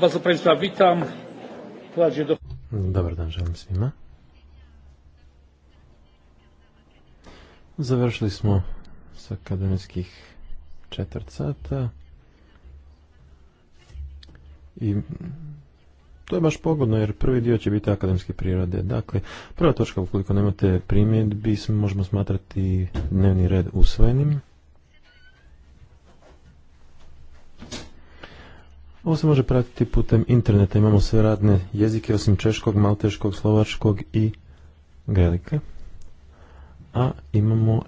Bardzo Państwa witam. Do... Dobar dan, želim svima. Završili smo s akademijskih četvrt sata i to je baš pogodno jer prvi dio će biti akademske prirode. Dakle, prva točka ukoliko nemate primjedbi možemo smatrati dnevni red usvojenim. Ovo se može pratiti putem interneta. Imamo sve radne jezike osim češkog, malteškog, slovačkog i gelike A imamo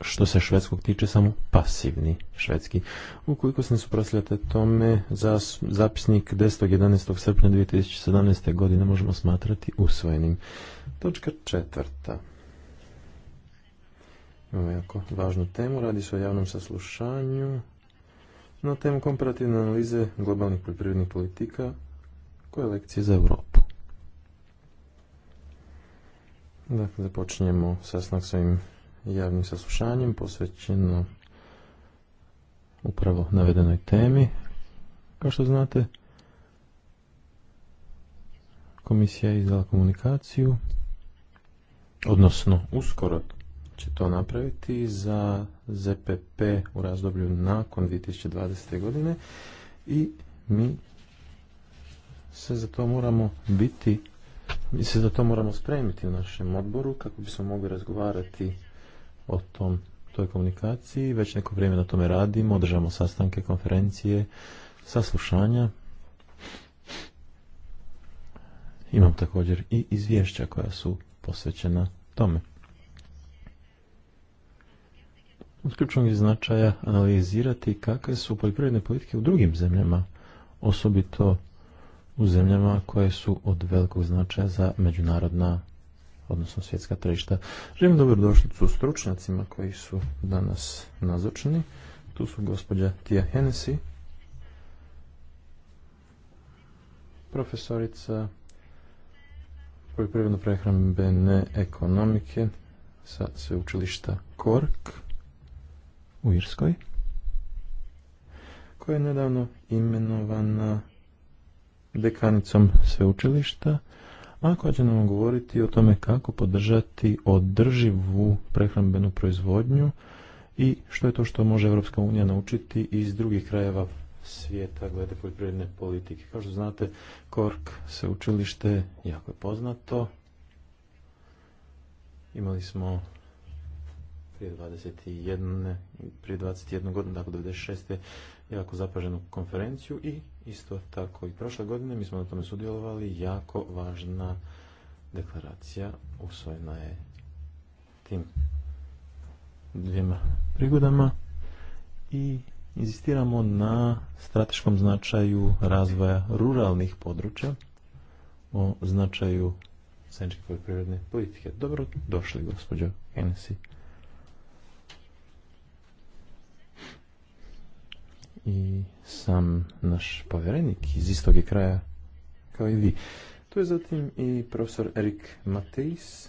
što se švedskog tiče samo pasivni švedski. Ukoliko se ne tome, za zapisnik 10. 11. srpnja 2017. godine možemo smatrati usvojenim. Točka četvrta. Imamo jako važnu temu, radi se o javnom saslušanju na temu komparativne analize globalnih poljoprivrednih politika koje lekcije za Europu. Dakle, započinjemo sastanak svojim javnim saslušanjem posvećeno upravo navedenoj temi. Kao što znate, komisija je izdala komunikaciju, odnosno uskoro će to napraviti za ZPP u razdoblju nakon 2020. godine i mi se za to moramo biti mi se za to moramo spremiti u našem odboru kako bismo mogli razgovarati o tom toj komunikaciji. Već neko vrijeme na tome radimo, Održavamo sastanke, konferencije, saslušanja. Imam također i izvješća koja su posvećena tome. Od ključnog je značaja analizirati kakve su poljoprivredne politike u drugim zemljama, osobito u zemljama koje su od velikog značaja za međunarodna odnosno svjetska tržišta. Želim dobrodošlicu stručnjacima koji su danas nazočni, Tu su gospođa Tija Hennessy, profesorica poljoprivredno prehrambene ekonomike sa sveučilišta Kork u Irskoj, koja je nedavno imenovana dekanicom sveučilišta a koja će nam govoriti o tome kako podržati održivu prehrambenu proizvodnju i što je to što može Europska unija naučiti iz drugih krajeva svijeta glede poljoprivredne politike. Kao što znate, Kork se učilište jako je poznato. Imali smo prije 21, prije 21 godine, dakle 96 jako zapaženu konferenciju i isto tako i prošle godine mi smo na tome sudjelovali jako važna deklaracija usvojena je tim dvijema prigodama i inzistiramo na strateškom značaju razvoja ruralnih područja o značaju zajedničke poljoprivredne politike. Dobro došli, gospođo Hennessy. i sam naš povjerenik iz istog kraja kao i vi. Tu je zatim i profesor Erik Matejs,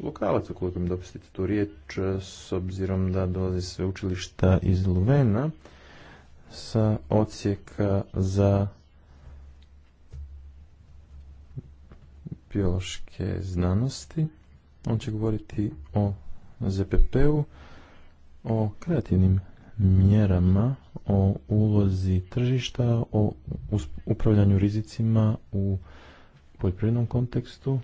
lokalac, ukoliko mi dopustite tu riječ, s obzirom da dolazi sve učilišta iz Luvena, sa ocijeka za biološke znanosti. On će govoriti o ZPP-u, o kreativnim mjerama o ulozi tržišta, o upravljanju rizicima u poljoprivrednom kontekstu.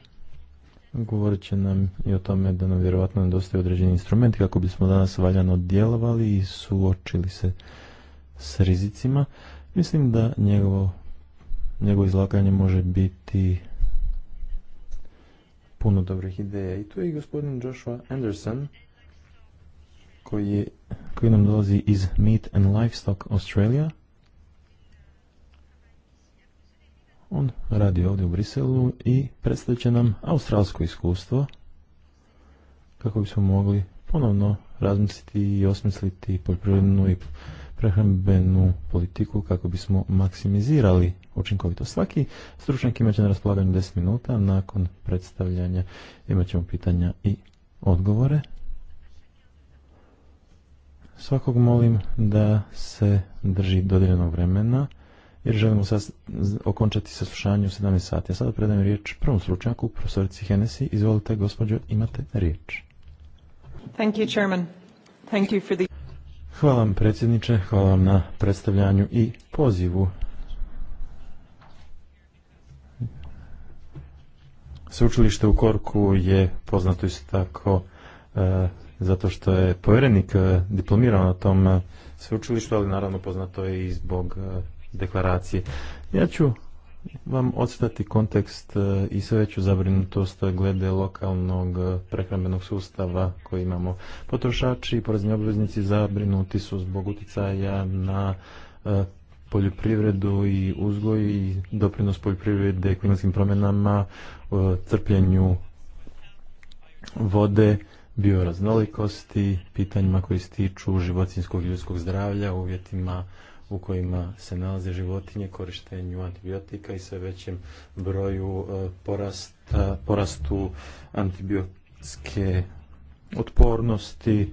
Govorit će nam i o tome da nam vjerovatno nedostaje određeni instrumenti kako bismo danas valjano djelovali i suočili se s rizicima. Mislim da njegovo, njegovo izlaganje može biti puno dobrih ideja. I tu je i gospodin Joshua Anderson koji, je, koji nam dolazi iz Meat and Livestock Australia. On radi ovdje u Briselu i predstavit će nam australsko iskustvo kako bismo mogli ponovno razmisliti i osmisliti poljoprivrednu i prehrambenu politiku kako bismo maksimizirali učinkovito. Svaki stručnjak imat će na raspolaganju 10 minuta, nakon predstavljanja imat ćemo pitanja i odgovore. Svakog molim da se drži dodijeljenog vremena jer želimo sad okončati saslušanje u 17 sati. A sada predajem riječ prvom stručnjaku, profesorici Henesi. Izvolite, gospođo, imate riječ. Thank you, Chairman. Thank you for the... Hvala vam, predsjedniče. Hvala vam na predstavljanju i pozivu. Sveučilište u Korku je poznato isto tako e, zato što je povjerenik e, diplomirao na tom e, sveučilištu, ali naravno poznato je i zbog e, deklaracije. Ja ću vam odstati kontekst i sve veću zabrinutost glede lokalnog prehrambenog sustava koji imamo. Potrošači i porezni obveznici zabrinuti su zbog utjecaja na poljoprivredu i uzgoj i doprinos poljoprivrede klimatskim promjenama, crpljenju vode bioraznolikosti, pitanjima koji se tiču životinskog i ljudskog zdravlja, uvjetima u kojima se nalaze životinje, korištenju antibiotika i sve većem broju e, porasta, porastu antibiotske otpornosti.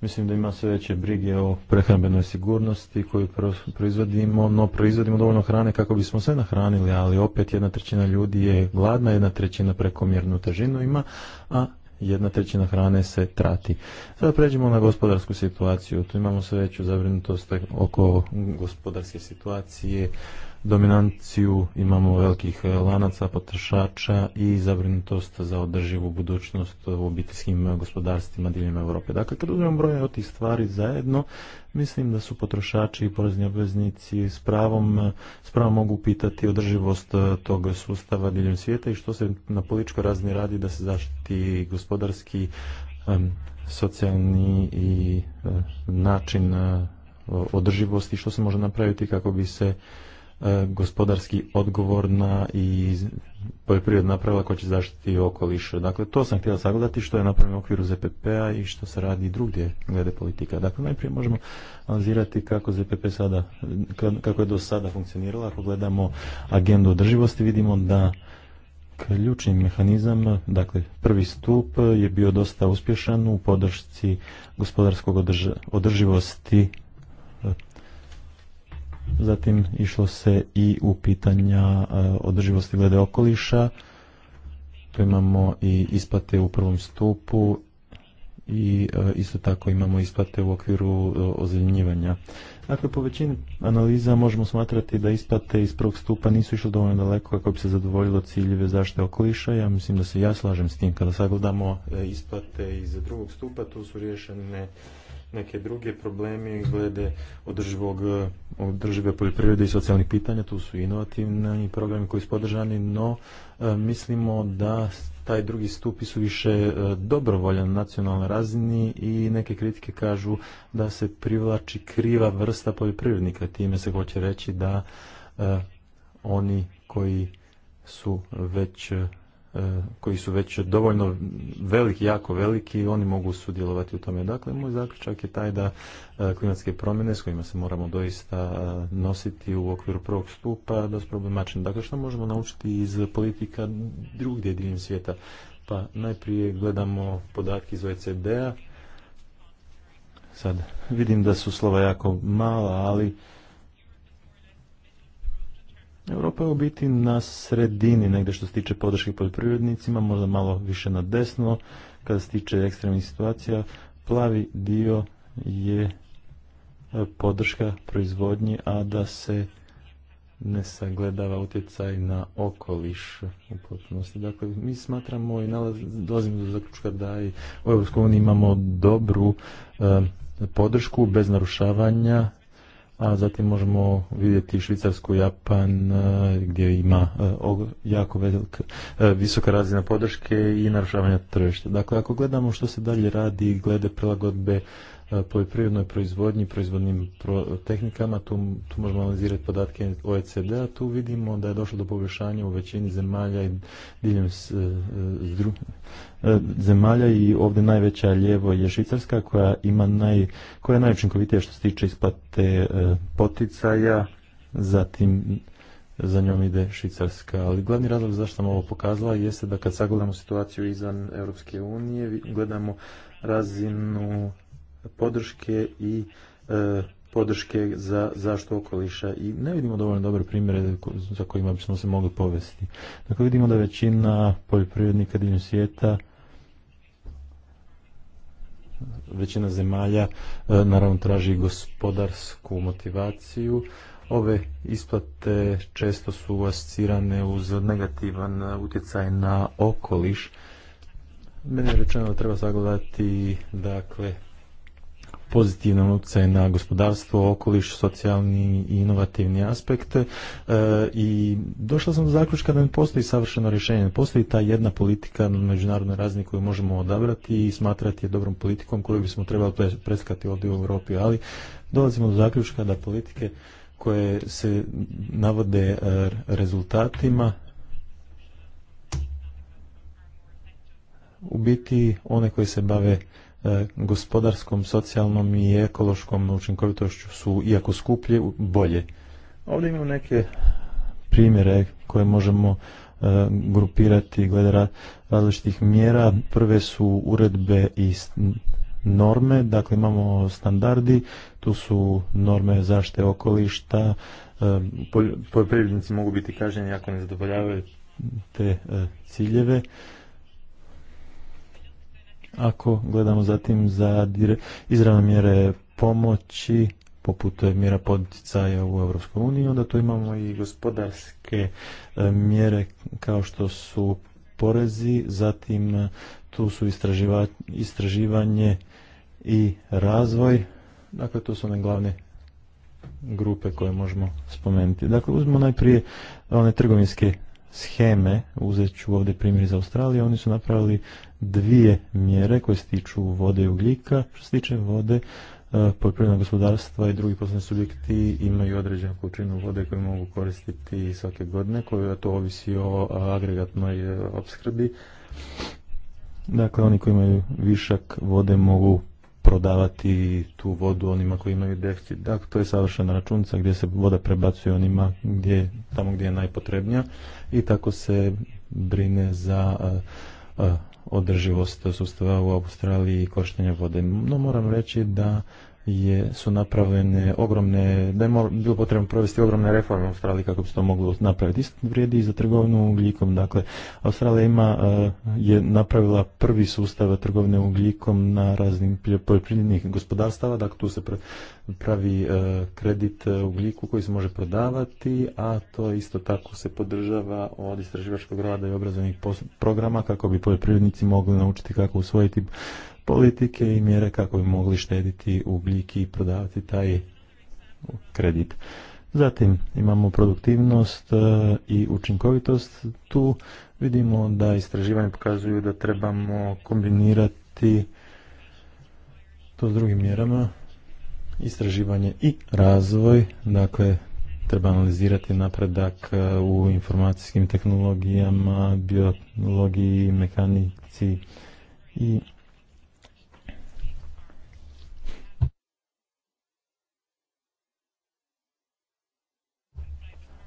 Mislim da ima sve veće brige o prehrambenoj sigurnosti koju proizvodimo, no proizvodimo dovoljno hrane kako bismo sve nahranili, ali opet jedna trećina ljudi je gladna, jedna trećina prekomjernu težinu ima, a jedna trećina hrane se trati. Sada pređemo na gospodarsku situaciju. Tu imamo sve veću zabrinutost oko gospodarske situacije, dominanciju imamo velikih eh, lanaca potrošača i zabrinutost za održivu budućnost u obiteljskim eh, gospodarstvima diljem Europe. Dakle, kad uzmemo broj od tih stvari zajedno, mislim da su potrošači i porezni obveznici s pravom, eh, s pravom mogu pitati održivost tog sustava diljem svijeta i što se na političkoj razini radi da se zaštiti gospodarski, socijalni i način održivosti, što se može napraviti kako bi se E, gospodarski odgovorna i poljoprivredna pravila koja će zaštiti okoliš. Dakle, to sam htjela sagledati što je napravljeno u okviru ZPP-a i što se radi drugdje glede politika. Dakle, najprije možemo analizirati kako ZPP sada, kako je do sada funkcionirala. Ako gledamo agendu održivosti, vidimo da ključni mehanizam, dakle prvi stup je bio dosta uspješan u podršci gospodarskog održivosti Zatim išlo se i u pitanja e, održivosti glede okoliša. Tu imamo i isplate u prvom stupu i e, isto tako imamo isplate u okviru e, ozljenjivanja. Dakle, po većini analiza možemo smatrati da isplate iz prvog stupa nisu išle dovoljno daleko kako bi se zadovoljilo ciljeve zaštite okoliša. Ja mislim da se ja slažem s tim. Kada sagledamo isplate iz drugog stupa, tu su rješene neke druge problemi glede održivog, održive poljoprivrede i socijalnih pitanja. Tu su inovativni programi koji su podržani, no e, mislimo da taj drugi stupi su više e, dobrovoljan na nacionalnoj razini i neke kritike kažu da se privlači kriva vrsta poljoprivrednika. Time se hoće reći da e, oni koji su već E, koji su već dovoljno veliki, jako veliki, oni mogu sudjelovati u tome. Dakle, moj zaključak je taj da e, klimatske promjene s kojima se moramo doista e, nositi u okviru prvog stupa da su Dakle, što možemo naučiti iz politika drugdje diljem svijeta? Pa najprije gledamo podatke iz OECD-a. Sad vidim da su slova jako mala, ali Europa je u biti na sredini, negdje što se tiče podrške poljoprivrednicima, možda malo više na desno, kada se tiče ekstremnih situacija, plavi dio je e, podrška proizvodnji, a da se ne sagledava utjecaj na okoliš u potpunosti. Dakle, mi smatramo i dolazimo do zaključka da i u EU imamo dobru e, podršku bez narušavanja a zatim možemo vidjeti Švicarsku, Japan, e, gdje ima e, jako e, visoka razina podrške i narušavanja tržišta. Dakle, ako gledamo što se dalje radi glede prilagodbe E, poljoprivrednoj proizvodnji, proizvodnim tehnikama, tu, tu možemo analizirati podatke OECD-a, tu vidimo da je došlo do poboljšanja u većini zemalja i diljem s, e, e, zemalja i ovdje najveća lijevo je Švicarska koja ima naj, koja je najučinkovitija što se tiče isplate poticaja, zatim za njom ide Švicarska. Ali glavni razlog zašto sam ovo pokazala jeste da kad sagledamo situaciju izvan Europske unije, gledamo razinu podrške i e, podrške za zaštitu okoliša i ne vidimo dovoljno dobre primjere za kojima bismo se mogli povesti. Dakle, vidimo da većina poljoprivrednika diljem svijeta većina zemalja e, naravno traži gospodarsku motivaciju. Ove isplate često su asocirane uz negativan utjecaj na okoliš. Meni je rečeno da treba zagledati, dakle pozitivan utjecaj na gospodarstvo, okoliš, socijalni i inovativni aspekt e, i došla sam do zaključka da ne postoji savršeno rješenje, ne postoji ta jedna politika na međunarodnoj razini koju možemo odabrati i smatrati je dobrom politikom koju bismo trebali preskati ovdje u Europi, ali dolazimo do zaključka da politike koje se navode e, rezultatima u biti one koje se bave E, gospodarskom, socijalnom i ekološkom učinkovitošću su, iako skuplje, bolje. Ovdje imamo neke primjere koje možemo e, grupirati glede različitih mjera. Prve su uredbe i norme, dakle imamo standardi, tu su norme zaštite okolišta, e, poljoprivrednici mogu biti kažnjeni ako ne zadovoljavaju te ciljeve. Ako gledamo zatim za izravne mjere pomoći, poput eh, mjera poticaja u Europskoj uniji, onda tu imamo i gospodarske eh, mjere kao što su porezi, zatim eh, tu su istraživa, istraživanje i razvoj. Dakle, to su one glavne grupe koje možemo spomenuti. Dakle, uzmemo najprije one trgovinske scheme, uzet ću ovdje primjer iz Australije, oni su napravili dvije mjere koje se tiču vode i ugljika. Što se tiče vode, e, poljoprivredna gospodarstva i drugi poslovni subjekti imaju određenu količinu vode koju mogu koristiti svake godine, koja to ovisi o agregatnoj e, opskrbi. Dakle, oni koji imaju višak vode mogu prodavati tu vodu onima koji imaju deficit. Dakle, to je savršena računica gdje se voda prebacuje onima gdje, tamo gdje je najpotrebnija i tako se brine za održivost sustava u Australiji i koštenje vode. No moram reći da je, su napravljene ogromne, da je bilo potrebno provesti ogromne reforme u Australiji kako bi se to moglo napraviti. Isto vrijedi i za trgovinu ugljikom. Dakle, Australija ima, eh, je napravila prvi sustav trgovine ugljikom na raznim poljoprivrednih gospodarstava. Dakle, tu se pravi eh, kredit eh, ugljiku koji se može prodavati, a to isto tako se podržava od istraživačkog rada i obrazovnih programa kako bi poljoprivrednici mogli naučiti kako usvojiti politike i mjere kako bi mogli štediti ugljik i prodavati taj kredit. Zatim imamo produktivnost e, i učinkovitost. Tu vidimo da istraživanje pokazuju da trebamo kombinirati to s drugim mjerama. Istraživanje i razvoj, dakle treba analizirati napredak e, u informacijskim tehnologijama, biologiji, mekanici i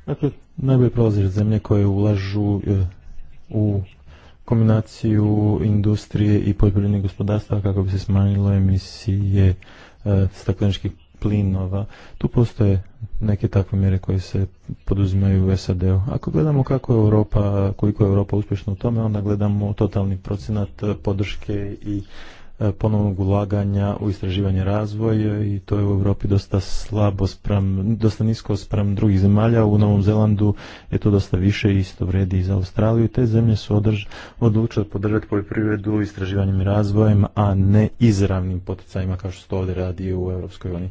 Dakle, najbolje prolaziš zemlje koje ulažu e, u kombinaciju industrije i poljoprivrednih gospodarstva kako bi se smanjilo emisije e, stakleničkih plinova. Tu postoje neke takve mjere koje se poduzimaju u SAD-u. Ako gledamo kako je Europa, koliko je Europa uspješna u tome, onda gledamo totalni procenat podrške i E, ponovnog ulaganja u istraživanje razvoj i to je u Europi dosta slabo spram, dosta nisko spram drugih zemalja. U Novom Zelandu je to dosta više i isto vredi i za Australiju. Te zemlje su održ, odlučile podržati poljoprivredu istraživanjem i razvojem, a ne izravnim poticajima kao što se to ovdje radi u Europskoj uniji.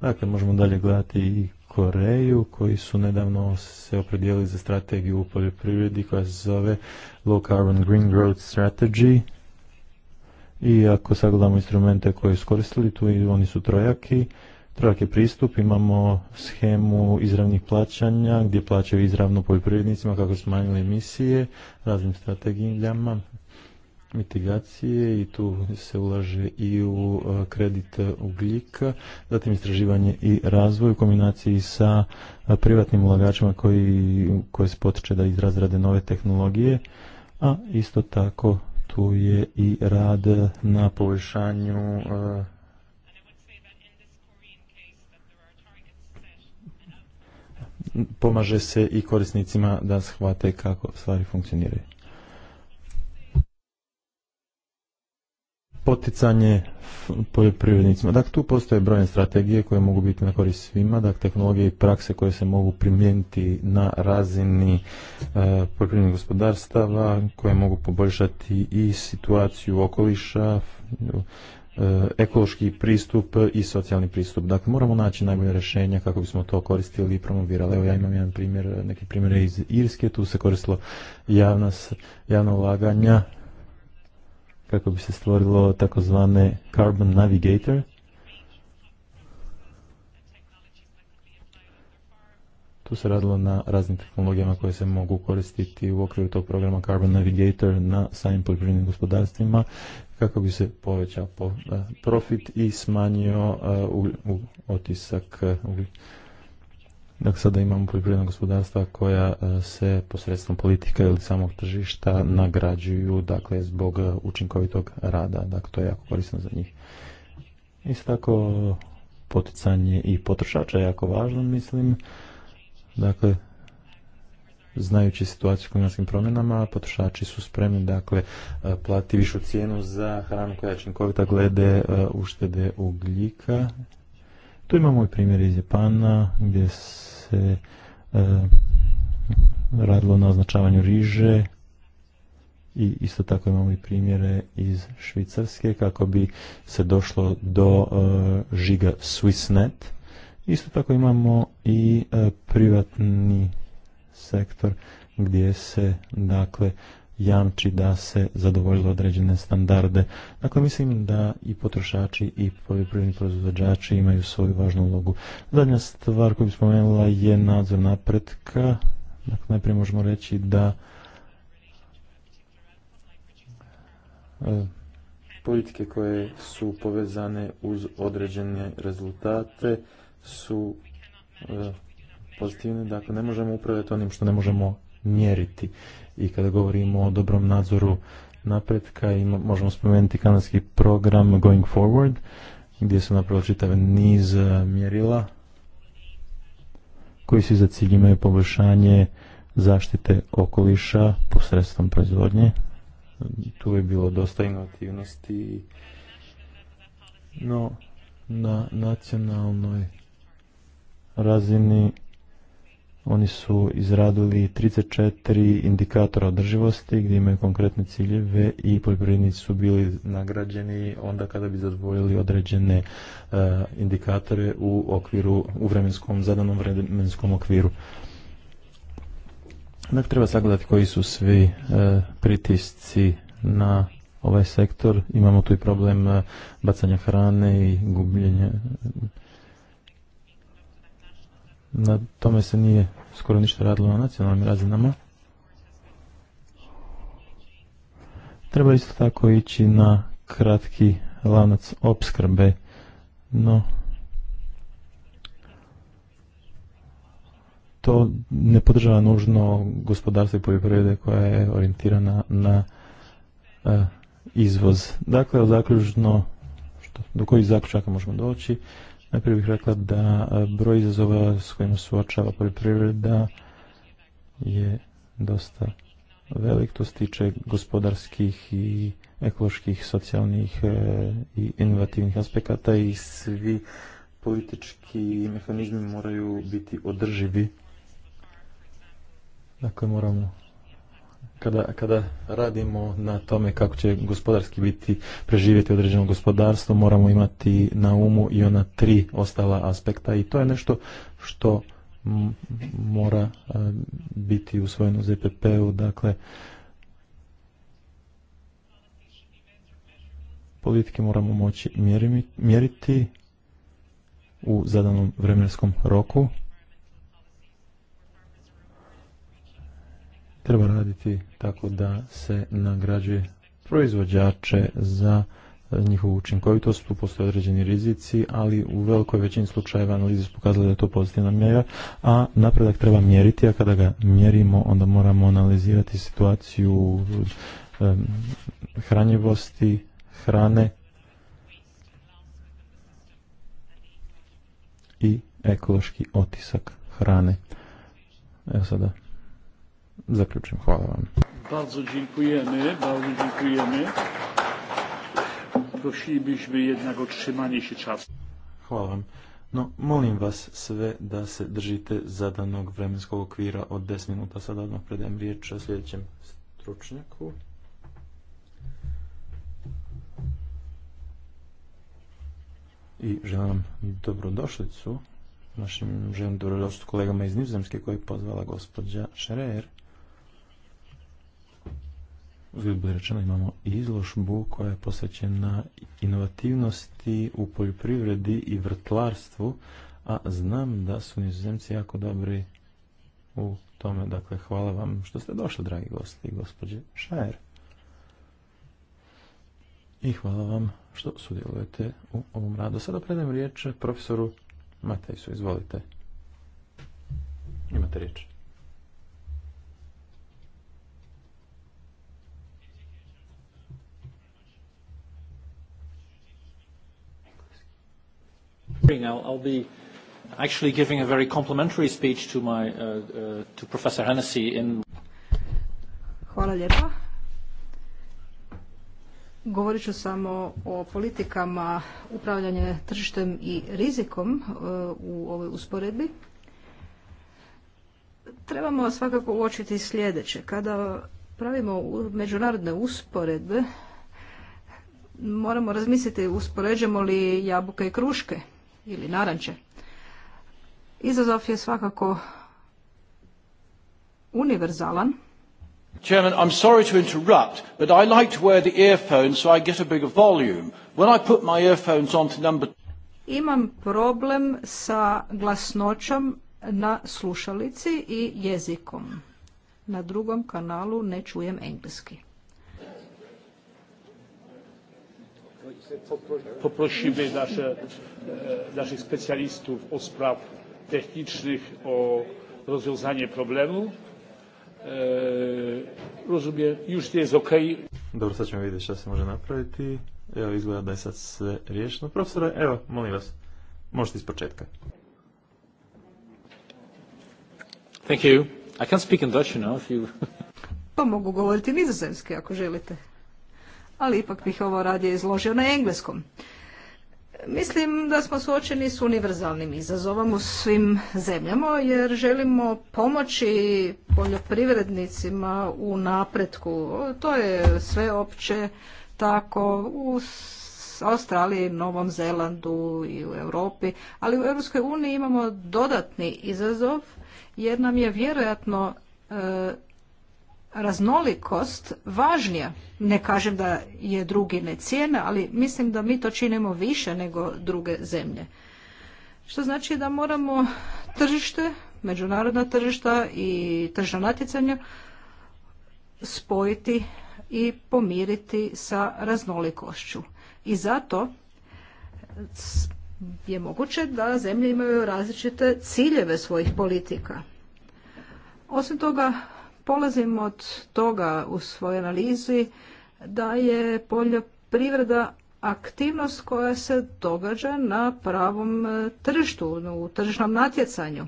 Dakle, možemo dalje gledati i Koreju koji su nedavno se opredijelili za strategiju u poljoprivredi koja se zove Low Carbon Green Growth Strategy i ako sagledamo instrumente koje su koristili, tu i oni su trojaki, trojak je pristup, imamo schemu izravnih plaćanja gdje plaćaju izravno poljoprivrednicima kako su smanjili emisije, raznim strategijama, mitigacije i tu se ulaže i u e, kredit ugljika, zatim istraživanje i razvoj u kombinaciji sa e, privatnim ulagačima koji, koje se potiče da izrazrade nove tehnologije, a isto tako tu je i rad na poboljšanju e, pomaže se i korisnicima da shvate kako stvari funkcioniraju. poticanje poljoprivrednicima. Dakle, tu postoje brojne strategije koje mogu biti na korist svima, dakle, tehnologije i prakse koje se mogu primijeniti na razini e, poljoprivrednih gospodarstava, koje mogu poboljšati i situaciju okoliša, e, ekološki pristup i socijalni pristup. Dakle, moramo naći najbolje rješenja kako bismo to koristili i promovirali. Evo, ja imam jedan primjer, neki primjere iz Irske, tu se koristilo javna, javna ulaganja kako bi se stvorilo takozvane carbon navigator. Tu se radilo na raznim tehnologijama koje se mogu koristiti u okviru tog programa Carbon Navigator na samim poljoprivrednim gospodarstvima kako bi se povećao eh, profit i smanjio eh, otisak eh, Dakle, sada imamo poljoprivredna gospodarstva koja e, se posredstvom politika ili samog tržišta mhm. nagrađuju dakle, zbog e, učinkovitog rada. Dakle, to je jako korisno za njih. Isto tako, poticanje i potrošača je jako važno, mislim. Dakle, znajući situaciju s klimatskim promjenama, potrošači su spremni dakle e, platiti višu cijenu za hranu koja je učinkovita glede uštede ugljika tu imamo i primjere iz Japana gdje se e, radilo na označavanju riže i isto tako imamo i primjere iz Švicarske kako bi se došlo do e, žiga Swissnet. Isto tako imamo i e, privatni sektor gdje se dakle jamči da se zadovoljilo određene standarde. Dakle, mislim da i potrošači i poljoprivredni proizvođači imaju svoju važnu ulogu. Zadnja stvar koju bi spomenula je nadzor napretka. Dakle, najprije možemo reći da e, politike koje su povezane uz određene rezultate su e, pozitivne, dakle ne možemo upravljati onim što ne možemo mjeriti. I kada govorimo o dobrom nadzoru napretka, možemo spomenuti kanadski program Going Forward, gdje su napravili čitav niz e, mjerila koji se za cilj imaju poboljšanje zaštite okoliša posredstvom proizvodnje. Tu je bilo dosta inovativnosti, no na nacionalnoj razini oni su izradili 34 indikatora održivosti gdje imaju konkretne ciljeve i poljoprivrednici su bili nagrađeni onda kada bi zadovoljili određene e, indikatore u okviru u vremenskom zadanom vremenskom okviru. Dakle, treba sagledati koji su svi e, pritisci na ovaj sektor. Imamo tu i problem e, bacanja hrane i gubljenja na tome se nije skoro ništa radilo na nacionalnim razinama. Treba isto tako ići na kratki lanac opskrbe, no to ne podržava nužno gospodarstvo i poljoprivrede koja je orijentirana na e, izvoz. Dakle, zaključno, do kojih zaključaka možemo doći? Najprije bih rekla da e, broj izazova s kojima suočava poljoprivreda je dosta velik, to se tiče gospodarskih i ekoloških, socijalnih e, i inovativnih aspekata i svi politički mehanizmi moraju biti održivi. Dakle, moramo kada, kada radimo na tome kako će gospodarski biti preživjeti određeno gospodarstvo, moramo imati na umu i ona tri ostala aspekta i to je nešto što mora e, biti usvojeno u ZPP-u, dakle politike moramo moći mjeriti u zadanom vremenskom roku treba raditi tako da se nagrađuje proizvođače za njihovu učinkovitost, tu postoje određeni rizici, ali u velikoj većini slučajeva analize su da je to pozitivna mjera, a napredak treba mjeriti, a kada ga mjerimo onda moramo analizirati situaciju um, hranjivosti, hrane i ekološki otisak hrane. Evo sada zaključim. Hvala vam. Bardzo dziękujemy, bardzo dziękujemy. Prosilibyśmy jednak o trzymanie się czasu. Hvala vam. No, molim vas sve da se držite zadanog vremenskog okvira od 10 minuta. Sad odmah predajem riječ o sljedećem stručnjaku. I želim vam dobrodošlicu, našim želim dobrodošlicu kolegama iz Nizozemske koje je pozvala gospođa Šerer uzgled rečeno imamo izložbu koja je posvećena inovativnosti u poljoprivredi i vrtlarstvu, a znam da su nizozemci jako dobri u tome. Dakle, hvala vam što ste došli, dragi gosti i gospođe Šajer. I hvala vam što sudjelujete u ovom radu. Sada predajem riječ profesoru Matejsu. Izvolite. Imate riječ. I'll, I'll be actually giving a very complimentary speech to my uh, uh, to Professor Hennessy in Hvala lijepa. Govorit ću samo o politikama upravljanja tržištem i rizikom uh, u ovoj usporedbi. Trebamo svakako uočiti sljedeće. Kada pravimo međunarodne usporedbe, moramo razmisliti uspoređujemo li jabuke i kruške ili naranče. Izazov je svakako univerzalan. Chairman, I'm sorry to interrupt, but I like to wear the earphones so I get a bigger volume. When I put my earphones on to number... Imam problem sa glasnoćom na slušalici i jezikom. Na drugom kanalu ne čujem engleski. poprosimy nasze, e, naszych specjalistów o spraw technicznych o rozwiązanie problemu. E, rozumiem, już nie jest ok. Dobro, sad ćemo vidjeti što se može napraviti. Evo, izgleda da je sad sve riješeno. Profesore, evo, molim vas, možete iz početka. Thank you. I can speak in Dutch, you know, if you... pa mogu govoriti nizozemski ako želite ali ipak bih ovo radije izložio na engleskom. Mislim da smo suočeni s univerzalnim izazovom u svim zemljama jer želimo pomoći poljoprivrednicima u napretku. To je sveopće tako u Australiji, Novom Zelandu i u Europi, ali u Europskoj uniji imamo dodatni izazov jer nam je vjerojatno e, raznolikost važnija. Ne kažem da je drugi ne cijena, ali mislim da mi to činimo više nego druge zemlje. Što znači da moramo tržište, međunarodna tržišta i tržna natjecanja spojiti i pomiriti sa raznolikošću. I zato je moguće da zemlje imaju različite ciljeve svojih politika. Osim toga, Polazim od toga u svojoj analizi da je poljoprivreda aktivnost koja se događa na pravom e, tržištu, u tržišnom natjecanju.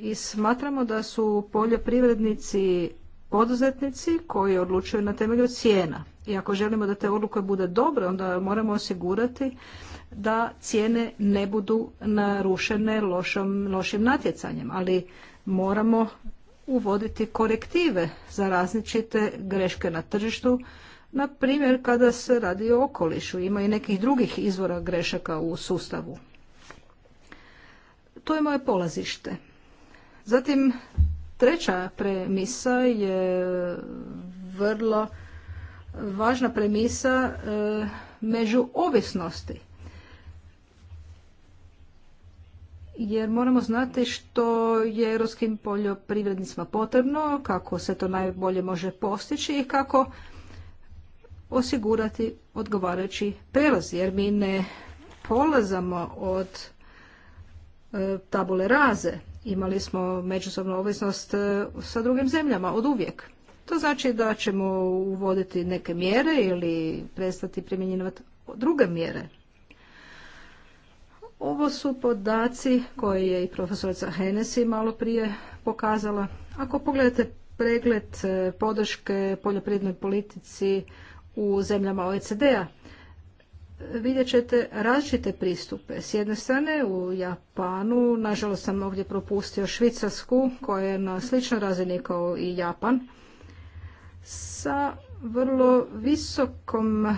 I smatramo da su poljoprivrednici poduzetnici koji odlučuju na temelju cijena. I ako želimo da te odluke bude dobre, onda moramo osigurati da cijene ne budu narušene lošim natjecanjem. Ali moramo uvoditi korektive za različite greške na tržištu, na primjer kada se radi o okolišu, ima i nekih drugih izvora grešaka u sustavu. To je moje polazište. Zatim, treća premisa je vrlo važna premisa e, među ovisnosti. jer moramo znati što je europskim poljoprivrednicima potrebno, kako se to najbolje može postići i kako osigurati odgovarajući prelaz, jer mi ne polazamo od e, tabule raze. Imali smo međusobnu ovisnost e, sa drugim zemljama od uvijek. To znači da ćemo uvoditi neke mjere ili prestati primjenjivati druge mjere. Ovo su podaci koje je i profesorica Henesi malo prije pokazala. Ako pogledate pregled e, podrške poljoprivrednoj politici u zemljama OECD-a, vidjet ćete različite pristupe. S jedne strane u Japanu, nažalost sam ovdje propustio Švicarsku koja je na sličnoj razini kao i Japan, sa vrlo visokom e,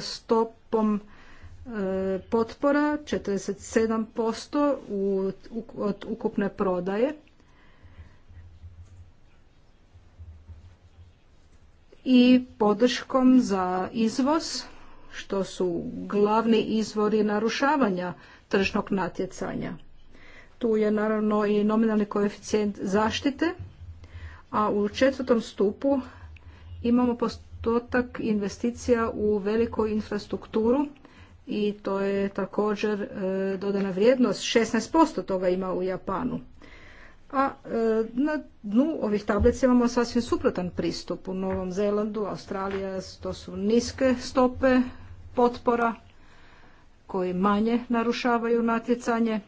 stopom potpora 47% posto od ukupne prodaje i podrškom za izvoz što su glavni izvori narušavanja tržnog natjecanja. Tu je naravno i nominalni koeficijent zaštite, a u četvrtom stupu imamo postotak investicija u veliku infrastrukturu i to je također e, dodana vrijednost. 16% toga ima u Japanu. A e, na dnu ovih tablica imamo sasvim suprotan pristup. U Novom Zelandu, Australija, to su niske stope potpora koji manje narušavaju natjecanje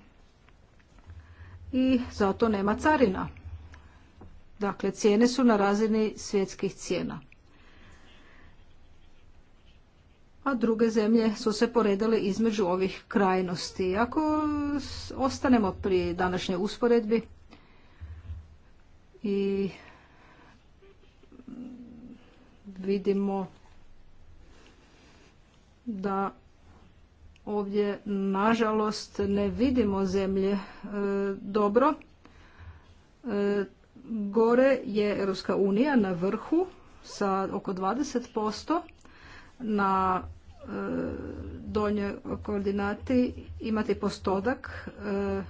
i zato nema carina. Dakle, cijene su na razini svjetskih cijena. a druge zemlje su se poredale između ovih krajnosti. Ako ostanemo pri današnjoj usporedbi i vidimo da ovdje nažalost ne vidimo zemlje e, dobro. E, gore je Europska unija na vrhu sa oko 20%, na e, donjoj koordinati imati postotak e,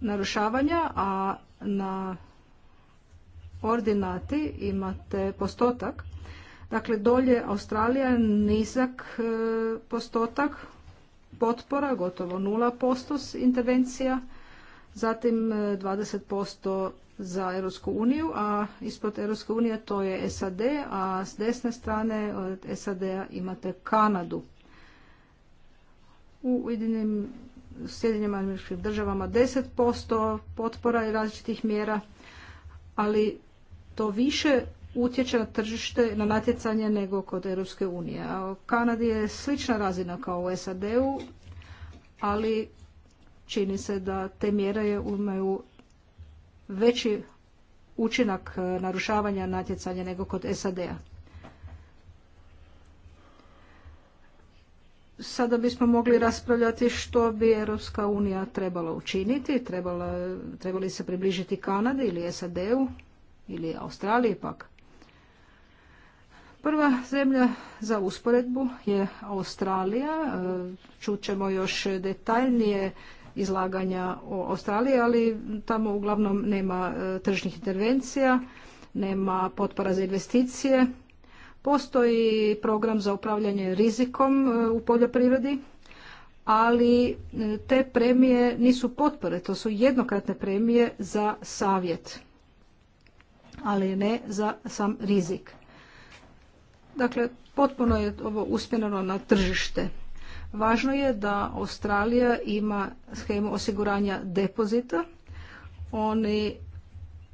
narušavanja, a na ordinati imate postotak. Dakle, dolje Australija nizak e, postotak potpora, gotovo 0% intervencija, zatim 20% za Europsku uniju, a ispod Europske unije to je SAD, a s desne strane od SAD-a imate Kanadu. U Ujedinim sjedinjama američkim državama 10% potpora i različitih mjera, ali to više utječe na tržište, na natjecanje nego kod Europske unije. A Kanadi je slična razina kao u SAD-u, ali čini se da te mjere imaju veći učinak e, narušavanja natjecanja nego kod SAD-a. Sada bismo mogli raspravljati što bi Europska unija trebala učiniti, trebala, trebali se približiti Kanadi ili SAD-u ili Australiji pak. Prva zemlja za usporedbu je Australija. E, Čućemo još detaljnije izlaganja o Australiji, ali tamo uglavnom nema e, tržnih intervencija, nema potpora za investicije. Postoji program za upravljanje rizikom e, u poljoprivredi, ali e, te premije nisu potpore, to su jednokratne premije za savjet, ali ne za sam rizik. Dakle, potpuno je ovo usmjereno na tržište. Važno je da Australija ima schemu osiguranja depozita. Oni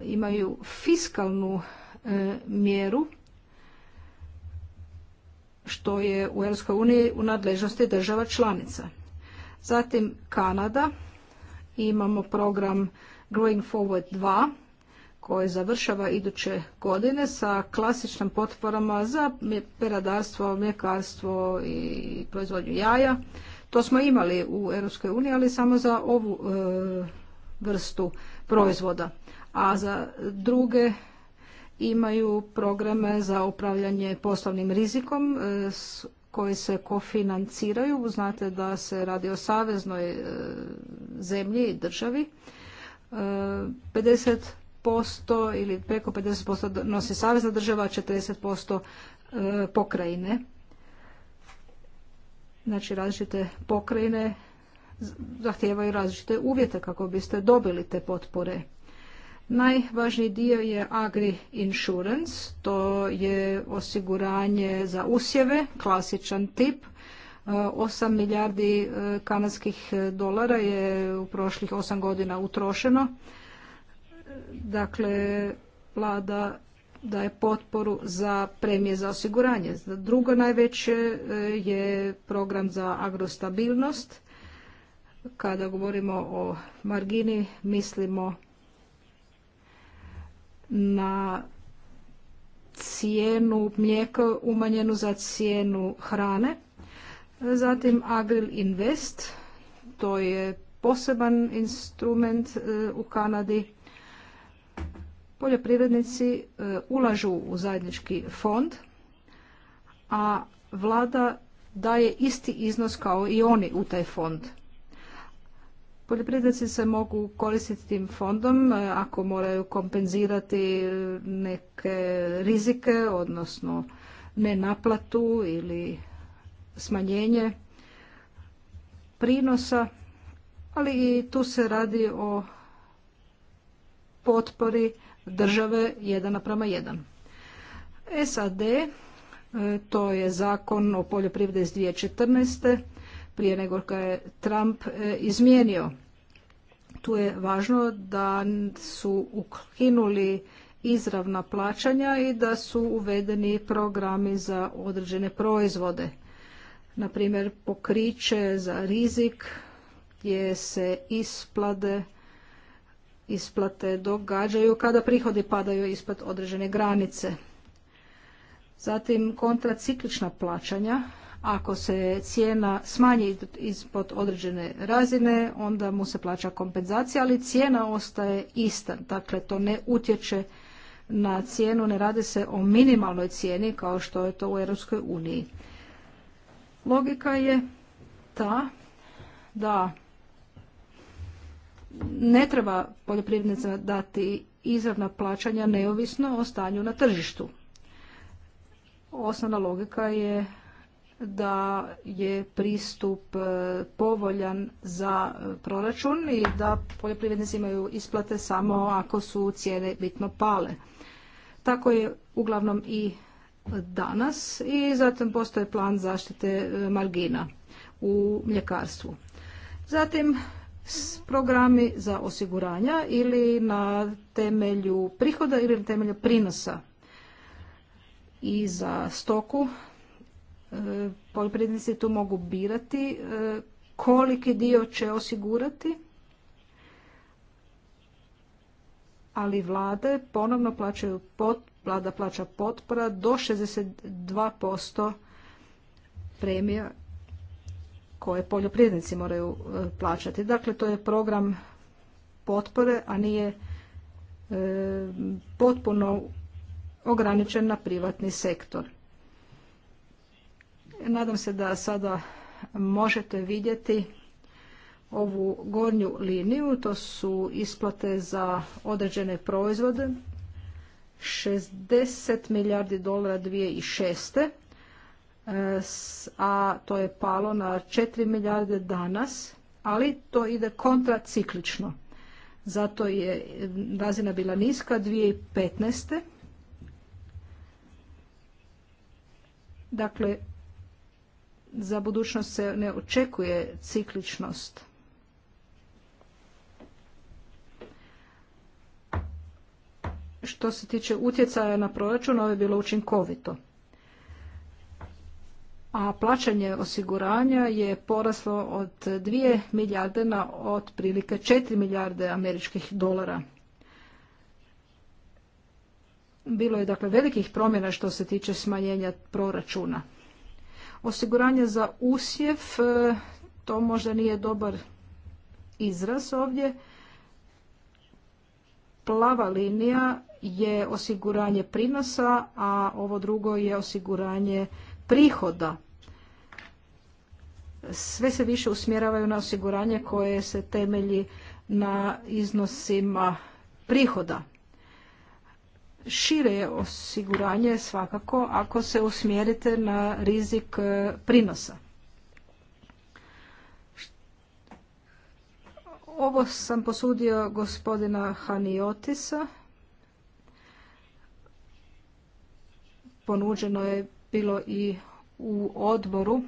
imaju fiskalnu e, mjeru što je u Europskoj uniji u nadležnosti država članica. Zatim Kanada, imamo program Growing Forward koje završava iduće godine sa klasičnim potporama za peradarstvo, mljekarstvo i proizvodnju jaja. To smo imali u Europskoj uniji, ali samo za ovu e, vrstu proizvoda. A za druge imaju programe za upravljanje poslovnim rizikom e, koji se kofinanciraju. Znate da se radi o saveznoj e, zemlji i državi. 50 e, posto ili preko 50% nosi savezna država, a 40% e, pokrajine. Znači različite pokrajine zahtijevaju različite uvjete kako biste dobili te potpore. Najvažniji dio je Agri Insurance, to je osiguranje za usjeve, klasičan tip. 8 e, milijardi e, kanadskih dolara je u prošlih 8 godina utrošeno dakle vlada daje potporu za premije za osiguranje. Drugo najveće e, je program za agrostabilnost. Kada govorimo o margini, mislimo na cijenu mlijeka umanjenu za cijenu hrane. Zatim Agril Invest, to je poseban instrument e, u Kanadi poljoprivrednici e, ulažu u zajednički fond, a vlada daje isti iznos kao i oni u taj fond. Poljoprivrednici se mogu koristiti tim fondom e, ako moraju kompenzirati neke rizike, odnosno nenaplatu ili smanjenje prinosa, ali i tu se radi o potpori države 1 naprama 1. SAD, e, to je zakon o poljoprivredi iz 2014. prije nego ga je Trump e, izmijenio. Tu je važno da su ukinuli izravna plaćanja i da su uvedeni programi za određene proizvode. Naprimjer, pokriće za rizik gdje se isplade isplate događaju kada prihodi padaju ispod određene granice. Zatim kontraciklična plaćanja. Ako se cijena smanji ispod određene razine, onda mu se plaća kompenzacija, ali cijena ostaje ista. Dakle, to ne utječe na cijenu, ne radi se o minimalnoj cijeni kao što je to u Europskoj uniji. Logika je ta da ne treba poljoprivrednicima dati izravna plaćanja neovisno o stanju na tržištu. Osnovna logika je da je pristup e, povoljan za proračun i da poljoprivrednici imaju isplate samo ako su cijene bitno pale. Tako je uglavnom i danas i zatim postoje plan zaštite e, margina u mljekarstvu. Zatim programi za osiguranja ili na temelju prihoda ili na temelju prinosa. I za stoku e, poljoprivrednici tu mogu birati e, koliki dio će osigurati, ali vlade ponovno plaćaju vlada plaća potpora do 62% premija koje poljoprivrednici moraju e, plaćati. Dakle, to je program potpore, a nije e, potpuno ograničen na privatni sektor. Nadam se da sada možete vidjeti ovu gornju liniju, to su isplate za određene proizvode, 60 milijardi dolara 2006 a to je palo na 4 milijarde danas, ali to ide kontraciklično. Zato je razina bila niska 2015. Dakle, za budućnost se ne očekuje cikličnost. Što se tiče utjecaja na proračun, ovo je bilo učinkovito a plaćanje osiguranja je poraslo od 2 milijarde na otprilike 4 milijarde američkih dolara. Bilo je dakle velikih promjena što se tiče smanjenja proračuna. Osiguranje za usjev, e, to možda nije dobar izraz ovdje. Plava linija je osiguranje prinosa, a ovo drugo je osiguranje prihoda sve se više usmjeravaju na osiguranje koje se temelji na iznosima prihoda. Šire je osiguranje svakako ako se usmjerite na rizik e, prinosa. Ovo sam posudio gospodina Haniotisa. Ponuđeno je bilo i u odboru,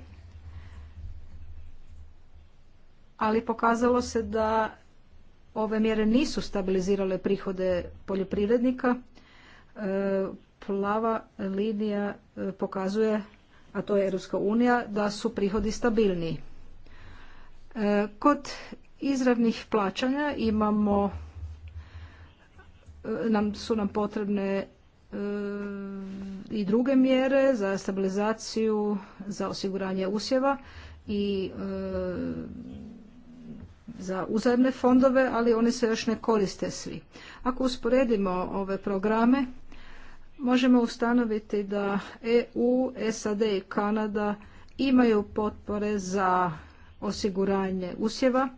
ali pokazalo se da ove mjere nisu stabilizirale prihode poljoprivrednika. E, plava linija e, pokazuje, a to je Europska unija, da su prihodi stabilniji. E, kod izravnih plaćanja imamo nam su nam potrebne E, i druge mjere za stabilizaciju, za osiguranje usjeva i e, za uzajemne fondove, ali oni se još ne koriste svi. Ako usporedimo ove programe, možemo ustanoviti da EU, SAD i Kanada imaju potpore za osiguranje usjeva.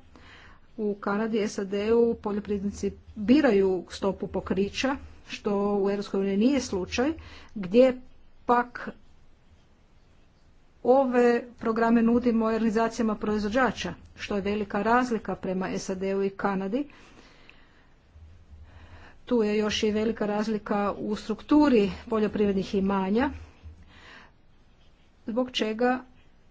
U Kanadi i SAD-u poljoprivrednici biraju stopu pokrića što u EU nije slučaj, gdje pak ove programe nudimo organizacijama proizvođača, što je velika razlika prema SAD-u i Kanadi. Tu je još i velika razlika u strukturi poljoprivrednih imanja, zbog čega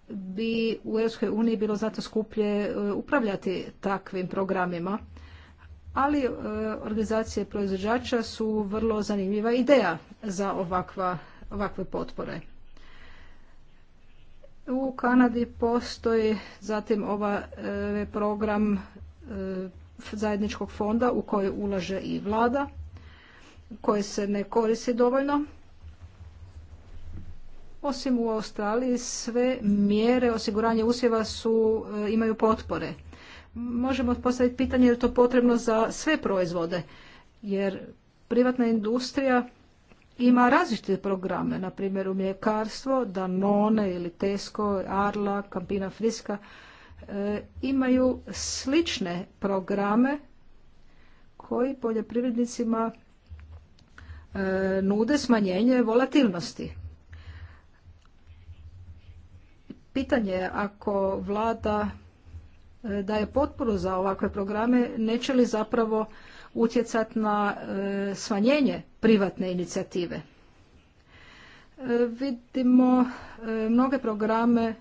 bi u EU bilo zato skuplje e, upravljati takvim programima ali e, organizacije proizvođača su vrlo zanimljiva ideja za ovakva, ovakve potpore. U Kanadi postoji zatim ovaj program e, zajedničkog fonda u koji ulaže i vlada, koji se ne koristi dovoljno. Osim u Australiji sve mjere osiguranja usjeva su, imaju potpore možemo postaviti pitanje je li to potrebno za sve proizvode, jer privatna industrija ima različite programe, na primjer u mljekarstvo, Danone ili Tesco, Arla, Campina Friska, e, imaju slične programe koji poljoprivrednicima e, nude smanjenje volatilnosti. Pitanje je ako vlada daje potporu za ovakve programe, neće li zapravo utjecati na e, smanjenje privatne inicijative? E, vidimo e, mnoge programe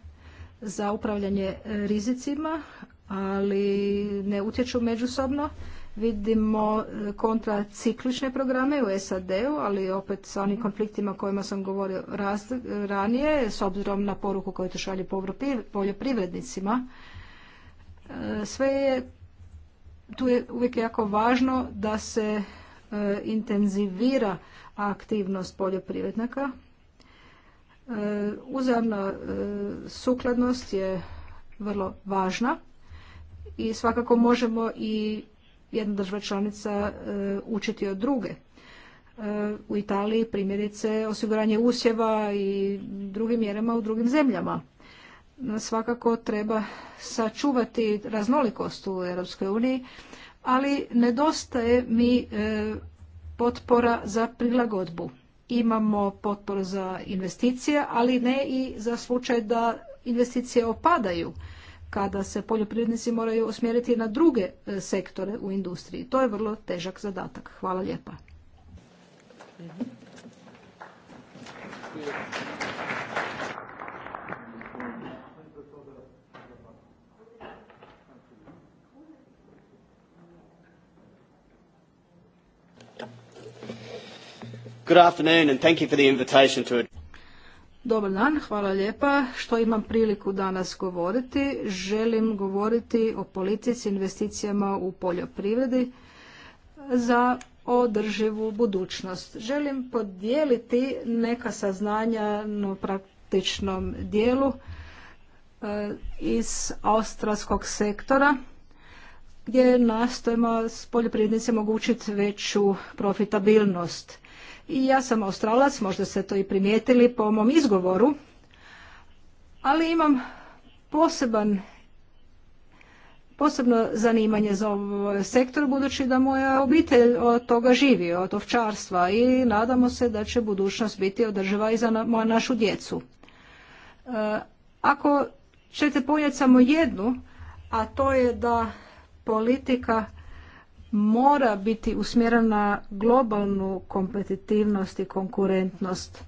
za upravljanje rizicima, ali ne utječu međusobno. Vidimo kontraciklične programe u SAD-u, ali opet sa onim konfliktima kojima sam govorio ranije, s obzirom na poruku koju to šalje poljoprivrednicima. Sve je, tu je uvijek jako važno da se e, intenzivira aktivnost poljoprivrednika. E, uzajamna e, sukladnost je vrlo važna i svakako možemo i jedna država članica učiti od druge. U Italiji primjerice osiguranje usjeva i drugim mjerama u drugim zemljama svakako treba sačuvati raznolikost u Europskoj uniji, ali nedostaje mi e, potpora za prilagodbu. Imamo potporu za investicije, ali ne i za slučaj da investicije opadaju kada se poljoprivrednici moraju usmjeriti na druge e, sektore u industriji. To je vrlo težak zadatak. Hvala lijepa. Good afternoon to Dobar dan, hvala lijepa što imam priliku danas govoriti. Želim govoriti o politici investicijama u poljoprivredi za održivu budućnost. Želim podijeliti neka saznanja na praktičnom dijelu e, iz australskog sektora gdje nastojimo s poljoprivrednicima omogućiti veću profitabilnost. I ja sam australac, možda ste to i primijetili po mom izgovoru, ali imam poseban posebno zanimanje za ovaj sektor budući da moja obitelj od toga živi, od ovčarstva i nadamo se da će budućnost biti održiva i za našu djecu. E, ako ćete pojeti samo jednu, a to je da politika mora biti usmjerena na globalnu kompetitivnost i konkurentnost,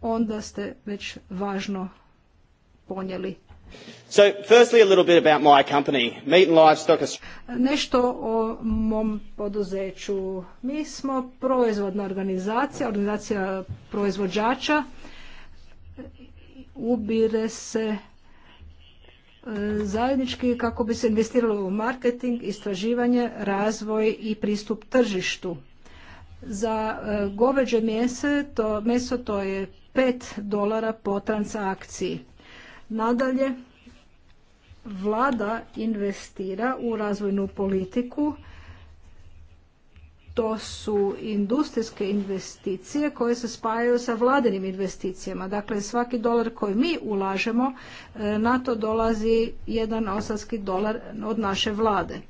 onda ste već važno ponijeli. So, firstly, a little bit about my company, Meat and Nešto o mom poduzeću. Mi smo proizvodna organizacija, organizacija proizvođača. Ubire se zajednički kako bi se investiralo u marketing, istraživanje, razvoj i pristup tržištu. Za e, goveđe mjese, to, meso to je 5 dolara po transakciji. Nadalje, vlada investira u razvojnu politiku to su industrijske investicije koje se spajaju sa vladinim investicijama. Dakle, svaki dolar koji mi ulažemo, e, na to dolazi jedan osadski dolar od naše vlade.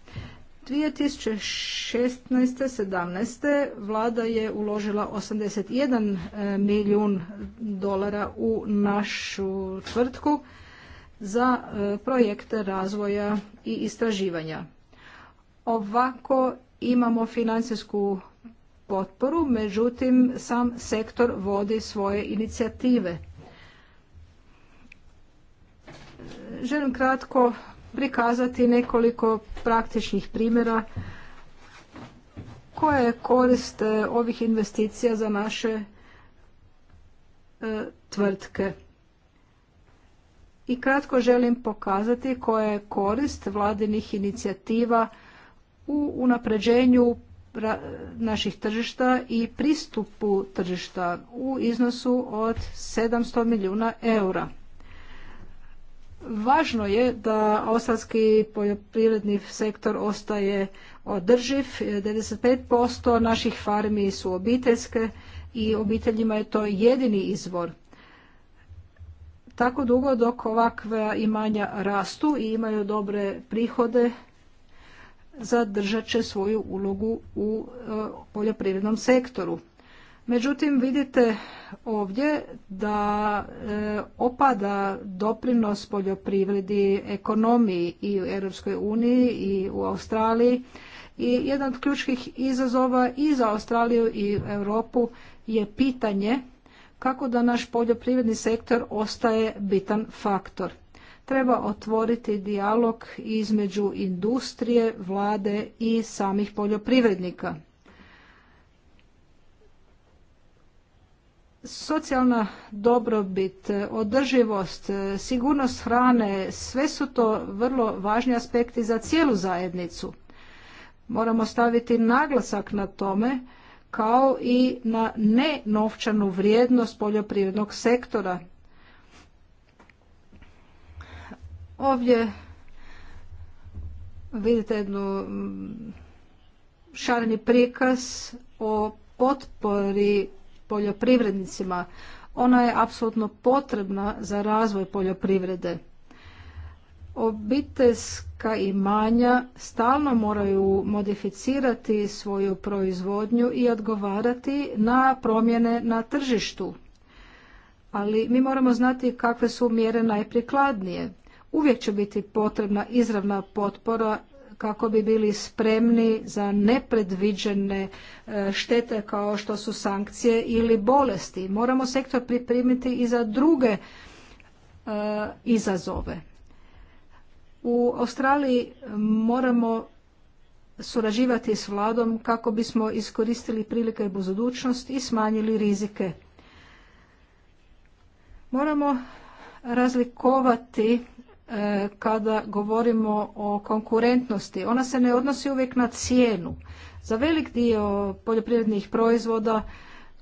2016. 17. vlada je uložila 81 e, milijun dolara u našu tvrtku za e, projekte razvoja i istraživanja. Ovako imamo financijsku potporu, međutim sam sektor vodi svoje inicijative. Želim kratko prikazati nekoliko praktičnih primjera koja je korist ovih investicija za naše e, tvrtke. I kratko želim pokazati koja je korist vladinih inicijativa u unapređenju naših tržišta i pristupu tržišta u iznosu od 700 milijuna eura. Važno je da osadski poljoprivredni sektor ostaje održiv. 95% naših farmi su obiteljske i obiteljima je to jedini izvor. Tako dugo dok ovakva imanja rastu i imaju dobre prihode, zadržat će svoju ulogu u e, poljoprivrednom sektoru. Međutim, vidite ovdje da e, opada doprinos poljoprivredi, ekonomiji i u Europskoj uniji i u Australiji i jedan od ključkih izazova i za Australiju i Europu je pitanje kako da naš poljoprivredni sektor ostaje bitan faktor treba otvoriti dijalog između industrije, vlade i samih poljoprivrednika. socijalna dobrobit, održivost, sigurnost hrane, sve su to vrlo važni aspekti za cijelu zajednicu. Moramo staviti naglasak na tome kao i na nenovčanu vrijednost poljoprivrednog sektora Ovdje vidite jednu mm, šareni prikaz o potpori poljoprivrednicima. Ona je apsolutno potrebna za razvoj poljoprivrede. Obiteljska imanja stalno moraju modificirati svoju proizvodnju i odgovarati na promjene na tržištu. Ali mi moramo znati kakve su mjere najprikladnije uvijek će biti potrebna izravna potpora kako bi bili spremni za nepredviđene e, štete kao što su sankcije ili bolesti. Moramo sektor pripremiti i za druge e, izazove. U Australiji moramo surađivati s vladom kako bismo iskoristili prilike i budućnost i smanjili rizike. Moramo razlikovati E, kada govorimo o konkurentnosti. Ona se ne odnosi uvijek na cijenu. Za velik dio poljoprivrednih proizvoda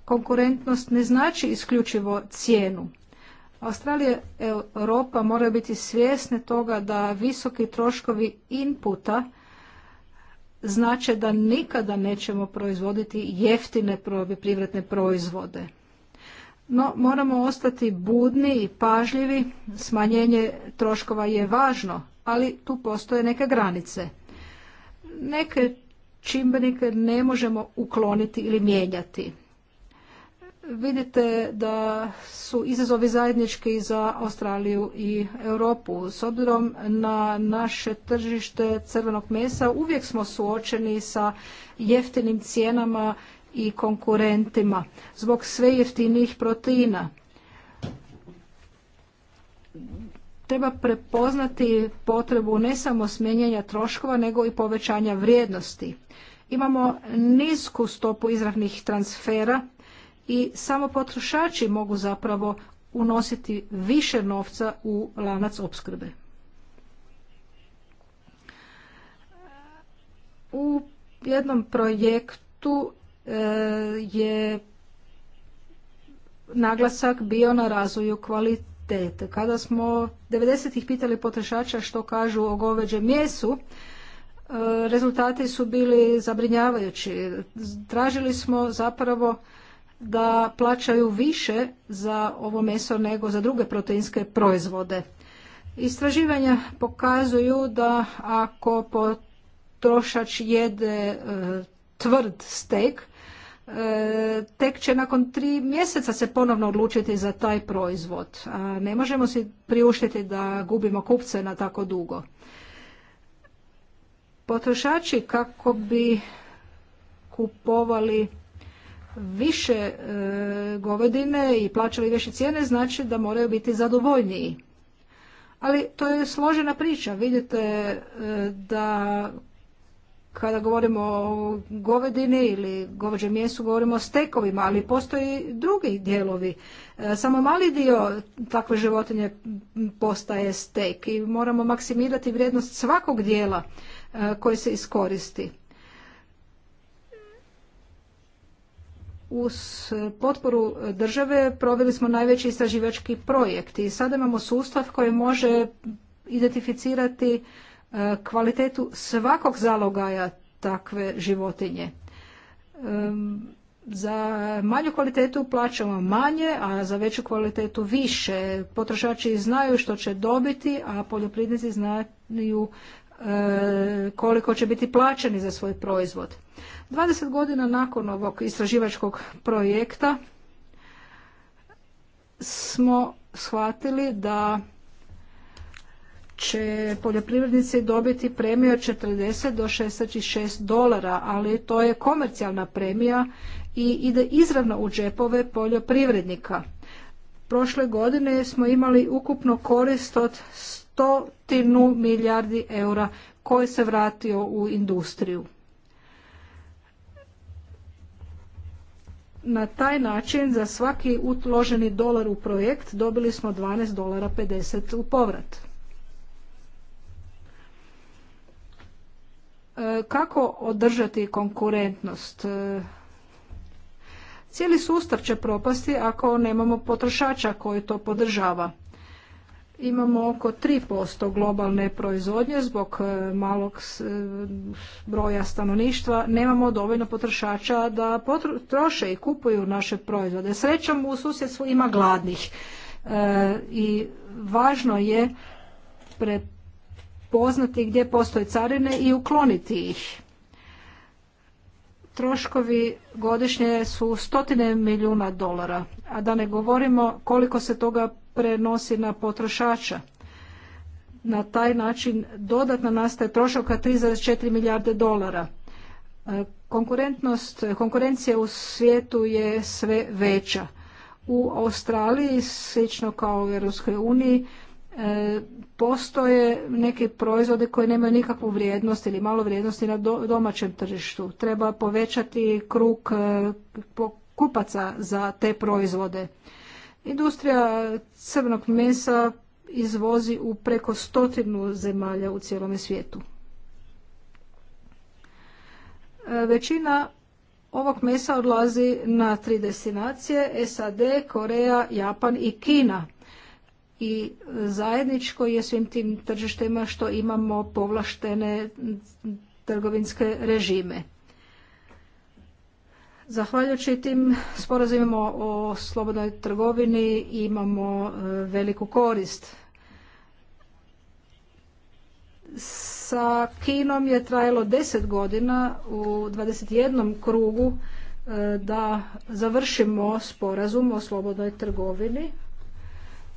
konkurentnost ne znači isključivo cijenu. Australija i Europa moraju biti svjesne toga da visoki troškovi inputa znače da nikada nećemo proizvoditi jeftine poljoprivredne proizvode no, moramo ostati budni i pažljivi, smanjenje troškova je važno, ali tu postoje neke granice. Neke čimbenike ne možemo ukloniti ili mijenjati. Vidite da su izazovi zajednički za Australiju i Europu. S obzirom na naše tržište crvenog mesa uvijek smo suočeni sa jeftinim cijenama i konkurentima zbog sve jeftinijih proteina. Treba prepoznati potrebu ne samo smenjanja troškova, nego i povećanja vrijednosti. Imamo nisku stopu izravnih transfera i samo potrošači mogu zapravo unositi više novca u lanac opskrbe. U jednom projektu je naglasak bio na razvoju kvalitete. Kada smo 90-ih pitali potrošača što kažu o goveđem mjesu, e, rezultati su bili zabrinjavajući. Tražili smo zapravo da plaćaju više za ovo meso nego za druge proteinske proizvode. Istraživanja pokazuju da ako potrošač jede e, tvrd stek, tek će nakon tri mjeseca se ponovno odlučiti za taj proizvod. ne možemo si priuštiti da gubimo kupce na tako dugo. Potrošači kako bi kupovali više e, govedine i plaćali više cijene znači da moraju biti zadovoljniji. Ali to je složena priča. Vidite e, da kada govorimo o govedini ili goveđem mjesu govorimo o stekovima, ali postoji drugi dijelovi. E, samo mali dio takve životinje postaje stek i moramo maksimirati vrijednost svakog dijela e, koji se iskoristi. Uz potporu države proveli smo najveći istraživački projekt i sada imamo sustav koji može identificirati kvalitetu svakog zalogaja takve životinje. Za manju kvalitetu plaćamo manje, a za veću kvalitetu više. Potrošači znaju što će dobiti, a poljoprivrednici znaju e, koliko će biti plaćeni za svoj proizvod. 20 godina nakon ovog istraživačkog projekta smo shvatili da će poljoprivrednici dobiti premiju od 40 do 66 dolara, ali to je komercijalna premija i ide izravno u džepove poljoprivrednika. Prošle godine smo imali ukupno korist od stotinu milijardi eura koji se vratio u industriju. Na taj način za svaki utloženi dolar u projekt dobili smo 12 dolara 50 u povrat. E, kako održati konkurentnost? E, cijeli sustav će propasti ako nemamo potrošača koji to podržava. Imamo oko 3% globalne proizvodnje zbog e, malog broja stanovništva. Nemamo dovoljno potrošača da troše i kupuju naše proizvode. Srećom u susjedstvu ima gladnih i važno je pred ...poznati gdje postoje carine i ukloniti ih. Troškovi godišnje su stotine milijuna dolara, a da ne govorimo koliko se toga prenosi na potrošača. Na taj način dodatno nastaje trošaka 3,4 milijarde dolara. E, konkurentnost, konkurencija u svijetu je sve veća. U Australiji, slično kao u Europskoj uniji, E, postoje neke proizvode koji nemaju nikakvu vrijednost ili malo vrijednosti na domaćem tržištu. Treba povećati krug e, kupaca za te proizvode. Industrija crnog mesa izvozi u preko stotinu zemalja u cijelome svijetu. E, većina ovog mesa odlazi na tri destinacije, SAD, Koreja, Japan i Kina – i zajedničko je svim tim tržištima što imamo povlaštene trgovinske režime. Zahvaljujući tim sporazumima o slobodnoj trgovini imamo e, veliku korist. Sa Kinom je trajalo 10 godina u 21. krugu e, da završimo sporazum o slobodnoj trgovini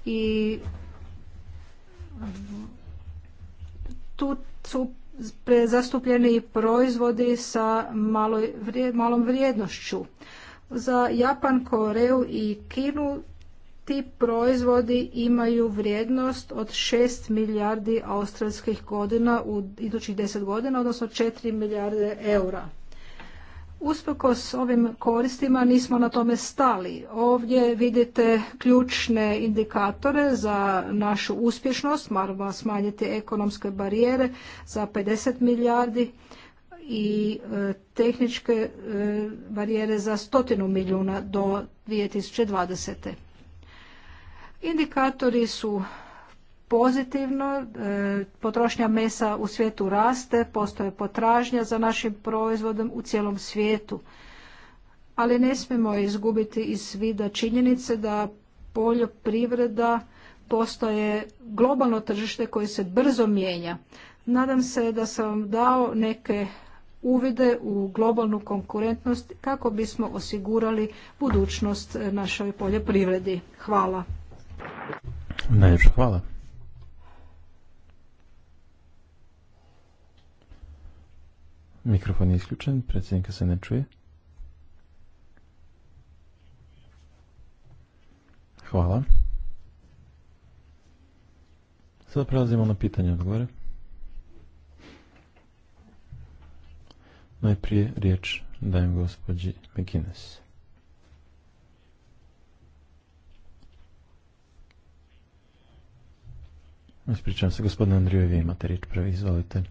i tu su prezastupljeni proizvodi sa malom vrijednošću. Za Japan, Koreju i Kinu ti proizvodi imaju vrijednost od 6 milijardi australskih godina u idućih 10 godina, odnosno 4 milijarde eura. Usprkos ovim koristima nismo na tome stali. Ovdje vidite ključne indikatore za našu uspješnost, moramo smanjiti ekonomske barijere za 50 milijardi i e, tehničke e, barijere za stotinu milijuna do 2020. Indikatori su pozitivno, e, potrošnja mesa u svijetu raste, postoje potražnja za našim proizvodom u cijelom svijetu. Ali ne smijemo izgubiti iz vida činjenice da poljoprivreda postoje globalno tržište koje se brzo mijenja. Nadam se da sam vam dao neke uvide u globalnu konkurentnost kako bismo osigurali budućnost našoj poljoprivredi. Hvala. Najljepša hvala. Mikrofon je isključen, predsjednika se ne čuje. Hvala. Sada prelazimo na pitanje gore. Najprije riječ dajem gospođi McInnes. Ispričavam se, gospodine Andriju, vi imate riječ prvi, izvolite.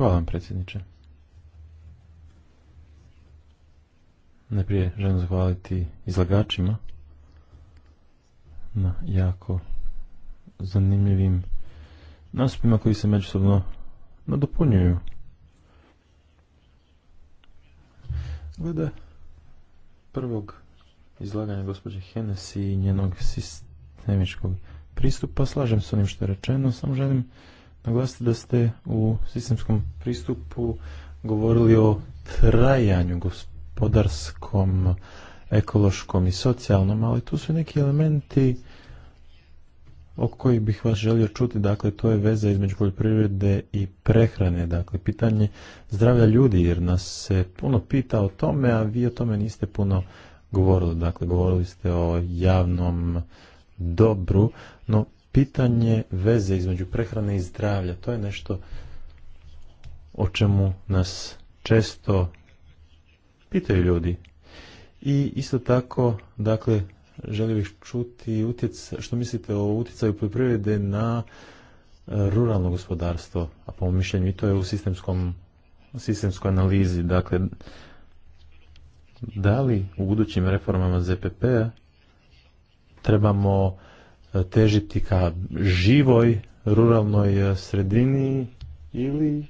Hvala vam, predsjedniče. Najprije želim zahvaliti izlagačima na jako zanimljivim naspima koji se međusobno nadopunjuju. Glede prvog izlaganja gospođe Henes i njenog sistemičkog pristupa, slažem se onim što je rečeno, samo želim naglasiti da ste u sistemskom pristupu govorili o trajanju gospodarskom, ekološkom i socijalnom, ali tu su neki elementi o koji bih vas želio čuti, dakle to je veza između poljoprivrede i prehrane, dakle pitanje zdravlja ljudi jer nas se puno pita o tome, a vi o tome niste puno govorili, dakle govorili ste o javnom dobru, no pitanje veze između prehrane i zdravlja. To je nešto o čemu nas često pitaju ljudi. I isto tako, dakle, želio bih čuti utjec, što mislite o utjecaju poljoprivrede na e, ruralno gospodarstvo, a po mišljenju i to je u sistemskom, sistemskoj analizi. Dakle, da li u budućim reformama ZPP-a trebamo težiti ka živoj ruralnoj e, sredini ili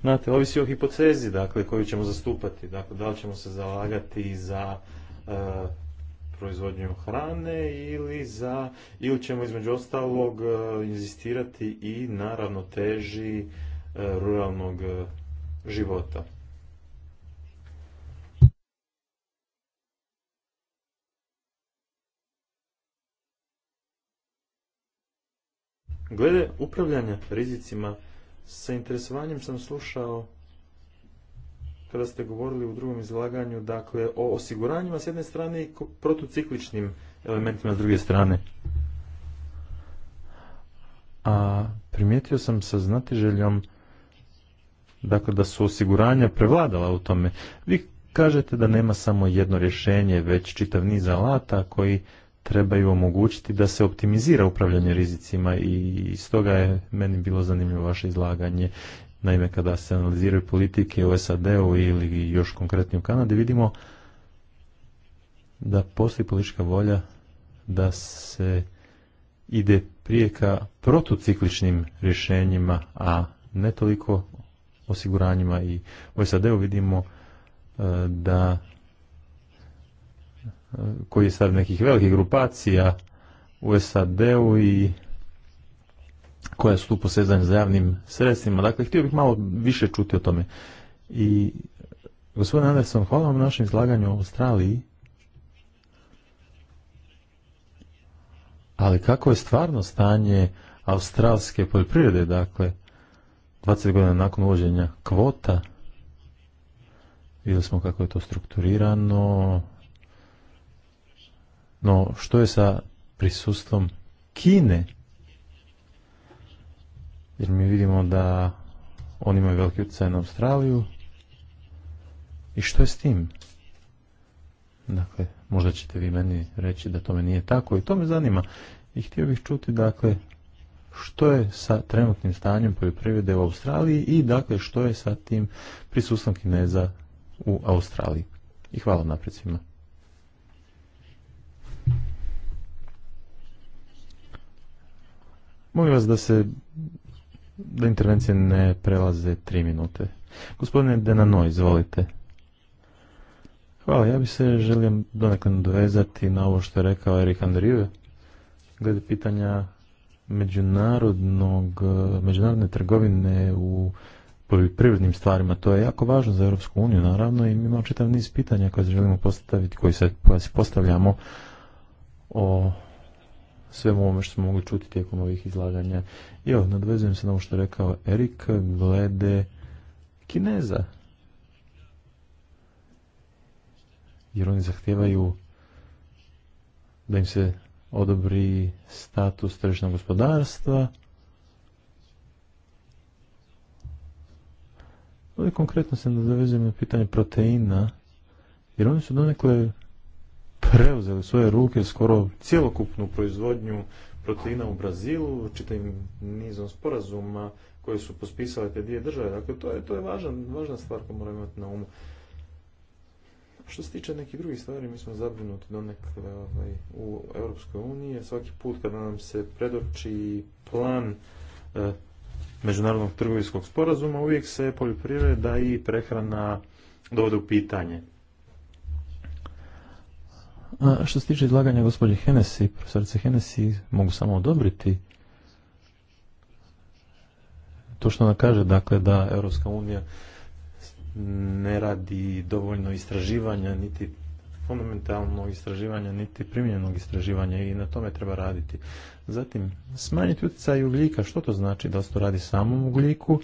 Znate, ovisi o hipotezi dakle, koju ćemo zastupati. Dakle, da li ćemo se zalagati za e, proizvodnju hrane ili za ili ćemo između ostalog e, inzistirati i na ravnoteži ruralnog života. Glede upravljanja rizicima, sa interesovanjem sam slušao kada ste govorili u drugom izlaganju, dakle, o osiguranjima s jedne strane i protucikličnim elementima s druge strane. A primijetio sam sa znatiželjom dakle, da su osiguranja prevladala u tome. Vi kažete da nema samo jedno rješenje, već čitav niz alata koji trebaju omogućiti da se optimizira upravljanje rizicima i stoga je meni bilo zanimljivo vaše izlaganje. Naime, kada se analiziraju politike u SAD-u ili još konkretnije u Kanadi, vidimo da postoji politička volja da se ide prije ka protucikličnim rješenjima, a ne toliko osiguranjima i u SAD-u vidimo e, da koji je sad nekih velikih grupacija u SAD-u i koja su tu posezanje za javnim sredstvima. Dakle, htio bih malo više čuti o tome. I gospodin Anderson, hvala vam našem izlaganju o Australiji. Ali kako je stvarno stanje australske poljoprivrede, dakle, 20 godina nakon uvođenja kvota, vidjeli smo kako je to strukturirano, no, što je sa prisustvom Kine? Jer mi vidimo da oni imaju veliki utjecaj na Australiju. I što je s tim? Dakle, možda ćete vi meni reći da tome nije tako i to me zanima. I htio bih čuti, dakle, što je sa trenutnim stanjem poljoprivrede u Australiji i dakle što je sa tim prisustvom Kineza u Australiji. I hvala naprijed svima. Molim vas da se da intervencije ne prelaze tri minute. Gospodine Denano, izvolite. Hvala, ja bi se želio donekle dovezati na ovo što je rekao Erik Andrijeve Glede pitanja međunarodnog, međunarodne trgovine u poljoprivrednim stvarima. To je jako važno za Europsku uniju, naravno, i mi imamo čitav niz pitanja koje želimo postaviti, koji koja se postavljamo o svemu ovome što smo mogli čuti tijekom ovih izlaganja. I evo, nadvezujem se na ovo što je rekao Erik glede Kineza. Jer oni zahtijevaju da im se odobri status tržišnog gospodarstva. Ovdje konkretno se nadovezujem na pitanje proteina, jer oni su donekle preuzeli svoje ruke skoro cijelokupnu proizvodnju proteina u Brazilu, čitavim nizom sporazuma koje su pospisale te dvije države. Dakle, to je, to je važan, važna stvar koju moramo imati na umu. Što se tiče nekih drugih stvari, mi smo zabrinuti ovaj, u Europskoj uniji. Svaki put kada nam se predoči plan eh, međunarodnog trgovinskog sporazuma, uvijek se poljoprivreda i prehrana dovode u pitanje. A što se tiče izlaganja gospođe Henesi, profesorice Henesi mogu samo odobriti to što ona kaže, dakle, da Europska unija ne radi dovoljno istraživanja, niti fundamentalnog istraživanja, niti primjenog istraživanja i na tome treba raditi. Zatim, smanjiti utjecaj ugljika, što to znači? Da se to radi samom ugljiku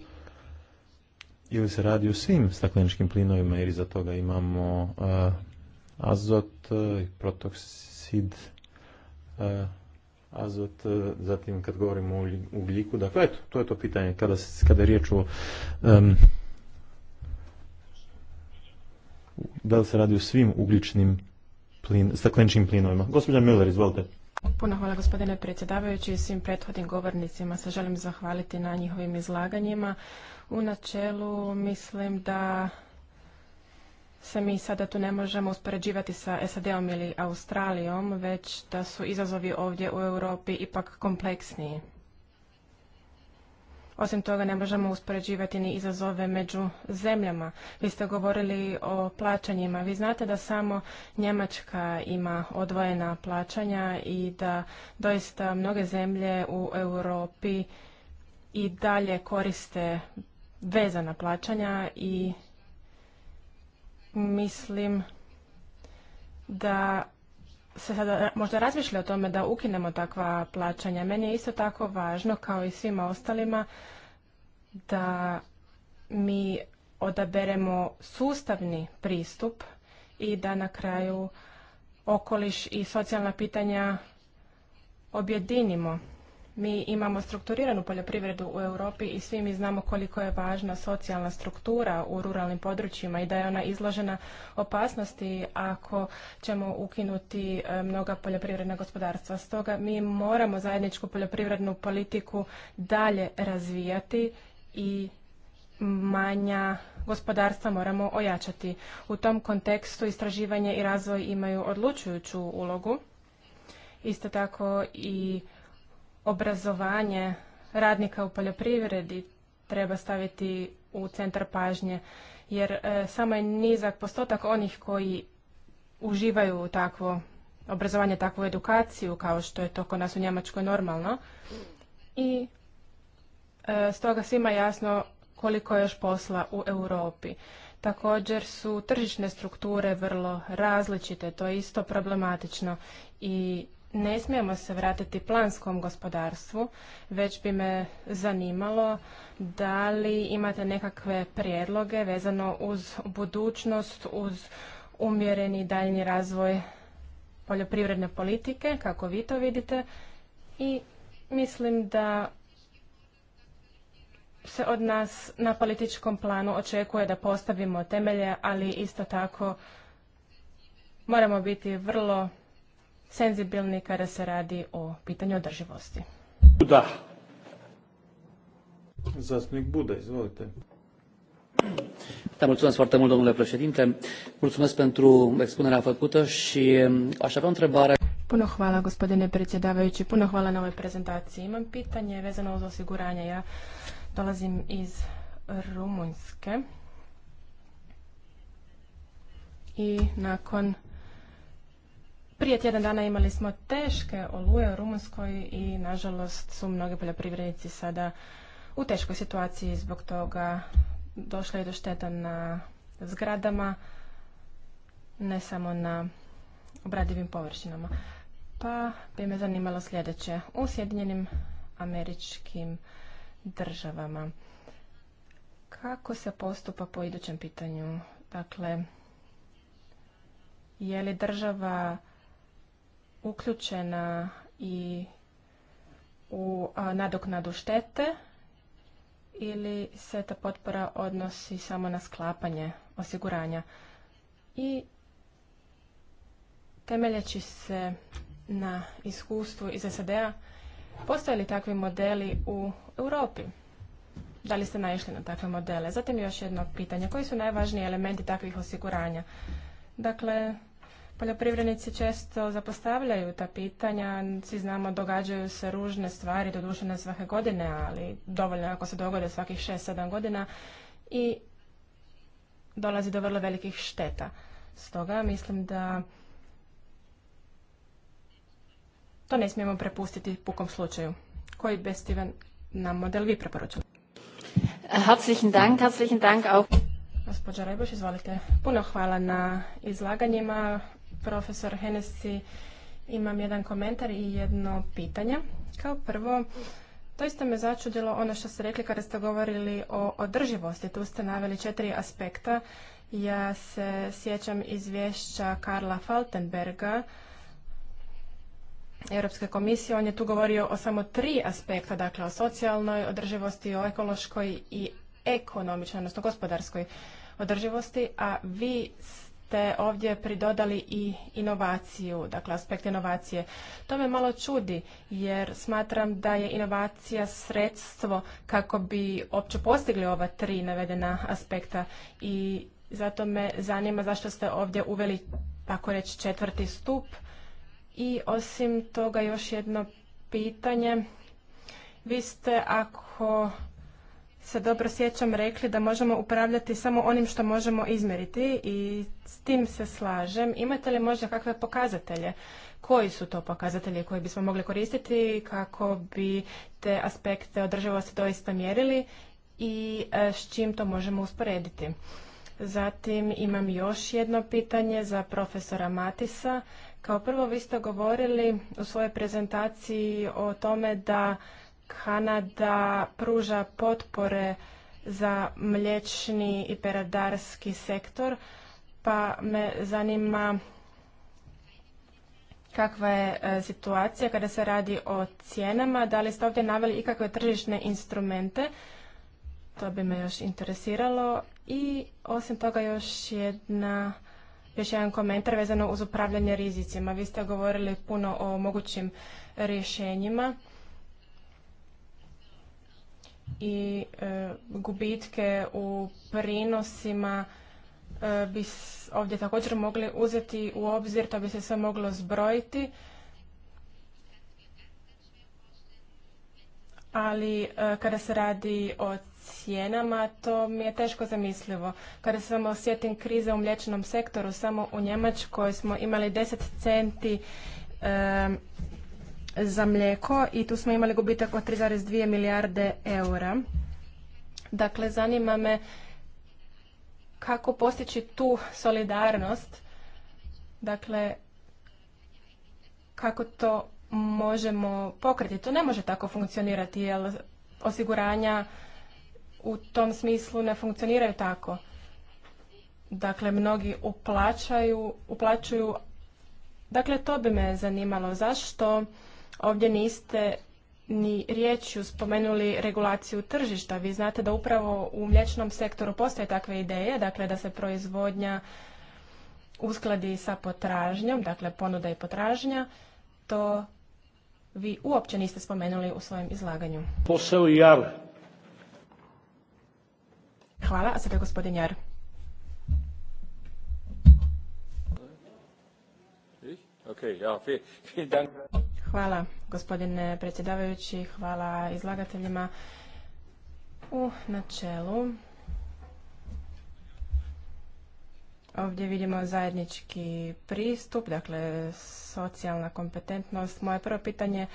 ili se radi u svim stakleničkim plinovima jer iza toga imamo azot i e, protoksid e, azot, e, zatim kad govorimo o ugljiku, dakle eto, to je to pitanje kada, kada je riječ o da li se radi o svim ugljičnim plin, stakleničnim plinovima. Gospodin Miller, izvolite. Puno hvala gospodine predsjedavajući i svim prethodnim govornicima. Se želim zahvaliti na njihovim izlaganjima. U načelu mislim da se mi sada tu ne možemo uspoređivati sa SAD-om ili Australijom, već da su izazovi ovdje u Europi ipak kompleksniji. Osim toga ne možemo uspoređivati ni izazove među zemljama. Vi ste govorili o plaćanjima. Vi znate da samo Njemačka ima odvojena plaćanja i da doista mnoge zemlje u Europi i dalje koriste vezana plaćanja i mislim da se sada možda razmišlja o tome da ukinemo takva plaćanja. Meni je isto tako važno, kao i svima ostalima, da mi odaberemo sustavni pristup i da na kraju okoliš i socijalna pitanja objedinimo. Mi imamo strukturiranu poljoprivredu u Europi i svi mi znamo koliko je važna socijalna struktura u ruralnim područjima i da je ona izložena opasnosti ako ćemo ukinuti e, mnoga poljoprivredna gospodarstva. Stoga mi moramo zajedničku poljoprivrednu politiku dalje razvijati i manja gospodarstva moramo ojačati. U tom kontekstu istraživanje i razvoj imaju odlučujuću ulogu. Isto tako i obrazovanje radnika u poljoprivredi treba staviti u centar pažnje, jer e, samo je nizak postotak onih koji uživaju takvo obrazovanje, takvu edukaciju, kao što je to kod nas u Njemačkoj normalno. I e, stoga svima jasno koliko je još posla u Europi. Također su tržišne strukture vrlo različite, to je isto problematično i ne smijemo se vratiti planskom gospodarstvu, već bi me zanimalo da li imate nekakve prijedloge vezano uz budućnost, uz umjereni daljnji razvoj poljoprivredne politike, kako vi to vidite. I mislim da se od nas na političkom planu očekuje da postavimo temelje, ali isto tako moramo biti vrlo senzibilni kada se radi o pitanju održivosti. Buda. Zastupnik Buda, izvolite. Da, mulțumesc foarte mult, domnule președinte. Mulțumesc pentru expunerea făcută și um, aș avea o întrebare. Puno hvala, gospodine predsjedavajući. Puno hvala na ovoj prezentaciji. Imam pitanje vezano uz osiguranje. Ja dolazim iz Rumunjske i nakon prije tjedan dana imali smo teške oluje u Rumunskoj i nažalost su mnogi poljoprivrednici sada u teškoj situaciji zbog toga došlo je do šteta na zgradama, ne samo na obradivim površinama. Pa bi me zanimalo sljedeće. U Sjedinjenim američkim državama kako se postupa po idućem pitanju? Dakle, je li država uključena i u nadoknadu štete ili se ta potpora odnosi samo na sklapanje osiguranja. I temeljeći se na iskustvu iz SAD-a, postoje li takvi modeli u Europi? Da li ste naišli na takve modele? Zatim još jedno pitanje. Koji su najvažniji elementi takvih osiguranja? Dakle, Poljoprivrednici često zapostavljaju ta pitanja, svi znamo događaju se ružne stvari, doduše ne svake godine, ali dovoljno ako se dogode svakih 6-7 godina i dolazi do vrlo velikih šteta. Stoga mislim da to ne smijemo prepustiti pukom slučaju. Koji bestivan nam model vi preporučili? Herzlichen Dank, herzlichen Dank auch. izvolite. Puno hvala na izlaganjima profesor Hennessy, imam jedan komentar i jedno pitanje. Kao prvo, doista me začudilo ono što ste rekli kada ste govorili o održivosti. Tu ste naveli četiri aspekta. Ja se sjećam izvješća Karla Faltenberga, Europske komisije, on je tu govorio o samo tri aspekta, dakle o socijalnoj održivosti, o ekološkoj i ekonomičnoj, odnosno gospodarskoj održivosti, a vi te ovdje pridodali i inovaciju, dakle aspekt inovacije. To me malo čudi jer smatram da je inovacija sredstvo kako bi opće postigli ova tri navedena aspekta i zato me zanima zašto ste ovdje uveli, tako reći, četvrti stup. I osim toga još jedno pitanje. Vi ste, ako se dobro sjećam rekli da možemo upravljati samo onim što možemo izmjeriti i s tim se slažem. Imate li možda kakve pokazatelje? Koji su to pokazatelji koje bismo mogli koristiti kako bi te aspekte održivosti doista mjerili i e, s čim to možemo usporediti? Zatim imam još jedno pitanje za profesora Matisa. Kao prvo vi ste govorili u svojoj prezentaciji o tome da Kanada pruža potpore za mlječni i peradarski sektor, pa me zanima kakva je e, situacija kada se radi o cijenama. Da li ste ovdje naveli ikakve tržišne instrumente? To bi me još interesiralo. I osim toga još jedna još jedan komentar vezano uz upravljanje rizicima. Vi ste govorili puno o mogućim rješenjima i e, gubitke u prinosima e, bi ovdje također mogli uzeti u obzir, to bi se sve moglo zbrojiti. Ali e, kada se radi o cijenama, to mi je teško zamislivo. Kada samo osjetim krize u mlječnom sektoru, samo u Njemačkoj smo imali 10 centi za mlijeko i tu smo imali gubitak od 3,2 milijarde eura. Dakle, zanima me kako postići tu solidarnost, dakle, kako to možemo pokriti. To ne može tako funkcionirati, jer osiguranja u tom smislu ne funkcioniraju tako. Dakle, mnogi uplaćaju, uplaćuju, dakle, to bi me zanimalo. Zašto Ovdje niste ni riječju spomenuli regulaciju tržišta. Vi znate da upravo u mlječnom sektoru postoje takve ideje, dakle da se proizvodnja uskladi sa potražnjom, dakle ponuda i potražnja. To vi uopće niste spomenuli u svojem izlaganju. Posao Jar. Hvala, a sada gospodin Jar. Okay, ja, vielen Dank. Hvala gospodine predsjedavajući, hvala izlagateljima. U načelu Ovdje vidimo zajednički pristup, dakle socijalna kompetentnost. Moje prvo pitanje,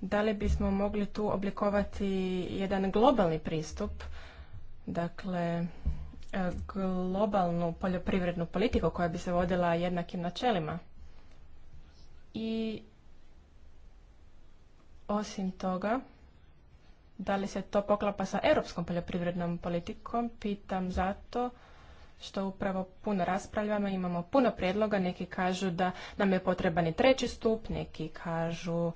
da li bismo mogli tu oblikovati jedan globalni pristup, dakle globalnu poljoprivrednu politiku koja bi se vodila jednakim načelima? I osim toga, da li se to poklapa sa europskom poljoprivrednom politikom, pitam zato što upravo puno raspravljamo, imamo puno prijedloga, neki kažu da nam je potreban i treći stup, neki kažu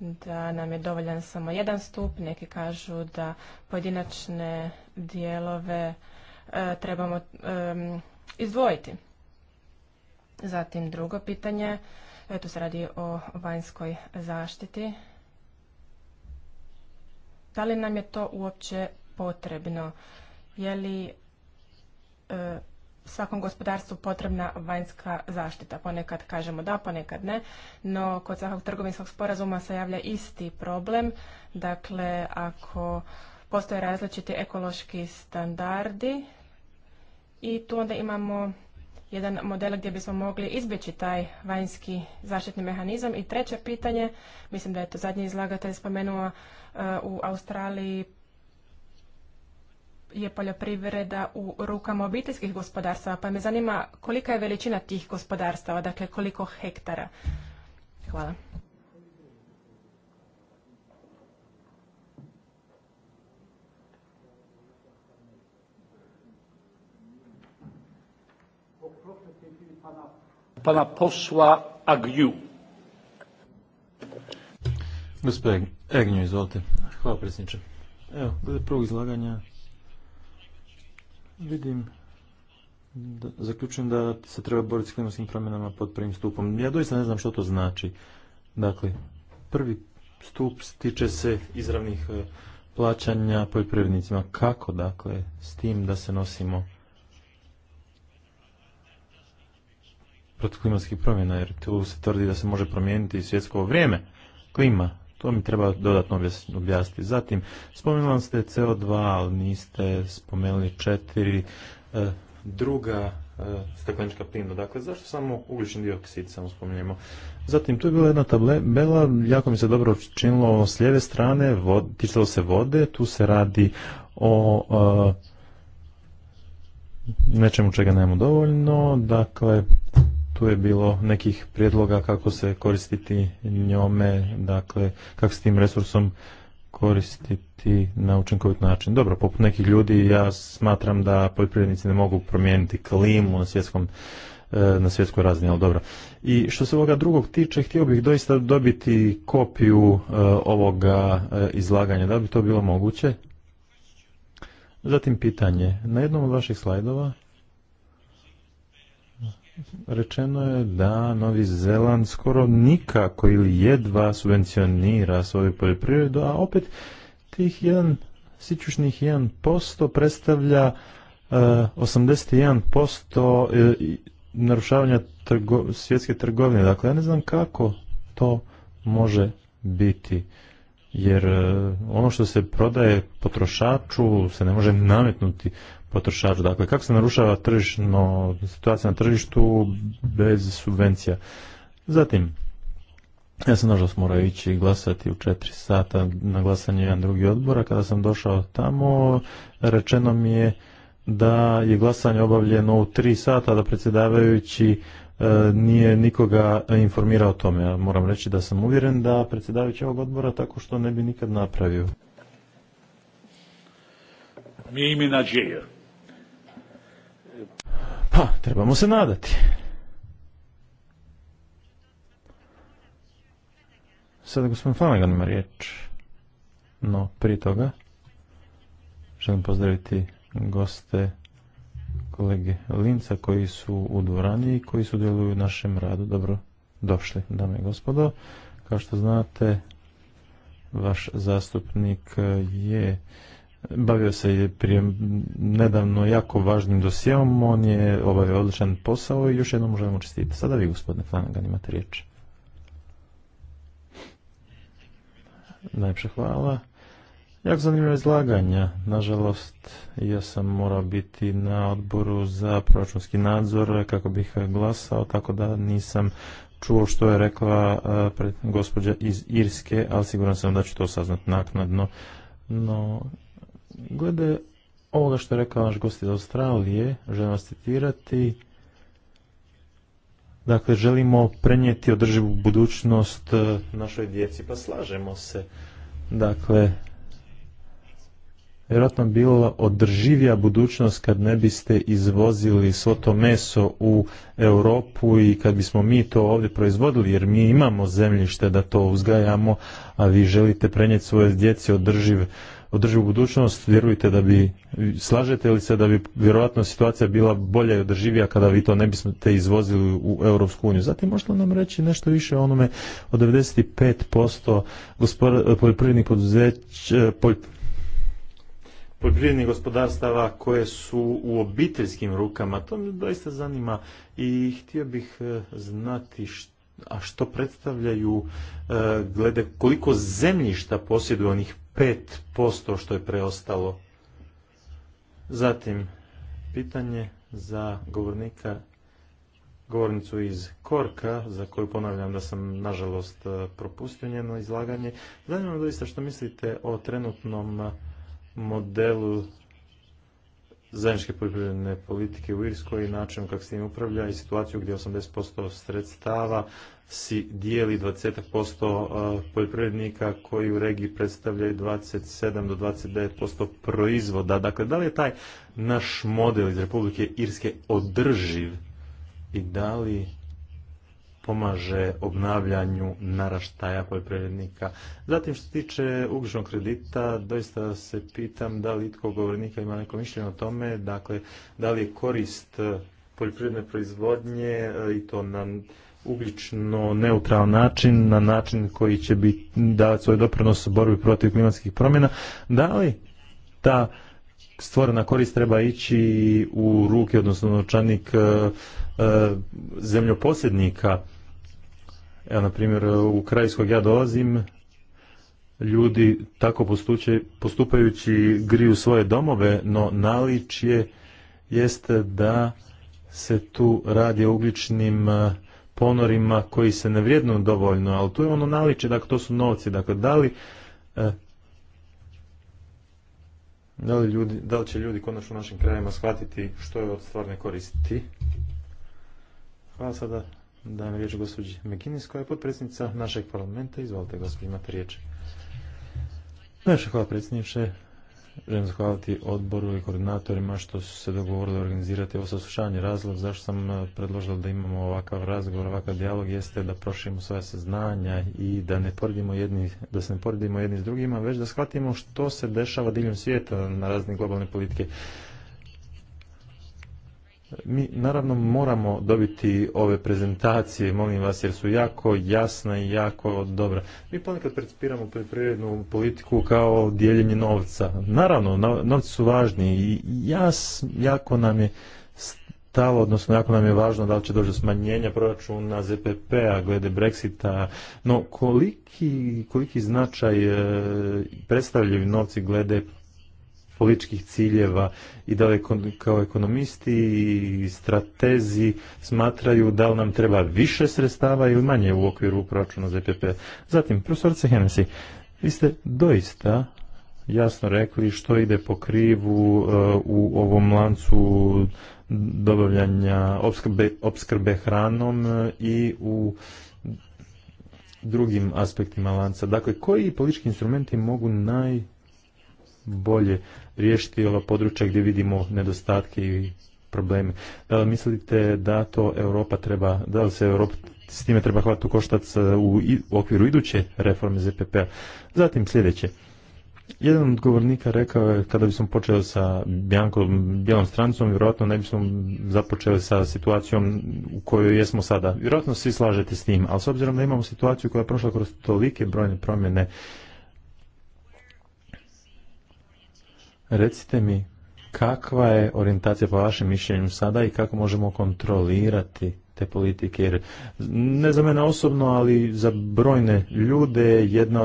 da nam je dovoljan samo jedan stup, neki kažu da pojedinačne dijelove e, trebamo e, izdvojiti. Zatim drugo pitanje, e, se radi o vanjskoj zaštiti da li nam je to uopće potrebno? Je li e, svakom gospodarstvu potrebna vanjska zaštita? Ponekad kažemo da, ponekad ne, no kod svakog trgovinskog sporazuma se javlja isti problem. Dakle, ako postoje različiti ekološki standardi i tu onda imamo jedan model gdje bismo mogli izbjeći taj vanjski zaštitni mehanizam. I treće pitanje, mislim da je to zadnji izlagatelj spomenuo, e, u Australiji je poljoprivreda u rukama obiteljskih gospodarstava, pa me zanima kolika je veličina tih gospodarstava, dakle koliko hektara. Hvala. pana posła Agniu. Gospodin Hvala predsjedniče. Evo, glede prvog izlaganja vidim zaključujem da se treba boriti s klimatskim promjenama pod prvim stupom. Ja doista ne znam što to znači. Dakle, prvi stup tiče se izravnih e, plaćanja poljoprivrednicima. Kako, dakle, s tim da se nosimo? protiv klimatskih promjena, jer tu se tvrdi da se može promijeniti svjetsko vrijeme, klima. To mi treba dodatno objasniti. Zatim, spomenuli ste CO2, ali niste spomenuli četiri e, druga e, staklenička plina. Dakle, zašto samo ugljični dioksid samo spominjemo? Zatim, tu je bila jedna tabela, jako mi se dobro učinilo s lijeve strane, vod, se vode, tu se radi o e, nečemu čega nemamo dovoljno, dakle tu je bilo nekih prijedloga kako se koristiti njome, dakle kako s tim resursom koristiti na učinkovit način. Dobro, poput nekih ljudi ja smatram da poljoprivrednici ne mogu promijeniti klimu na svjetskom e, na svjetskoj razini, ali dobro. I što se ovoga drugog tiče, htio bih doista dobiti kopiju e, ovoga e, izlaganja. Da bi to bilo moguće? Zatim pitanje. Na jednom od vaših slajdova rečeno je da Novi Zeland skoro nikako ili jedva subvencionira svoju poljoprivredu, a opet tih jedan sičušnih 1% predstavlja uh, e, 81% e, narušavanja svjetske trgovine. Dakle, ja ne znam kako to može biti jer e, ono što se prodaje potrošaču se ne može nametnuti potrošaču. Dakle, kako se narušava tržišno, situacija na tržištu bez subvencija. Zatim, ja sam nažalost morao ići glasati u četiri sata na glasanje jedan drugi odbora. Kada sam došao tamo, rečeno mi je da je glasanje obavljeno u tri sata, da predsjedavajući E, nije nikoga informirao o tome. Ja moram reći da sam uvjeren da predsjedavajući ovog odbora tako što ne bi nikad napravio. Mi ime Pa, trebamo se nadati. Sada gospodin Flanagan ima riječ. No, prije toga želim pozdraviti goste kolege Linca koji su u dvorani i koji sudjeluju u našem radu. Dobro došli, dame i gospodo. Kao što znate, vaš zastupnik je bavio se je prije nedavno jako važnim dosijom, on je obavio odličan posao i još jednom možemo čestiti. Sada vi, gospodine Flanagan, imate riječ. Najpše hvala. Jak zanimljiva izlaganja. Nažalost, ja sam morao biti na odboru za proračunski nadzor kako bih glasao, tako da nisam čuo što je rekla e, gospođa iz Irske, ali siguran sam da ću to saznati naknadno. No, glede ovoga što je rekao naš gost iz Australije, želim vas citirati. Dakle, želimo prenijeti održivu budućnost e, našoj djeci, pa slažemo se. Dakle, vjerojatno bila održivija budućnost kad ne biste izvozili svo to meso u Europu i kad bismo mi to ovdje proizvodili, jer mi imamo zemljište da to uzgajamo, a vi želite prenijeti svoje djeci održiv održivu budućnost, vjerujte da bi, slažete li se da bi vjerojatno situacija bila bolja i održivija kada vi to ne biste izvozili u Europsku uniju. Zatim možete nam reći nešto više o onome od 95% poljoprivrednih poduzeća, poljoprivrednih gospodarstava koje su u obiteljskim rukama. To me doista zanima i htio bih e, znati a što predstavljaju e, glede koliko zemljišta posjeduje onih 5% što je preostalo. Zatim, pitanje za govornika, govornicu iz Korka, za koju ponavljam da sam nažalost e, propustio njeno izlaganje. Zanima me doista što mislite o trenutnom modelu zajedničke poljoprivredne politike u Irskoj i načinu kako se im upravlja i situaciju gdje 80% sredstava si dijeli 20% e, poljoprivrednika koji u regiji predstavljaju 27 do 29% proizvoda. Dakle, da li je taj naš model iz Republike Irske održiv i da li pomaže obnavljanju naraštaja poljoprivrednika. Zatim što se tiče ugljičnog kredita, doista se pitam da li itko govornika ima neko mišljenje o tome, dakle, da li je korist poljoprivredne proizvodnje i to na ugljično neutralan način, na način koji će biti davati svoj doprinos borbi protiv klimatskih promjena, da li ta stvorena korist treba ići u ruke, odnosno novčanik e, e, zemljoposjednika, Evo, na primjer, u kraju iz kojeg ja dolazim, ljudi tako postupajući griju svoje domove, no naličje jeste da se tu radi o ugljičnim e, ponorima koji se ne vrijednu dovoljno, ali tu je ono naličje, dakle to su novci, dakle da li e, da li, ljudi, da li će ljudi konačno u našim krajima shvatiti što je od stvarne koristiti? Hvala sada Dajem riječ gospođi Mekinis koja je potpredsjednica našeg parlamenta. Izvolite gospođi, imate riječ. Najviše hvala predsjedniče. Želim zahvaliti odboru i koordinatorima što su se dogovorili organizirati ovo saslušanje. Razlog zašto sam eh, predložio da imamo ovakav razgovor, ovakav dijalog jeste da proširimo svoje saznanja i da ne poredimo jedni, da se ne poredimo jedni s drugima, već da shvatimo što se dešava diljem svijeta na razne globalne politike. Mi naravno moramo dobiti ove prezentacije, molim vas, jer su jako jasne i jako dobre. Mi ponekad precipiramo poljoprivrednu politiku kao dijeljenje novca. Naravno, novci su važni i jas, jako nam je stalo, odnosno jako nam je važno da li će doći do smanjenja proračuna ZPP-a glede Brexita, no koliki, koliki značaj e, predstavljaju novci glede političkih ciljeva i da kao ekonomisti i stratezi smatraju da li nam treba više sredstava ili manje u okviru proračuna ZPP. Zatim, profesorice Hennessy, vi ste doista jasno rekli što ide po krivu uh, u ovom lancu dobavljanja opskrbe, opskrbe hranom uh, i u drugim aspektima lanca. Dakle, koji politički instrumenti mogu najbolje riješiti ova područja gdje vidimo nedostatke i probleme. Da li mislite da to Europa treba, da li se Europa s time treba hvatiti u koštac e, u, okviru iduće reforme ZPP-a? Zatim sljedeće. Jedan od govornika rekao je kada bismo počeli sa Bjankom, bijelom strancom, vjerojatno ne bismo započeli sa situacijom u kojoj jesmo sada. Vjerojatno svi slažete s tim, ali s obzirom da imamo situaciju koja je prošla kroz tolike brojne promjene Recite mi, kakva je orijentacija po vašem mišljenju sada i kako možemo kontrolirati te politike? Jer ne za mene osobno, ali za brojne ljude jedna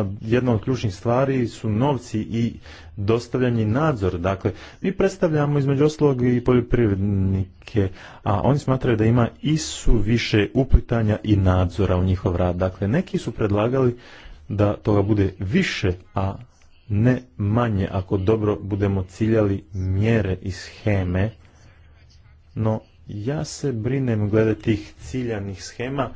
od, ključnih stvari su novci i dostavljanje nadzor. Dakle, mi predstavljamo između ostalog i poljoprivrednike, a oni smatraju da ima su više uplitanja i nadzora u njihov rad. Dakle, neki su predlagali da toga bude više, a ne manje ako dobro budemo ciljali mjere i scheme, no ja se brinem glede tih ciljanih schema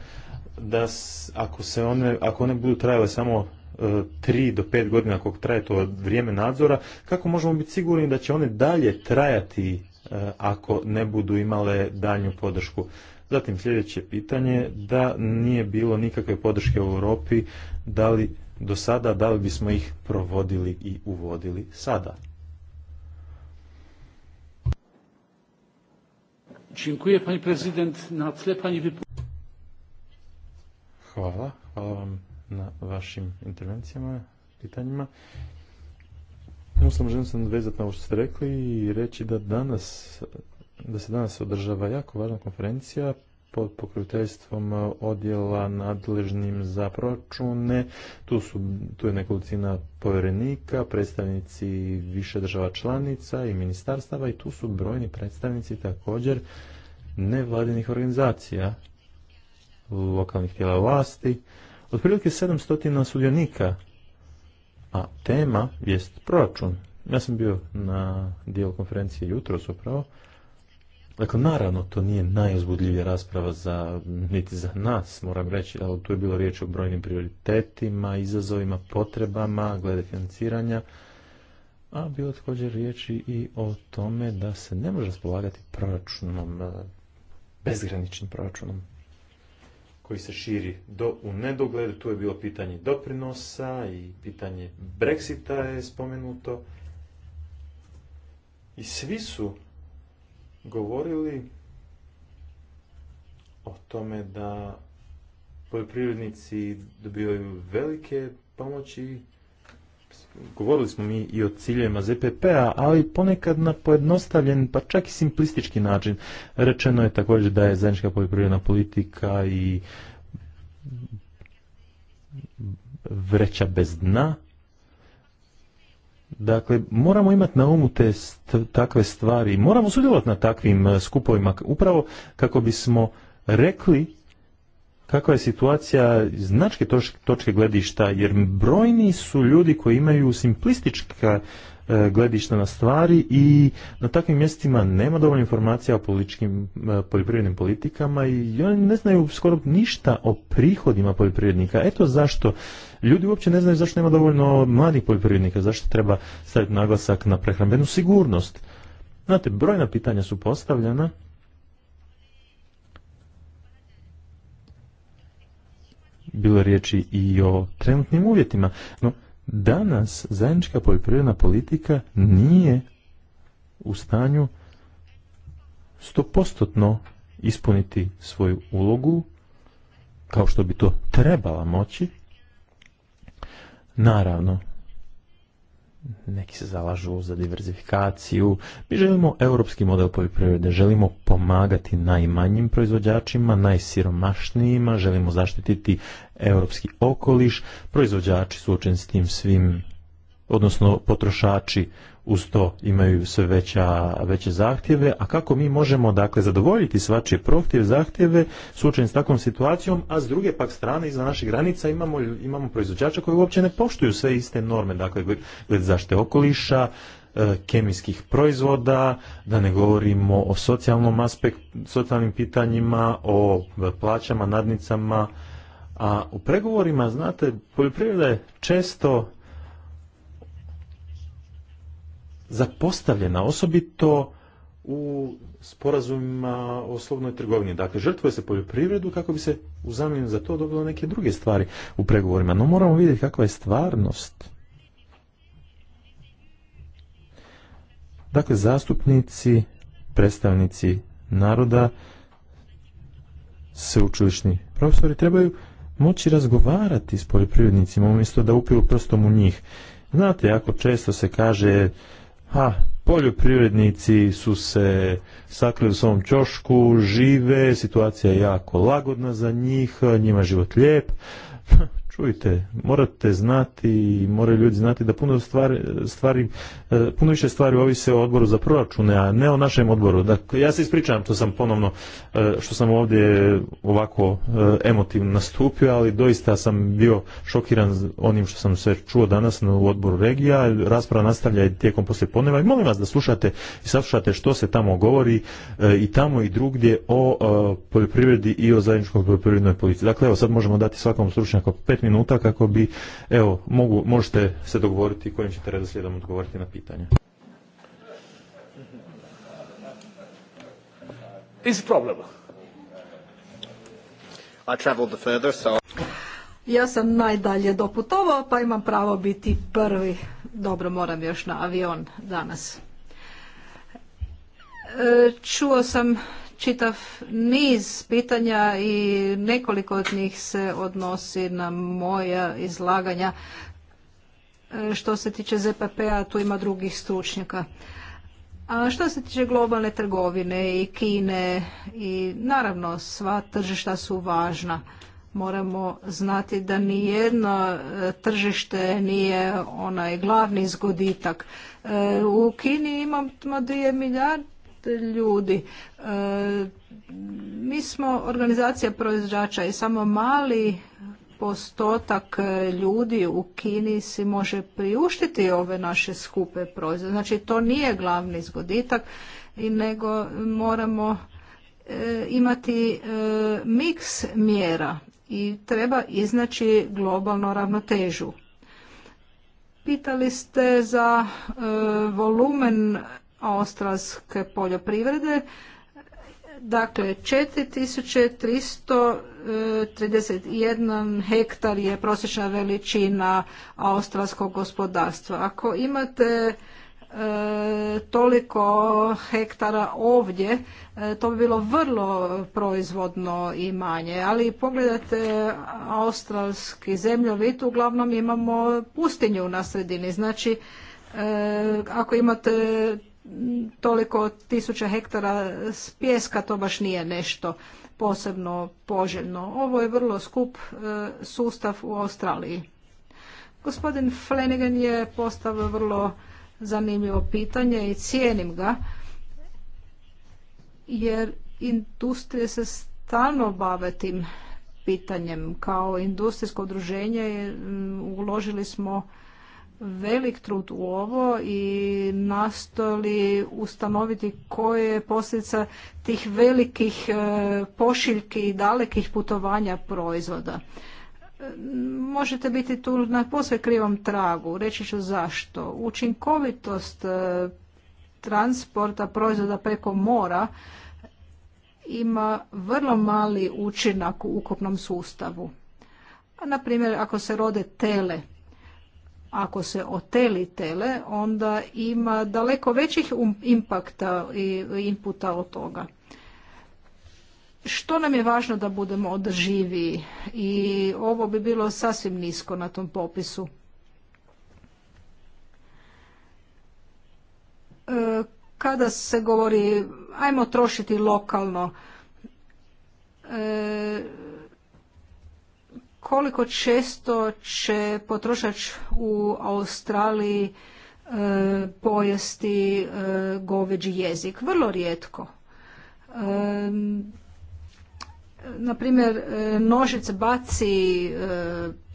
da ako, se one, ako one budu trajale samo e, tri do pet godina koliko traje to vrijeme nadzora, kako možemo biti sigurni da će one dalje trajati e, ako ne budu imale daljnju podršku. Zatim sljedeće pitanje, da nije bilo nikakve podrške u Europi, da li do sada, da li bismo ih provodili i uvodili sada. Dziękuję pani prezydent na tle pani Hvala, hvala vam na vašim intervencijama, pitanjima. Jednostavno želim se nadvezati na ovo što ste rekli i reći da danas, da se danas održava jako važna konferencija pod pokroviteljstvom eh, odjela nadležnim za proračune. Tu, su, tu je nekolicina povjerenika, predstavnici više država članica i ministarstava i tu su brojni predstavnici također nevladinih organizacija, lokalnih tijela vlasti, otprilike 700 sudionika, a tema jest proračun. Ja sam bio na dijelu konferencije jutros upravo, Dakle, naravno, to nije najuzbudljivija rasprava za, niti za nas, moram reći, ali tu je bilo riječ o brojnim prioritetima, izazovima, potrebama, glede financiranja, a bilo također riječi i o tome da se ne može raspolagati proračunom, e, bezgraničnim proračunom koji se širi do u nedogled. Tu je bilo pitanje doprinosa i pitanje Brexita je spomenuto. I svi su govorili o tome da poljoprivrednici dobivaju velike pomoći. Govorili smo mi i o ciljevima ZPP-a, ali ponekad na pojednostavljen, pa čak i simplistički način. Rečeno je također da je zajednička poljoprivredna politika i vreća bez dna, Dakle, moramo imati na umu te takve stvari. Moramo sudjelovati na takvim e, skupovima upravo kako bismo rekli kakva je situacija značke točke gledišta, jer brojni su ljudi koji imaju simplistička E, gledišta na stvari i na takvim mjestima nema dovoljno informacija o političkim e, poljoprivrednim politikama i oni ne znaju skoro ništa o prihodima poljoprivrednika. Eto zašto ljudi uopće ne znaju zašto nema dovoljno mladih poljoprivrednika, zašto treba staviti naglasak na prehrambenu sigurnost. Znate, brojna pitanja su postavljena, bilo je riječi i o trenutnim uvjetima. No, Danas zajednička poljoprivredna politika nije u stanju stopostotno ispuniti svoju ulogu kao što bi to trebala moći. Naravno, neki se zalažu za diverzifikaciju. Mi želimo europski model poljoprivrede, želimo pomagati najmanjim proizvođačima, najsiromašnijima, želimo zaštititi europski okoliš. Proizvođači suočeni s tim svim odnosno potrošači uz to imaju sve veća, veće zahtjeve, a kako mi možemo dakle zadovoljiti svačije prohtjeve, zahtjeve suočeni s takvom situacijom, a s druge pak strane iza naših granica imamo, imamo proizvođača koji uopće ne poštuju sve iste norme, dakle gled zašte okoliša, e, kemijskih proizvoda, da ne govorimo o socijalnom aspektu, socijalnim pitanjima, o plaćama, nadnicama, a u pregovorima, znate, poljoprivreda je često zapostavljena, osobito u sporazumima o slobodnoj trgovini. Dakle, žrtvuje se poljoprivredu kako bi se u za to dobilo neke druge stvari u pregovorima. No moramo vidjeti kakva je stvarnost. Dakle, zastupnici, predstavnici naroda, sveučilišni profesori trebaju moći razgovarati s poljoprivrednicima umjesto da upiju prstom u njih. Znate, jako često se kaže Ha, poljoprivrednici su se sakli u svom čošku, žive, situacija je jako lagodna za njih, njima život lijep čujte, morate znati i moraju ljudi znati da puno stvari, stvari, e, puno više stvari ovise o odboru za proračune, a ne o našem odboru. Dakle, ja se ispričavam što sam ponovno, e, što sam ovdje ovako e, emotivno nastupio, ali doista sam bio šokiran onim što sam sve čuo danas u odboru regija. Rasprava nastavlja i tijekom poslije poneva i molim vas da slušate i saslušate što se tamo govori i tamo i drugdje o poljoprivredi i o zajedničkoj poljoprivrednoj politici. Dakle, evo sad možemo dati svakom stručnjaku pet minuta kako bi, evo, mogu, možete se dogovoriti kojim ćete redoslijedom odgovoriti na pitanje. Is problem. I traveled further, so... Ja sam najdalje doputovao, pa imam pravo biti prvi. Dobro, moram još na avion danas. E, čuo sam čitav niz pitanja i nekoliko od njih se odnosi na moja izlaganja. E, što se tiče ZPP-a, tu ima drugih stručnjaka. A što se tiče globalne trgovine i Kine i naravno sva tržišta su važna. Moramo znati da nijedno e, tržište nije onaj glavni zgoditak. E, u Kini imamo 2 milijarde ljudi. E, mi smo organizacija proizvođača i samo mali postotak e, ljudi u Kini si može priuštiti ove naše skupe proizvode. Znači to nije glavni i nego moramo e, imati miks mjera i treba iznaći globalnu ravnotežu. Pitali ste za e, volumen australske poljoprivrede. Dakle, 4331 hektar je prosječna veličina australskog gospodarstva. Ako imate e, toliko hektara ovdje, e, to bi bilo vrlo proizvodno i manje. Ali pogledajte australski zemljovit, uglavnom imamo pustinju na sredini. Znači, e, ako imate toliko tisuća hektara s pjeska to baš nije nešto posebno poželjno. Ovo je vrlo skup e, sustav u Australiji. Gospodin Flanagan je postavio vrlo zanimljivo pitanje i cijenim ga jer industrije se stalno bave tim pitanjem. Kao industrijsko udruženje mm, uložili smo velik trud u ovo i nastoli ustanoviti koje je posljedica tih velikih e, pošiljki i dalekih putovanja proizvoda. Možete biti tu na posve krivom tragu, reći ću zašto. Učinkovitost e, transporta proizvoda preko mora ima vrlo mali učinak u ukupnom sustavu. Na primjer, ako se rode tele, ako se oteli tele, onda ima daleko većih um- impakta i inputa od toga. Što nam je važno da budemo održivi i ovo bi bilo sasvim nisko na tom popisu. E, kada se govori, ajmo trošiti lokalno, e, koliko često će potrošač u Australiji e, pojesti e, goveđi jezik? Vrlo rijetko. E, na primjer, nožic baci e,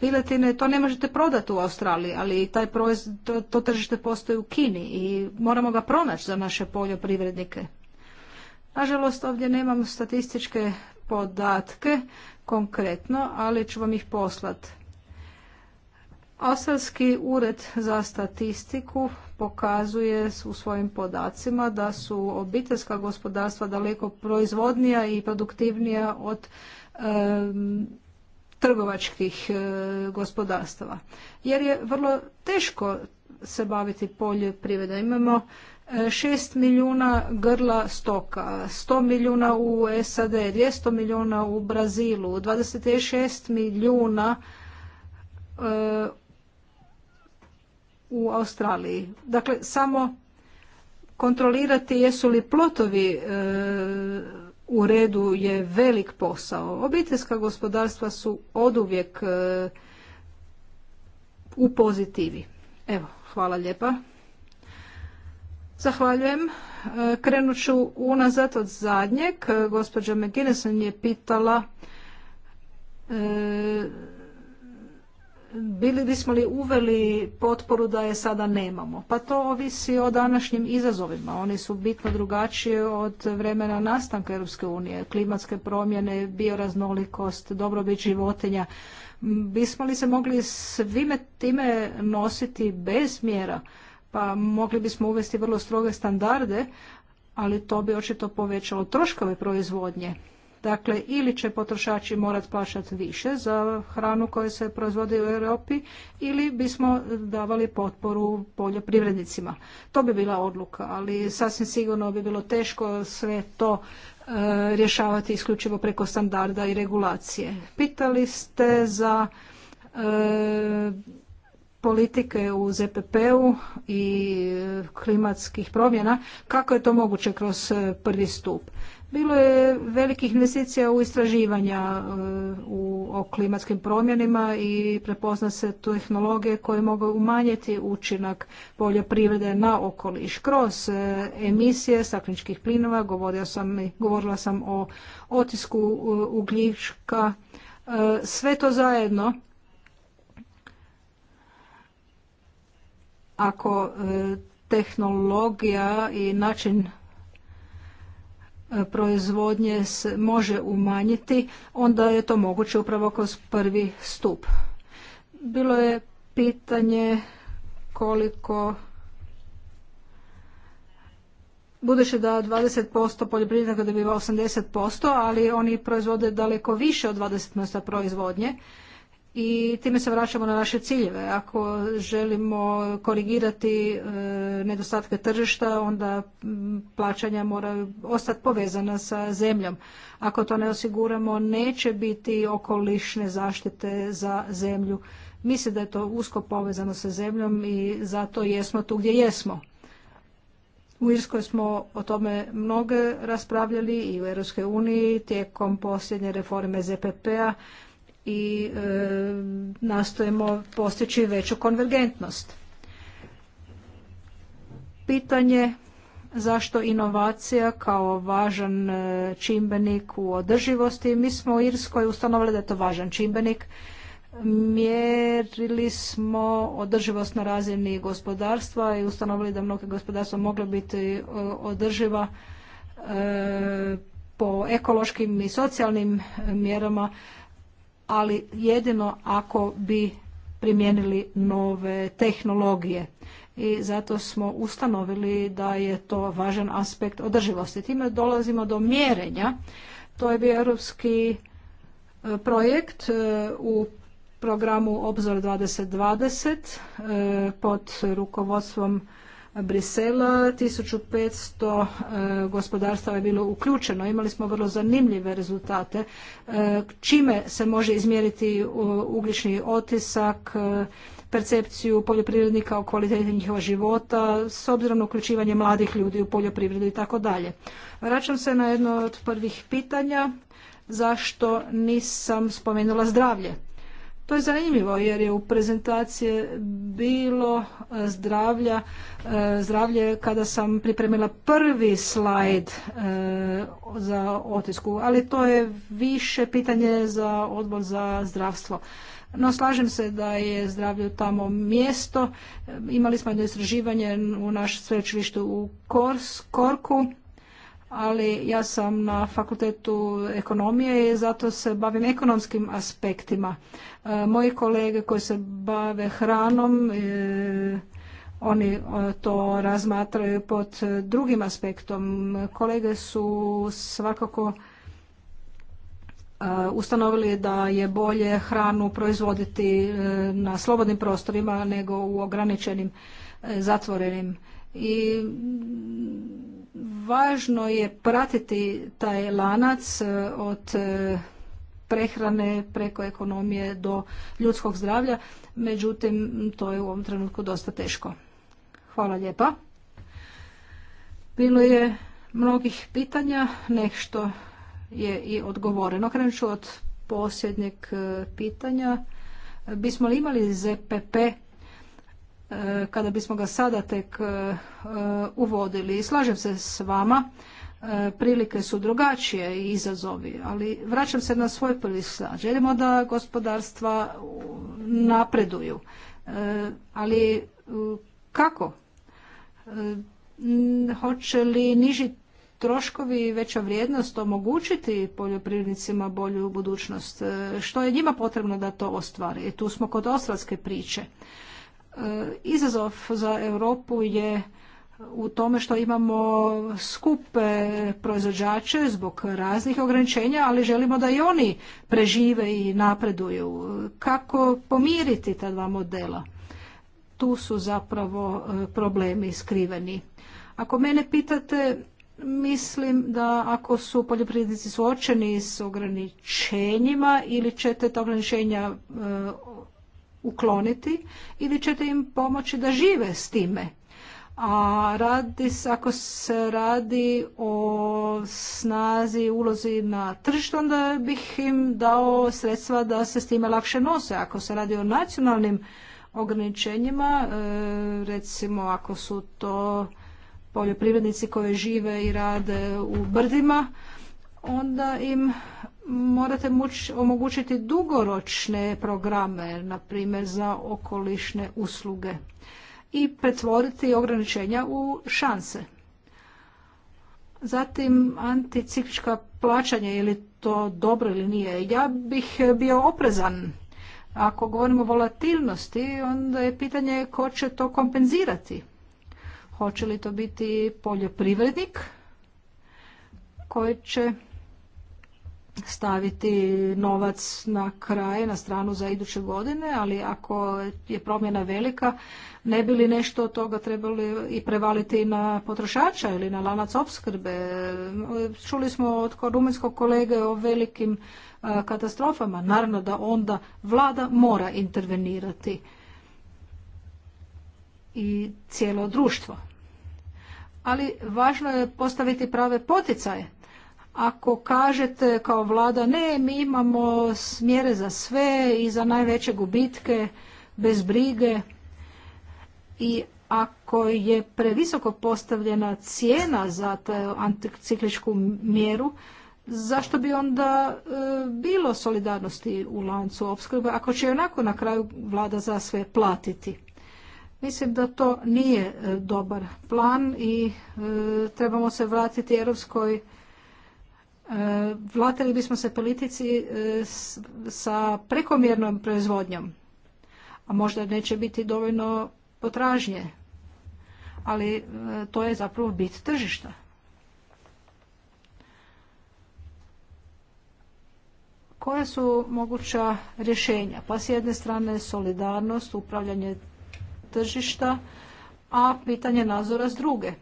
piletine, to ne možete prodati u Australiji, ali taj proizvod, to, to tržište postoji u Kini i moramo ga pronaći za naše poljoprivrednike. Nažalost, ovdje nemamo statističke podatke konkretno, ali ću vam ih poslat. Australski ured za statistiku pokazuje u svojim podacima da su obiteljska gospodarstva daleko proizvodnija i produktivnija od trgovačkih e, gospodarstava. Jer je vrlo teško se baviti poljoprivredom. Imamo 6 milijuna grla stoka, 100 milijuna u SAD, 200 milijuna u Brazilu, 26 milijuna e, u Australiji. Dakle, samo kontrolirati jesu li plotovi e, u redu je velik posao. Obiteljska gospodarstva su oduvijek e, u pozitivi. Evo, hvala lijepa. Zahvaljujem. E, krenut ću unazad od zadnjeg. E, gospođa McGinnison je pitala e, bili bismo li uveli potporu da je sada nemamo. Pa to ovisi o današnjim izazovima. Oni su bitno drugačiji od vremena nastanka Europske unije. Klimatske promjene, bioraznolikost, dobrobit životinja. Bismo li se mogli svime time nositi bez mjera? pa mogli bismo uvesti vrlo stroge standarde, ali to bi očito povećalo troškove proizvodnje. Dakle, ili će potrošači morati plaćati više za hranu koja se proizvodi u Europi ili bismo davali potporu poljoprivrednicima. To bi bila odluka, ali sasvim sigurno bi bilo teško sve to e, rješavati isključivo preko standarda i regulacije. Pitali ste za e, politike u ZPP-u i e, klimatskih promjena, kako je to moguće kroz e, prvi stup. Bilo je velikih investicija u istraživanja e, u, o klimatskim promjenima i prepozna se tehnologije koje mogu umanjiti učinak poljoprivrede na okoliš. Kroz emisije stakleničkih plinova sam, govorila sam o otisku ugljička. Sve to zajedno ako e, tehnologija i način e, proizvodnje se može umanjiti, onda je to moguće upravo kroz prvi stup. Bilo je pitanje koliko budući da 20% poljoprivrednika dobiva 80%, ali oni proizvode daleko više od 20% proizvodnje, i time se vraćamo na naše ciljeve. Ako želimo korigirati e, nedostatke tržišta, onda plaćanja moraju ostati povezana sa zemljom. Ako to ne osiguramo, neće biti okolišne zaštite za zemlju. Mislim da je to usko povezano sa zemljom i zato jesmo tu gdje jesmo. U Irskoj smo o tome mnoge raspravljali i u EU uniji tijekom posljednje reforme ZPP-a i e, nastojimo postići veću konvergentnost. Pitanje zašto inovacija kao važan e, čimbenik u održivosti. Mi smo u Irskoj ustanovili da je to važan čimbenik. Mjerili smo održivost na razini gospodarstva i ustanovili da mnoge gospodarstva mogle biti e, održiva po ekološkim i socijalnim mjerama ali jedino ako bi primijenili nove tehnologije i zato smo ustanovili da je to važan aspekt održivosti. Time dolazimo do mjerenja. To je bio europski e, projekt e, u programu Obzor 2020 e, pod rukovodstvom Brisela. 1500 e, gospodarstava je bilo uključeno. Imali smo vrlo zanimljive rezultate. E, čime se može izmjeriti e, ugljični otisak, percepciju poljoprivrednika o kvaliteti njihova života s obzirom na uključivanje mladih ljudi u poljoprivredu i tako dalje. Vraćam se na jedno od prvih pitanja zašto nisam spomenula zdravlje. To je zanimljivo jer je u prezentaciji bilo e, zdravlja, e, zdravlje kada sam pripremila prvi slajd e, za otisku, ali to je više pitanje za odbor za zdravstvo. No slažem se da je zdravlje tamo mjesto. Imali smo jedno istraživanje u našem sveučilištu u Korku ali ja sam na fakultetu ekonomije i zato se bavim ekonomskim aspektima. E, moji kolege koji se bave hranom, e, oni e, to razmatraju pod drugim aspektom. Kolege su svakako ustanovili da je bolje hranu proizvoditi na slobodnim prostorima nego u ograničenim zatvorenim. I Važno je pratiti taj lanac e, od e, prehrane preko ekonomije do ljudskog zdravlja, međutim to je u ovom trenutku dosta teško. Hvala lijepa. Bilo je mnogih pitanja, nešto je i odgovoreno. Krenut ću od posljednjeg e, pitanja. Bismo li imali ZPP E, kada bismo ga sada tek e, uvodili. I slažem se s vama, e, prilike su drugačije i izazovi, ali vraćam se na svoj prvi sad. Želimo da gospodarstva napreduju, ali kako? Hoće li niži troškovi i veća vrijednost omogućiti poljoprivrednicima bolju budućnost? Što je njima potrebno da to ostvari? Tu smo kod ostvarske priče. E, izazov za Europu je u tome što imamo skupe proizvođače zbog raznih ograničenja, ali želimo da i oni prežive i napreduju. Kako pomiriti ta dva modela? Tu su zapravo e, problemi skriveni. Ako mene pitate, mislim da ako su poljoprivrednici suočeni s ograničenjima ili ćete ta ograničenja e, ukloniti ili ćete im pomoći da žive s time. A radi, ako se radi o snazi, ulozi na tržištu, onda bih im dao sredstva da se s time lakše nose. Ako se radi o nacionalnim ograničenjima, e, recimo ako su to poljoprivrednici koji žive i rade u brdima, onda im morate omogućiti dugoročne programe, na primjer za okolišne usluge i pretvoriti ograničenja u šanse. Zatim anticiklička plaćanja, je li to dobro ili nije? Ja bih bio oprezan. Ako govorimo o volatilnosti, onda je pitanje ko će to kompenzirati. Hoće li to biti poljoprivrednik koji će staviti novac na kraj, na stranu za iduće godine, ali ako je promjena velika, ne bi li nešto od toga trebali i prevaliti na potrošača ili na lanac opskrbe. Čuli smo od rumenskog kolege o velikim e, katastrofama. Naravno da onda vlada mora intervenirati i cijelo društvo. Ali važno je postaviti prave poticaje ako kažete kao vlada ne, mi imamo smjere za sve i za najveće gubitke, bez brige i ako je previsoko postavljena cijena za tu anticikličku mjeru, zašto bi onda e, bilo solidarnosti u lancu opskrbe ako će onako na kraju vlada za sve platiti? Mislim da to nije e, dobar plan i e, trebamo se vratiti europskoj E, vlatili bismo se politici e, sa prekomjernom proizvodnjom, a možda neće biti dovoljno potražnje, ali e, to je zapravo bit tržišta. Koja su moguća rješenja? Pa s jedne strane solidarnost, upravljanje tržišta, a pitanje nadzora s druge.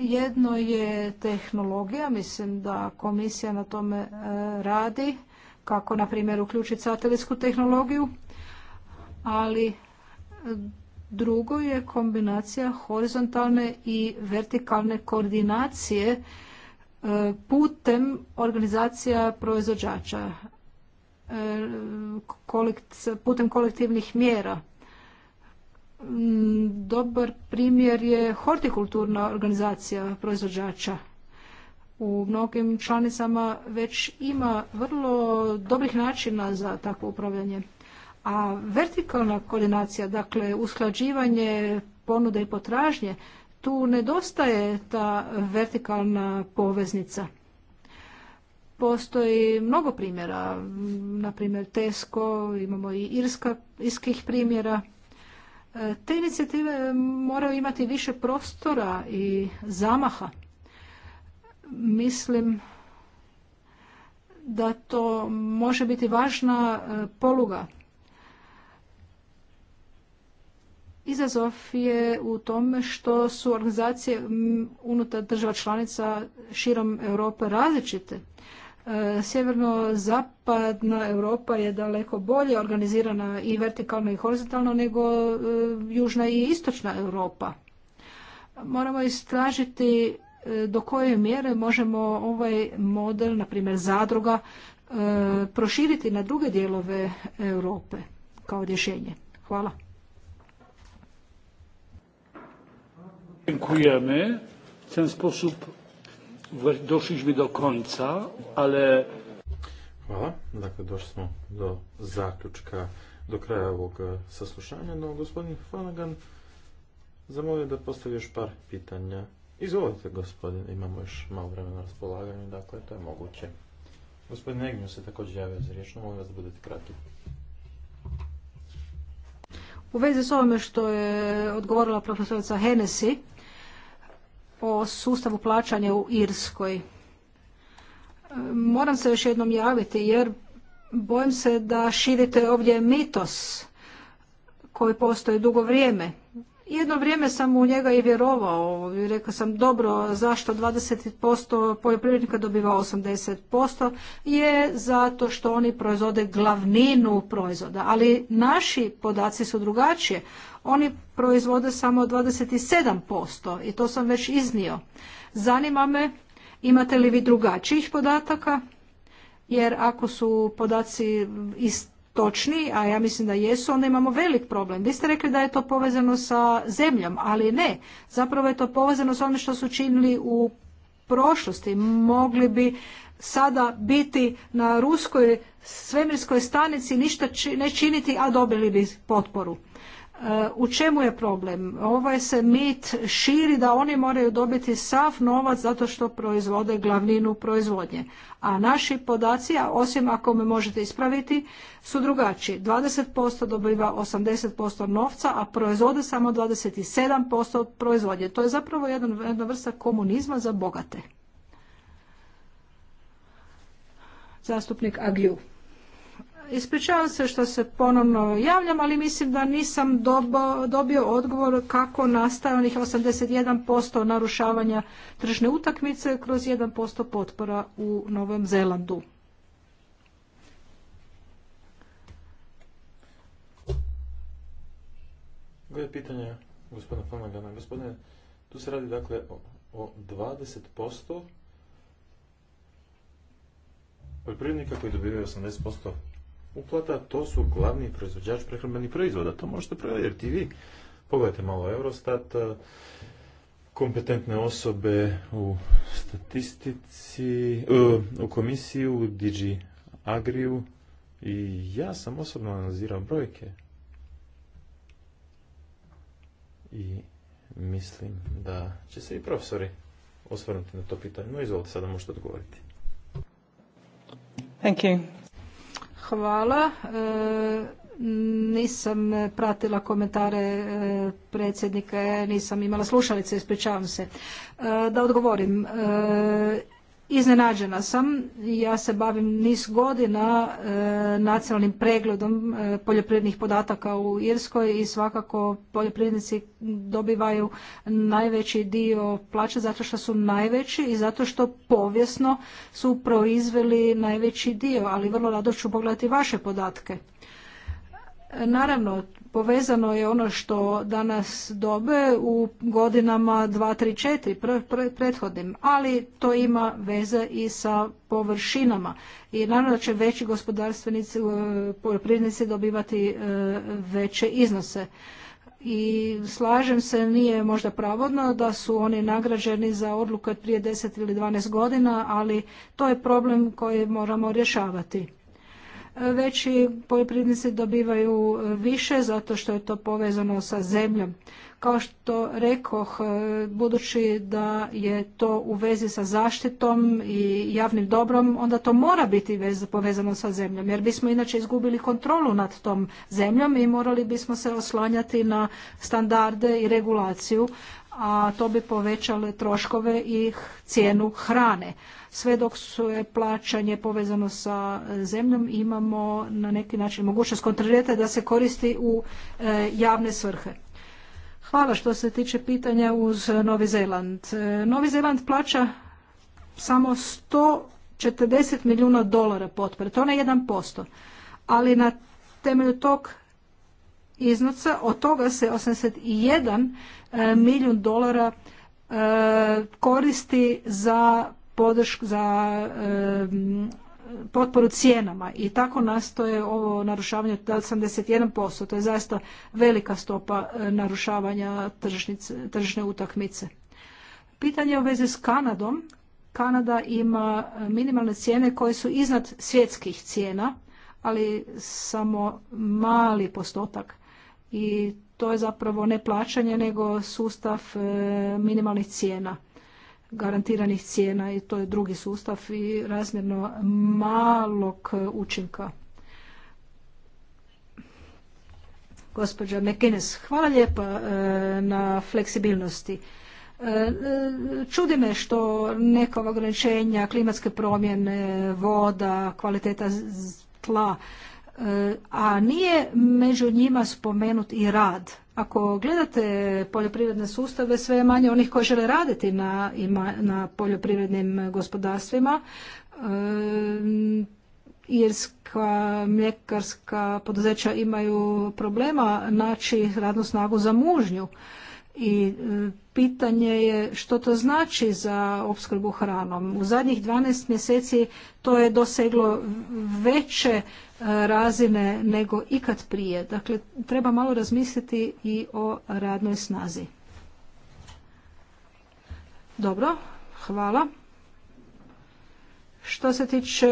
Jedno je tehnologija, mislim da komisija na tome e, radi, kako na primjer uključiti satelitsku tehnologiju, ali e, drugo je kombinacija horizontalne i vertikalne koordinacije e, putem organizacija proizvođača putem kolektivnih mjera Mm, dobar primjer je hortikulturna organizacija proizvođača. U mnogim članicama već ima vrlo dobrih načina za takvo upravljanje. A vertikalna koordinacija, dakle usklađivanje ponude i potražnje, tu nedostaje ta vertikalna poveznica. Postoji mnogo primjera, mm, na primjer Tesco, imamo i irska, irskih primjera te inicijative eh, moraju imati više prostora i zamaha. Mislim da to može biti važna eh, poluga. Izazov je u tome što su organizacije mm, unutar država članica širom Europe različite. E, sjeverno-zapadna Europa je daleko bolje organizirana i vertikalno i horizontalno nego e, južna i istočna Europa. Moramo istražiti e, do koje mjere možemo ovaj model, na primjer zadruga, proširiti na druge dijelove Europe kao rješenje. Hvala. Dziękujemy. W ten sposób bi do końca, ale... Hvala. Dakle, došli smo do zaključka, do kraja ovog e, saslušanja, no gospodin Flanagan zamolio da postavi još par pitanja. Izvolite, gospodin, imamo još malo vremena na raspolaganju, dakle, to je moguće. Gospodin Egnju se također javio za riječ, no molim vas da budete kratki. U vezi s ovome što je odgovorila profesorica Hennessy, o sustavu plaćanja u Irskoj. E, moram se još jednom javiti jer bojim se da širite ovdje mitos koji postoji dugo vrijeme. Jedno vrijeme sam u njega i vjerovao i rekao sam dobro zašto 20% poljoprivrednika dobiva 80% je zato što oni proizvode glavninu proizvoda, ali naši podaci su drugačije oni proizvode samo 27% i to sam već iznio. Zanima me imate li vi drugačijih podataka jer ako su podaci točni, a ja mislim da jesu, onda imamo velik problem. Vi ste rekli da je to povezano sa zemljom, ali ne. Zapravo je to povezano s onim što su činili u prošlosti. Mogli bi sada biti na ruskoj svemirskoj stanici ništa ne činiti, a dobili bi potporu. U čemu je problem? Ovaj se mit širi da oni moraju dobiti sav novac zato što proizvode glavninu proizvodnje. A naši podaci, osim ako me možete ispraviti, su drugačiji. 20% dobiva 80% novca, a proizvode samo 27% proizvodnje. To je zapravo jedna vrsta komunizma za bogate. Zastupnik Aglju. Ispričavam se što se ponovno javljam, ali mislim da nisam dobio odgovor kako nastaje onih 81% narušavanja tržne utakmice kroz 1% potpora u Novom Zelandu. je pitanje gospodina Flanagana. Gospodine, tu se radi dakle o, o 20% poljoprivrednika koji dobivaju 80% uplata, to su glavni proizvođač prehrambenih proizvoda. To možete provjeriti i vi. Pogledajte malo Eurostat, eh, kompetentne osobe u statistici, eh, u komisiji, u DG Agriju i ja sam osobno analizirao brojke. I mislim da će se i profesori osvrnuti na to pitanje. No izvolite, sada možete odgovoriti. Thank you. Hvala. E, nisam pratila komentare e, predsjednika, e, nisam imala slušalice, ispričavam se. Da odgovorim, Iznenađena sam, ja se bavim niz godina e, nacionalnim pregledom e, poljoprivrednih podataka u Irskoj i svakako poljoprivrednici dobivaju najveći dio plaća zato što su najveći i zato što povijesno su proizveli najveći dio, ali vrlo rado ću pogledati vaše podatke. Naravno, povezano je ono što danas dobe u godinama 2, 3, 4 prethodnim, ali to ima veze i sa površinama. I naravno da će veći gospodarstvenici, e, poljoprivrednici dobivati e, veće iznose. I slažem se, nije možda pravodno da su oni nagrađeni za odluke od prije 10 ili 12 godina, ali to je problem koji moramo rješavati veći poljoprivrednici dobivaju više zato što je to povezano sa zemljom. Kao što rekoh, e, budući da je to u vezi sa zaštitom i javnim dobrom, onda to mora biti povezano sa zemljom, jer bismo inače izgubili kontrolu nad tom zemljom i morali bismo se oslanjati na standarde i regulaciju a to bi povećalo troškove i cijenu hrane. Sve dok su je plaćanje povezano sa zemljom imamo na neki način mogućnost kontrolirati da se koristi u e, javne svrhe. Hvala što se tiče pitanja uz Novi Zeland. E, Novi Zeland plaća samo 140 milijuna dolara potpore, to jedan 1%. Ali na temelju tog iznosa, od toga se 81 e, milijun dolara e, koristi za podršku, za e, potporu cijenama i tako nastoje ovo narušavanje od 81%. To je zaista velika stopa narušavanja tržišne utakmice. Pitanje u vezi s Kanadom. Kanada ima minimalne cijene koje su iznad svjetskih cijena, ali samo mali postotak i to je zapravo ne plaćanje nego sustav e, minimalnih cijena garantiranih cijena i to je drugi sustav i razmjerno malog e, učinka. Gospođa McInnes, hvala lijepa e, na fleksibilnosti. Čudi me što neka ograničenja, klimatske promjene, voda, kvaliteta tla a nije među njima spomenut i rad. Ako gledate poljoprivredne sustave, sve je manje onih koji žele raditi na, na poljoprivrednim gospodarstvima. E, irska mljekarska poduzeća imaju problema naći radnu snagu za mužnju i e, pitanje je što to znači za opskrbu hranom. U zadnjih 12 mjeseci to je doseglo veće e, razine nego ikad prije. Dakle, treba malo razmisliti i o radnoj snazi. Dobro, hvala. Što se tiče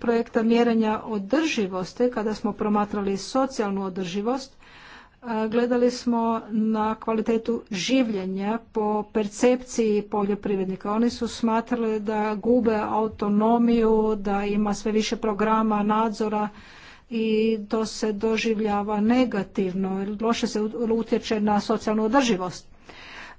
projekta mjerenja održivosti, kada smo promatrali socijalnu održivost, gledali smo na kvalitetu življenja po percepciji poljoprivrednika. Oni su smatrali da gube autonomiju, da ima sve više programa, nadzora i to se doživljava negativno. Loše se utječe na socijalnu održivost.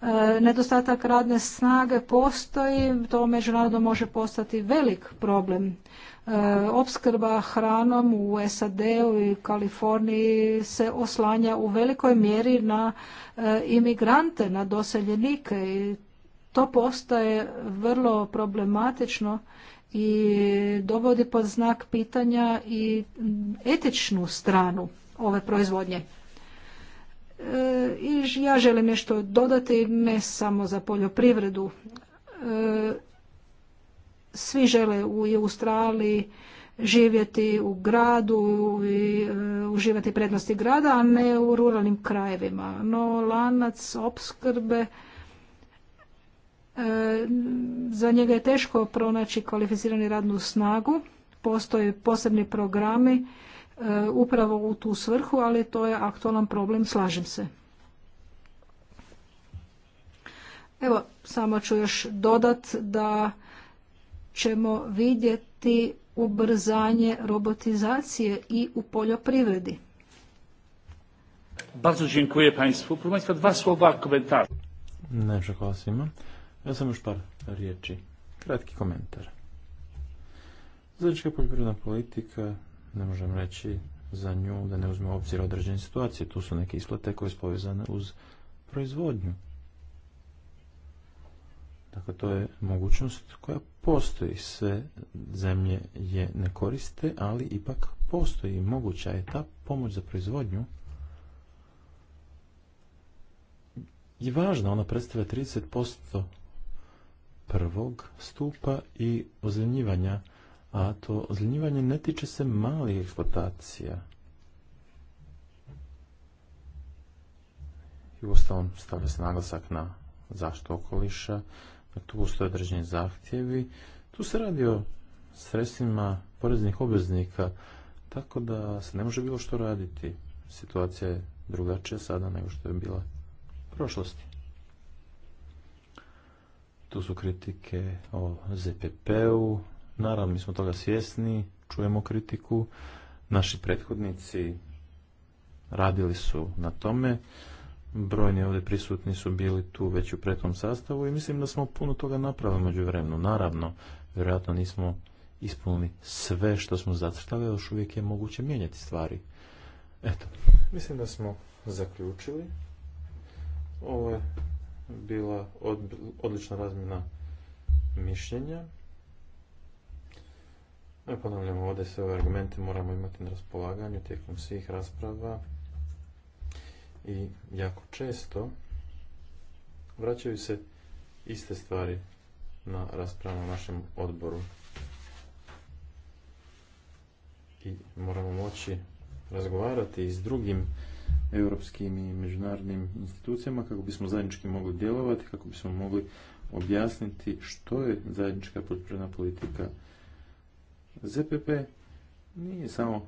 E, nedostatak radne snage postoji, to međunarodno može postati velik problem E, opskrba hranom u SAD-u i Kaliforniji se oslanja u velikoj mjeri na e, imigrante, na doseljenike i to postaje vrlo problematično i dovodi pod znak pitanja i etičnu stranu ove proizvodnje. E, I ja želim nešto dodati ne samo za poljoprivredu svi žele u Australiji živjeti u gradu i e, uživati prednosti grada, a ne u ruralnim krajevima. No lanac opskrbe e, za njega je teško pronaći kvalificirani radnu snagu. Postoje posebni programi e, upravo u tu svrhu, ali to je aktualan problem, slažem se. Evo, samo ću još dodat da ćemo vidjeti ubrzanje robotizacije i u poljoprivredi. Bardzo dziękuję Państwu. Proszę Państwa, dwa słowa komentarza. Ja sam još par riječi. Kratki komentar. Zajednička poljoprivredna politika, ne možem reći za nju da ne uzme u obzir određene situacije. Tu su neke isplate koje su povezane uz proizvodnju. Dakle, to je mogućnost koja postoji. Sve zemlje je ne koriste, ali ipak postoji. Moguća je ta pomoć za proizvodnju. I važna, ona predstavlja 30% prvog stupa i ozljenjivanja, a to ozljenjivanje ne tiče se malih eksploatacija. I uostalom stavlja se naglasak na zaštitu okoliša, tu postoje određeni zahtjevi. Tu se radi o sredstvima poreznih obveznika, tako da se ne može bilo što raditi. Situacija je drugačija sada nego što je bila u prošlosti. Tu su kritike o ZPP-u. Naravno, mi smo toga svjesni, čujemo kritiku. Naši prethodnici radili su na tome brojni ovdje prisutni su bili tu već u pretom sastavu i mislim da smo puno toga napravili među vremenu. Naravno, vjerojatno nismo ispunili sve što smo zacrtali, još uvijek je moguće mijenjati stvari. Eto, mislim da smo zaključili. Ovo je bila odlična razmjena mišljenja. Ponavljamo, ovdje sve ove argumente moramo imati na raspolaganju tijekom svih rasprava i jako često vraćaju se iste stvari na raspravu na našem odboru i moramo moći razgovarati i s drugim europskim i međunarodnim institucijama kako bismo zajednički mogli djelovati, kako bismo mogli objasniti što je zajednička potpredna politika. ZPP nije samo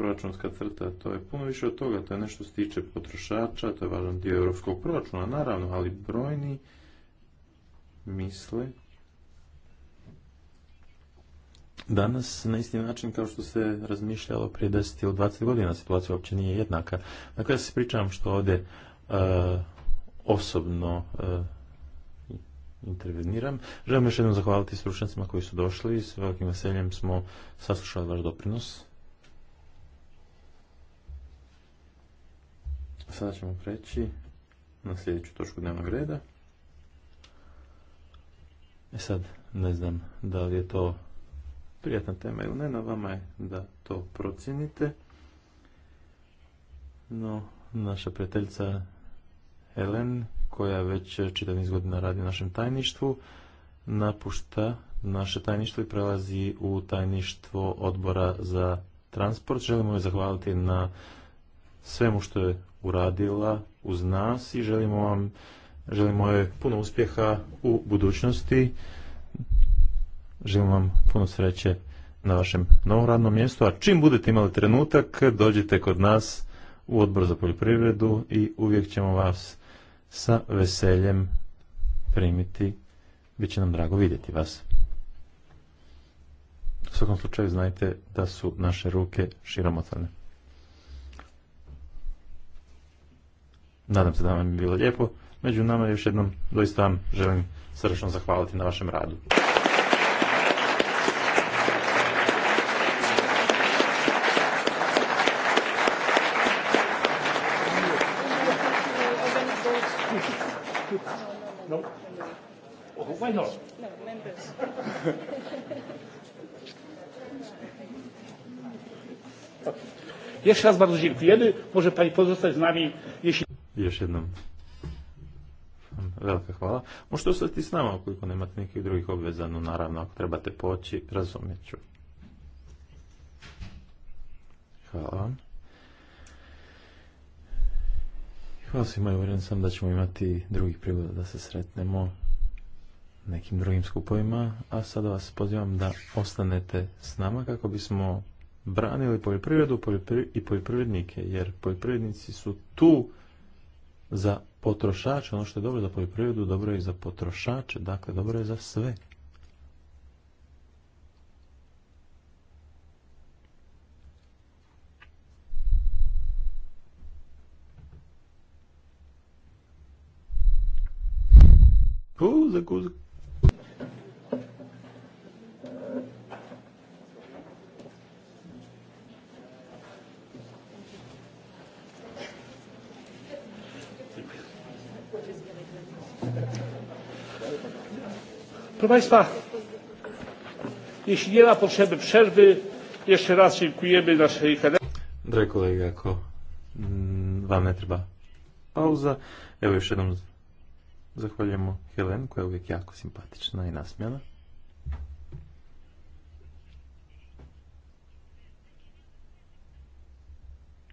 proračunska crta, to je puno više od toga, to je nešto se tiče potrošača, to je važan dio europskog proračuna, naravno, ali brojni misle Danas, na isti način kao što se razmišljalo prije 10 ili 20 godina, situacija uopće nije jednaka. Dakle, ja se pričam što ovdje eh, osobno eh, interveniram. Želim još jednom zahvaliti stručnjacima koji su došli. S velikim veseljem smo saslušali vaš doprinos. Sada ćemo preći na sljedeću točku dnevnog reda. E sad, ne znam da li je to prijatna tema ili ne, na vama je da to procijenite. No, naša prijateljica Helen, koja već čitav niz godina radi u našem tajništvu, napušta naše tajništvo i prelazi u tajništvo odbora za transport. Želimo joj zahvaliti na svemu što je uradila uz nas i želimo vam želimo puno uspjeha u budućnosti. Želimo vam puno sreće na vašem novom radnom mjestu, a čim budete imali trenutak, dođite kod nas u odbor za poljoprivredu i uvijek ćemo vas sa veseljem primiti. Biće nam drago vidjeti vas. U svakom slučaju znajte da su naše ruke širom Nadam se da vam je bilo lijepo. Među nama još jednom doista vam želim srdečno zahvaliti na vašem radu. Jeszcze raz bardzo dziękujemy. Może Pani pozostać z nami, jeśli... Još jednom velika hvala. Možete ostati s nama ukoliko nemate nekih drugih obveza, no naravno ako trebate poći, razumjet ću. Hvala vam. Hvala svima i uvjeren sam da ćemo imati drugih prigoda da se sretnemo nekim drugim skupovima, a sada vas pozivam da ostanete s nama kako bismo branili poljoprivredu i poljoprivrednike, jer poljoprivrednici su tu za potrošače, ono što je dobro za poljoprivredu, dobro je i za potrošače, dakle dobro je za sve. ko za Państwa, jeśli nie ma potrzeby przerwy, jeszcze raz dziękujemy naszej Drage kolega, jako mm, wam ne trzeba pauza, evo jeszcze raz zahvaljujemo Helen która jest jako sympatyczna i nasmiana.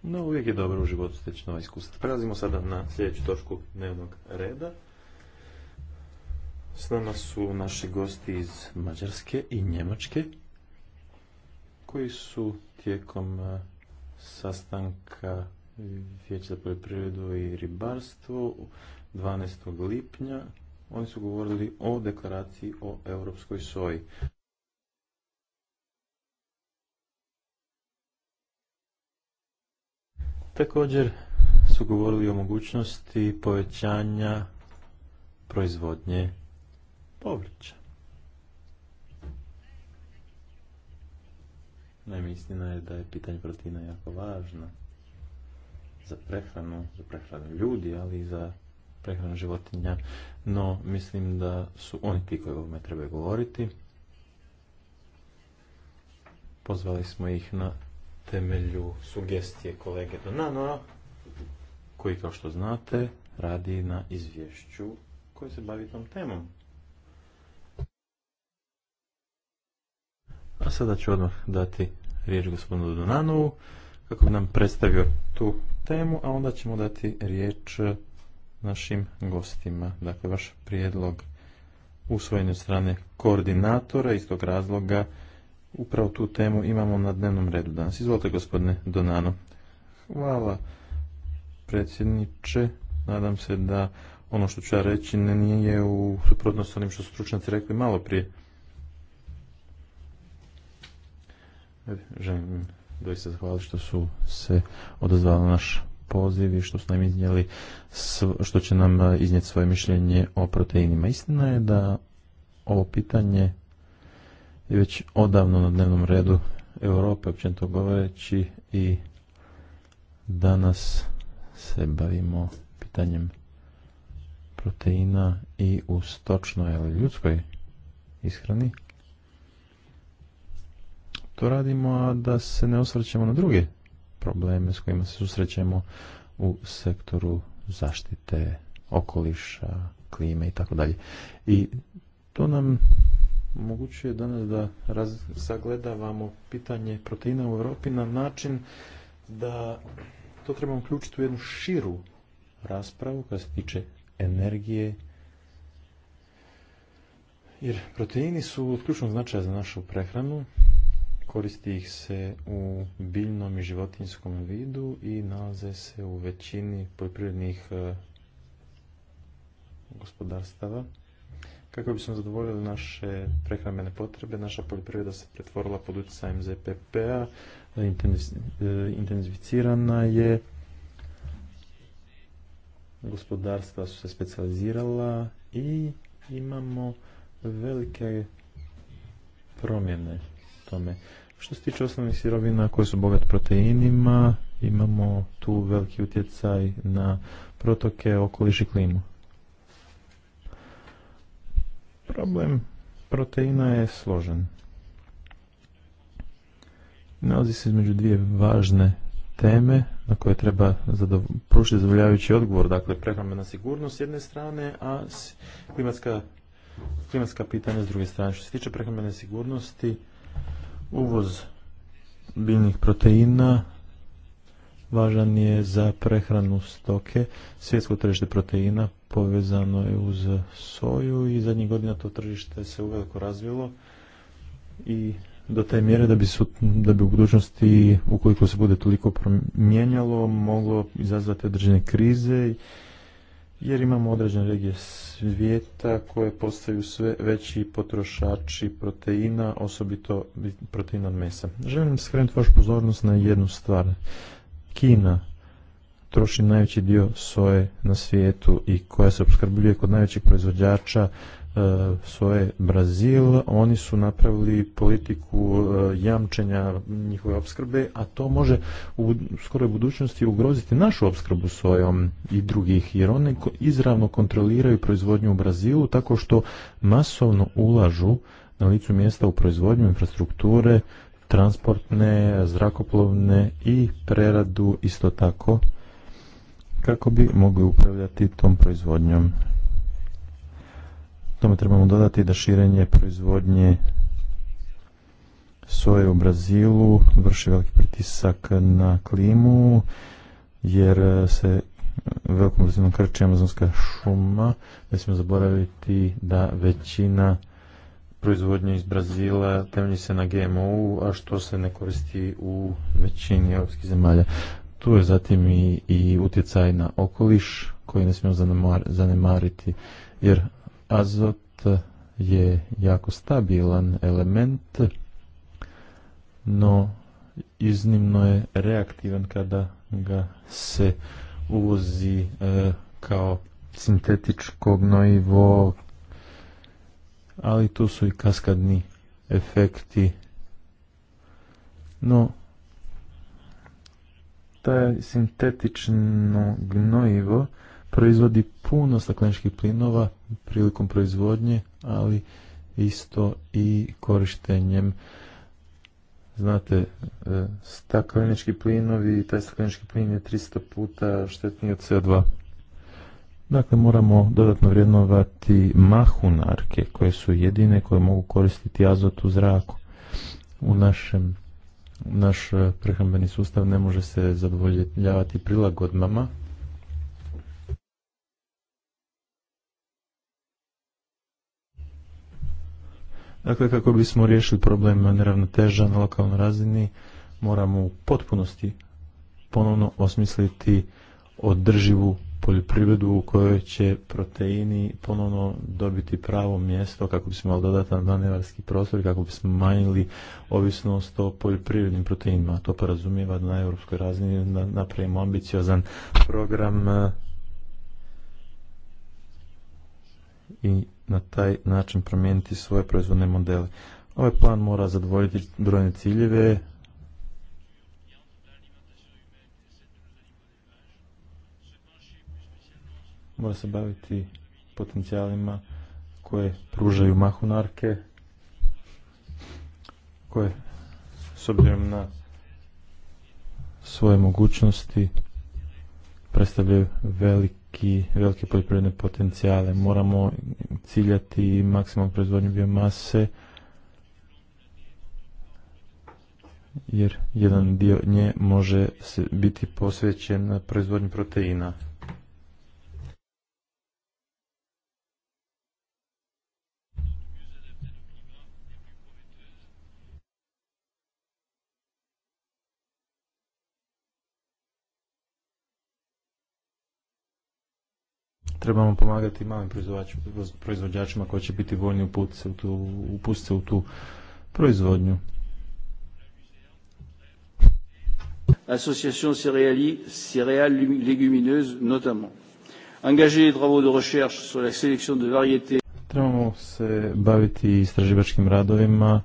No, uvijek je dobro u životu steći nova iskustva. Prelazimo sada na sljedeću točku dnevnog reda. S nama su naši gosti iz Mađarske i Njemačke koji su tijekom e, sastanka Vijeća za poljoprivredu i ribarstvo 12. lipnja oni su govorili o deklaraciji o europskoj soji. Također su govorili o mogućnosti povećanja proizvodnje povrća. Naime, istina je da je pitanje proteina jako važno za prehranu, za prehranu ljudi, ali i za prehranu životinja. No, mislim da su oni ti koji ovome trebaju govoriti. Pozvali smo ih na temelju sugestije kolege Donano, koji, kao što znate, radi na izvješću koji se bavi tom temom. A sada ću odmah dati riječ gospodinu Donanovu kako bi nam predstavio tu temu, a onda ćemo dati riječ našim gostima. Dakle, vaš prijedlog usvojen od strane koordinatora iz tog razloga upravo tu temu imamo na dnevnom redu danas. Izvolite gospodine Donano. Hvala predsjedniče. Nadam se da ono što ću ja reći ne nije u suprotnosti onim što su stručnjaci rekli malo prije. Želim doista zahvaliti što su se odazvali na naš poziv i što su nam iznijeli, što će nam e, iznijeti svoje mišljenje o proteinima. Istina je da ovo pitanje je već odavno na dnevnom redu Europe, to govoreći, i danas se bavimo pitanjem proteina i u stočnoj ljudskoj ishrani to radimo, a da se ne osvrćemo na druge probleme s kojima se susrećemo u sektoru zaštite okoliša, klime i tako dalje. I to nam omogućuje danas da raz, zagledavamo pitanje proteina u Europi na način da to trebamo uključiti u jednu širu raspravu koja se tiče energije, jer proteini su od ključnog značaja za našu prehranu koristi ih se u biljnom i životinskom vidu i nalaze se u većini poljoprivrednih e, gospodarstava. Kako bismo zadovoljili naše prehrambene potrebe, naša poljoprivreda se pretvorila pod utjecajem ZPP-a, e, intenzificirana je, gospodarstva su se specijalizirala i imamo velike promjene tome. Što se tiče osnovnih sirovina koje su bogate proteinima, imamo tu veliki utjecaj na protoke, okoliš i klimu. Problem proteina je složen. Nalazi se između dvije važne teme na koje treba zadov... pružiti zadovoljavajući odgovor, dakle prehrambena sigurnost s jedne strane, a klimatska, klimatska pitanja s druge strane. Što se tiče prehrambene sigurnosti, Uvoz biljnih proteina važan je za prehranu stoke. Svjetsko tržište proteina povezano je uz soju i zadnjih godina to tržište se uveliko razvilo i do te mjere da bi, su, da bi u budućnosti, ukoliko se bude toliko promijenjalo, moglo izazvati određene krize jer imamo određene regije svijeta koje postaju sve veći potrošači proteina, osobito proteina od mesa. Želim skrenuti vašu pozornost na jednu stvar. Kina troši najveći dio soje na svijetu i koja se opskrbljuje kod najvećih proizvođača E, soje Brazil, oni su napravili politiku e, jamčenja njihove opskrbe, a to može u skoroj budućnosti ugroziti našu opskrbu sojom i drugih, jer oni izravno kontroliraju proizvodnju u Brazilu tako što masovno ulažu na licu mjesta u proizvodnju infrastrukture, transportne, zrakoplovne i preradu isto tako kako bi mogli upravljati tom proizvodnjom. Tome trebamo dodati da širenje proizvodnje soje u Brazilu vrši veliki pritisak na klimu jer se velikom brzinom krče amazonska šuma. Ne smijemo zaboraviti da većina proizvodnje iz Brazila temelji se na GMO, a što se ne koristi u većini europskih zemalja. Tu je zatim i, utjecaj na okoliš koji ne smijemo zanemariti jer azot je jako stabilan element, no iznimno je reaktivan kada ga se uvozi e, kao sintetičko gnojivo, ali tu su i kaskadni efekti. No, taj sintetično gnojivo proizvodi puno stakleničkih plinova prilikom proizvodnje, ali isto i korištenjem. Znate, e, staklenički plinovi, taj staklenički plin je 300 puta štetniji od CO2. Dakle, moramo dodatno vrednovati mahunarke, koje su jedine koje mogu koristiti azot u zraku. U našem, naš e, prehrambeni sustav ne može se zadovoljavati prilagodmama. Dakle, kako bismo riješili problem neravnoteža na lokalnoj razini, moramo u potpunosti ponovno osmisliti održivu poljoprivredu u kojoj će proteini ponovno dobiti pravo mjesto kako bismo imali dodatan manevarski prostor i kako bismo manjili ovisnost o poljoprivrednim proteinima. To porazumijeva da na europskoj razini napravimo ambiciozan program i na taj način promijeniti svoje proizvodne modele. Ovaj plan mora zadovoljiti brojne ciljeve, mora se baviti potencijalima koje pružaju mahunarke, koje s obzirom na svoje mogućnosti predstavljaju velik veliki, velike poljoprivredne potencijale. Moramo ciljati maksimalnu proizvodnju biomase, jer jedan dio nje može biti posvećen proizvodnju proteina. trebamo pomagati malim proizvođačima koji će biti voljni upustiti se u tu, u tu proizvodnju. Association céréalie, céréales légumineuses notamment. Engager les travaux de recherche sur la sélection de variétés. Trebamo se baviti istraživačkim radovima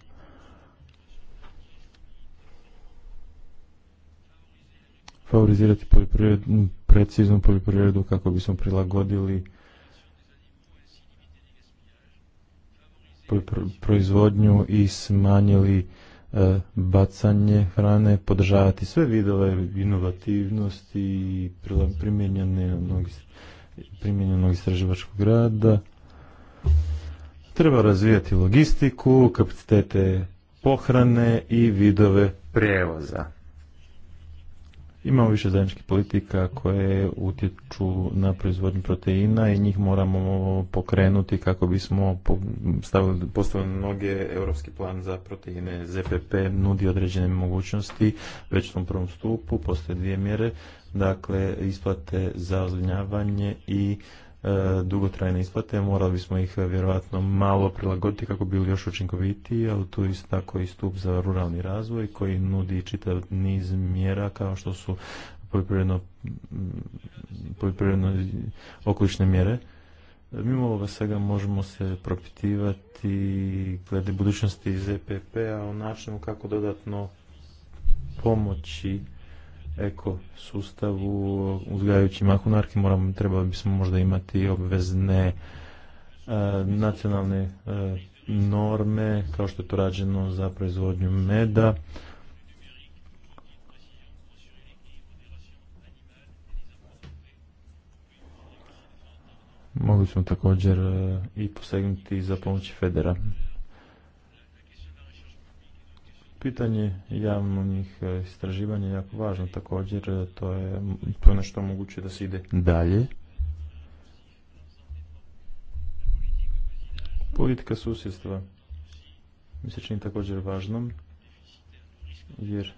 favorizirati poljoprivrednu preciznu poljoprivredu kako bismo prilagodili proizvodnju i smanjili e, bacanje hrane, podržavati sve vidove inovativnosti i primjenjenog istraživačkog rada. Treba razvijati logistiku, kapacitete pohrane i vidove prijevoza. Imamo više zajedničkih politika koje utječu na proizvodnju proteina i njih moramo pokrenuti kako bismo stavili, postavili mnoge europski plan za proteine. ZPP nudi određene mogućnosti već u tom prvom stupu, postoje dvije mjere, dakle isplate za ozlinjavanje i E, dugotrajne isplate, morali bismo ih e, vjerojatno malo prilagoditi kako bili još učinkovitiji, ali tu isto tako i stup za ruralni razvoj koji nudi čitav niz mjera kao što su poljoprivredno, poljoprivredno okolične mjere. Mimo ovoga svega možemo se propitivati glede budućnosti iz a o načinu kako dodatno pomoći eko sustavu uzgajajući mahunarki moramo, trebali bismo možda imati obvezne e, nacionalne e, norme kao što je to rađeno za proizvodnju meda mogli smo također e, i posegnuti za pomoći Federa. Pitanje javnih e, istraživanja je jako važno također, e, to je to nešto ono moguće da se ide dalje. Politika susjedstva mi se čini također važnom, jer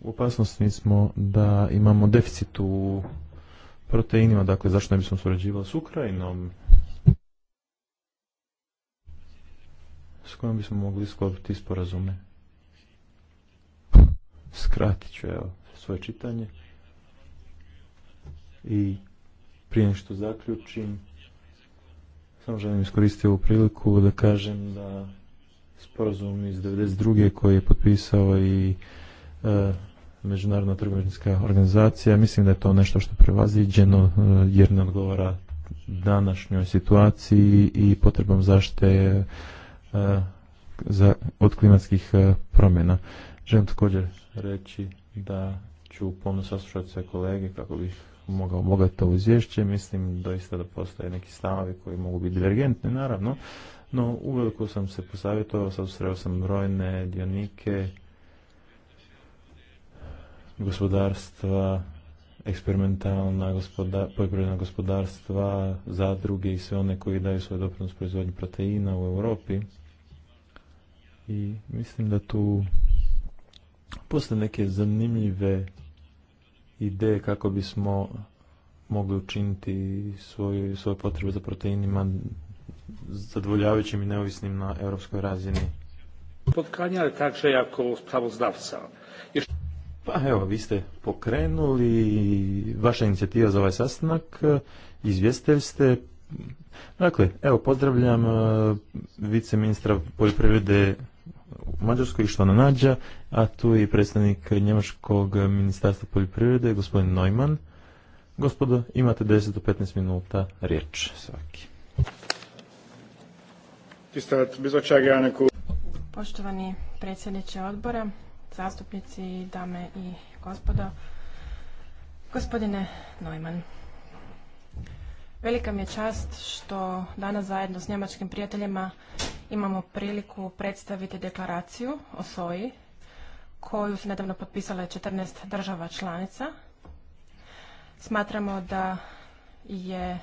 u opasnosti smo da imamo deficit u proteinima, dakle zašto ne bismo surađivali s Ukrajinom, s kojom bismo mogli sklopiti sporazume skratit ću evo, svoje čitanje i prije što zaključim samo želim iskoristiti ovu priliku da kažem da sporazum iz 92. koji je potpisao i e, Međunarodna trgovinska organizacija mislim da je to nešto što je prevaziđeno e, jer ne odgovara današnjoj situaciji i potrebom zaštite e, za, od klimatskih promjena. Želim također reći da ću pomno saslušati sve kolege kako bih mogao omogati to izvješće. Mislim doista da postoje neki stavovi koji mogu biti divergentni, naravno, no uveliko sam se posavjetovao, sreo sam brojne dionike, gospodarstva, eksperimentalna gospoda, poljoprivredna gospodarstva, zadruge i sve one koji daju svoj doprinos proizvodnji proteina u Europi. I mislim da tu Postoje neke zanimljive ideje kako bismo mogli učiniti svoje, svoje potrebe za proteinima zadovoljavajućim i neovisnim na europskoj razini. takže jako pravozdavca. Pa evo, vi ste pokrenuli vaša inicijativa za ovaj sastanak, izvjestitelj ste. Dakle, evo, pozdravljam eh, viceministra poljoprivrede Mađarskoj i Šlana Nađa, a tu je i predstavnik Njemačkog ministarstva poljoprivrede, gospodin Neumann. Gospodo, imate 10 do 15 minuta riječ svaki. Poštovani predsjedniče odbora, zastupnici, dame i gospodo, gospodine Neumann. Velika mi je čast što danas zajedno s njemačkim prijateljima imamo priliku predstaviti deklaraciju o soji koju su nedavno potpisale 14 država članica. Smatramo da je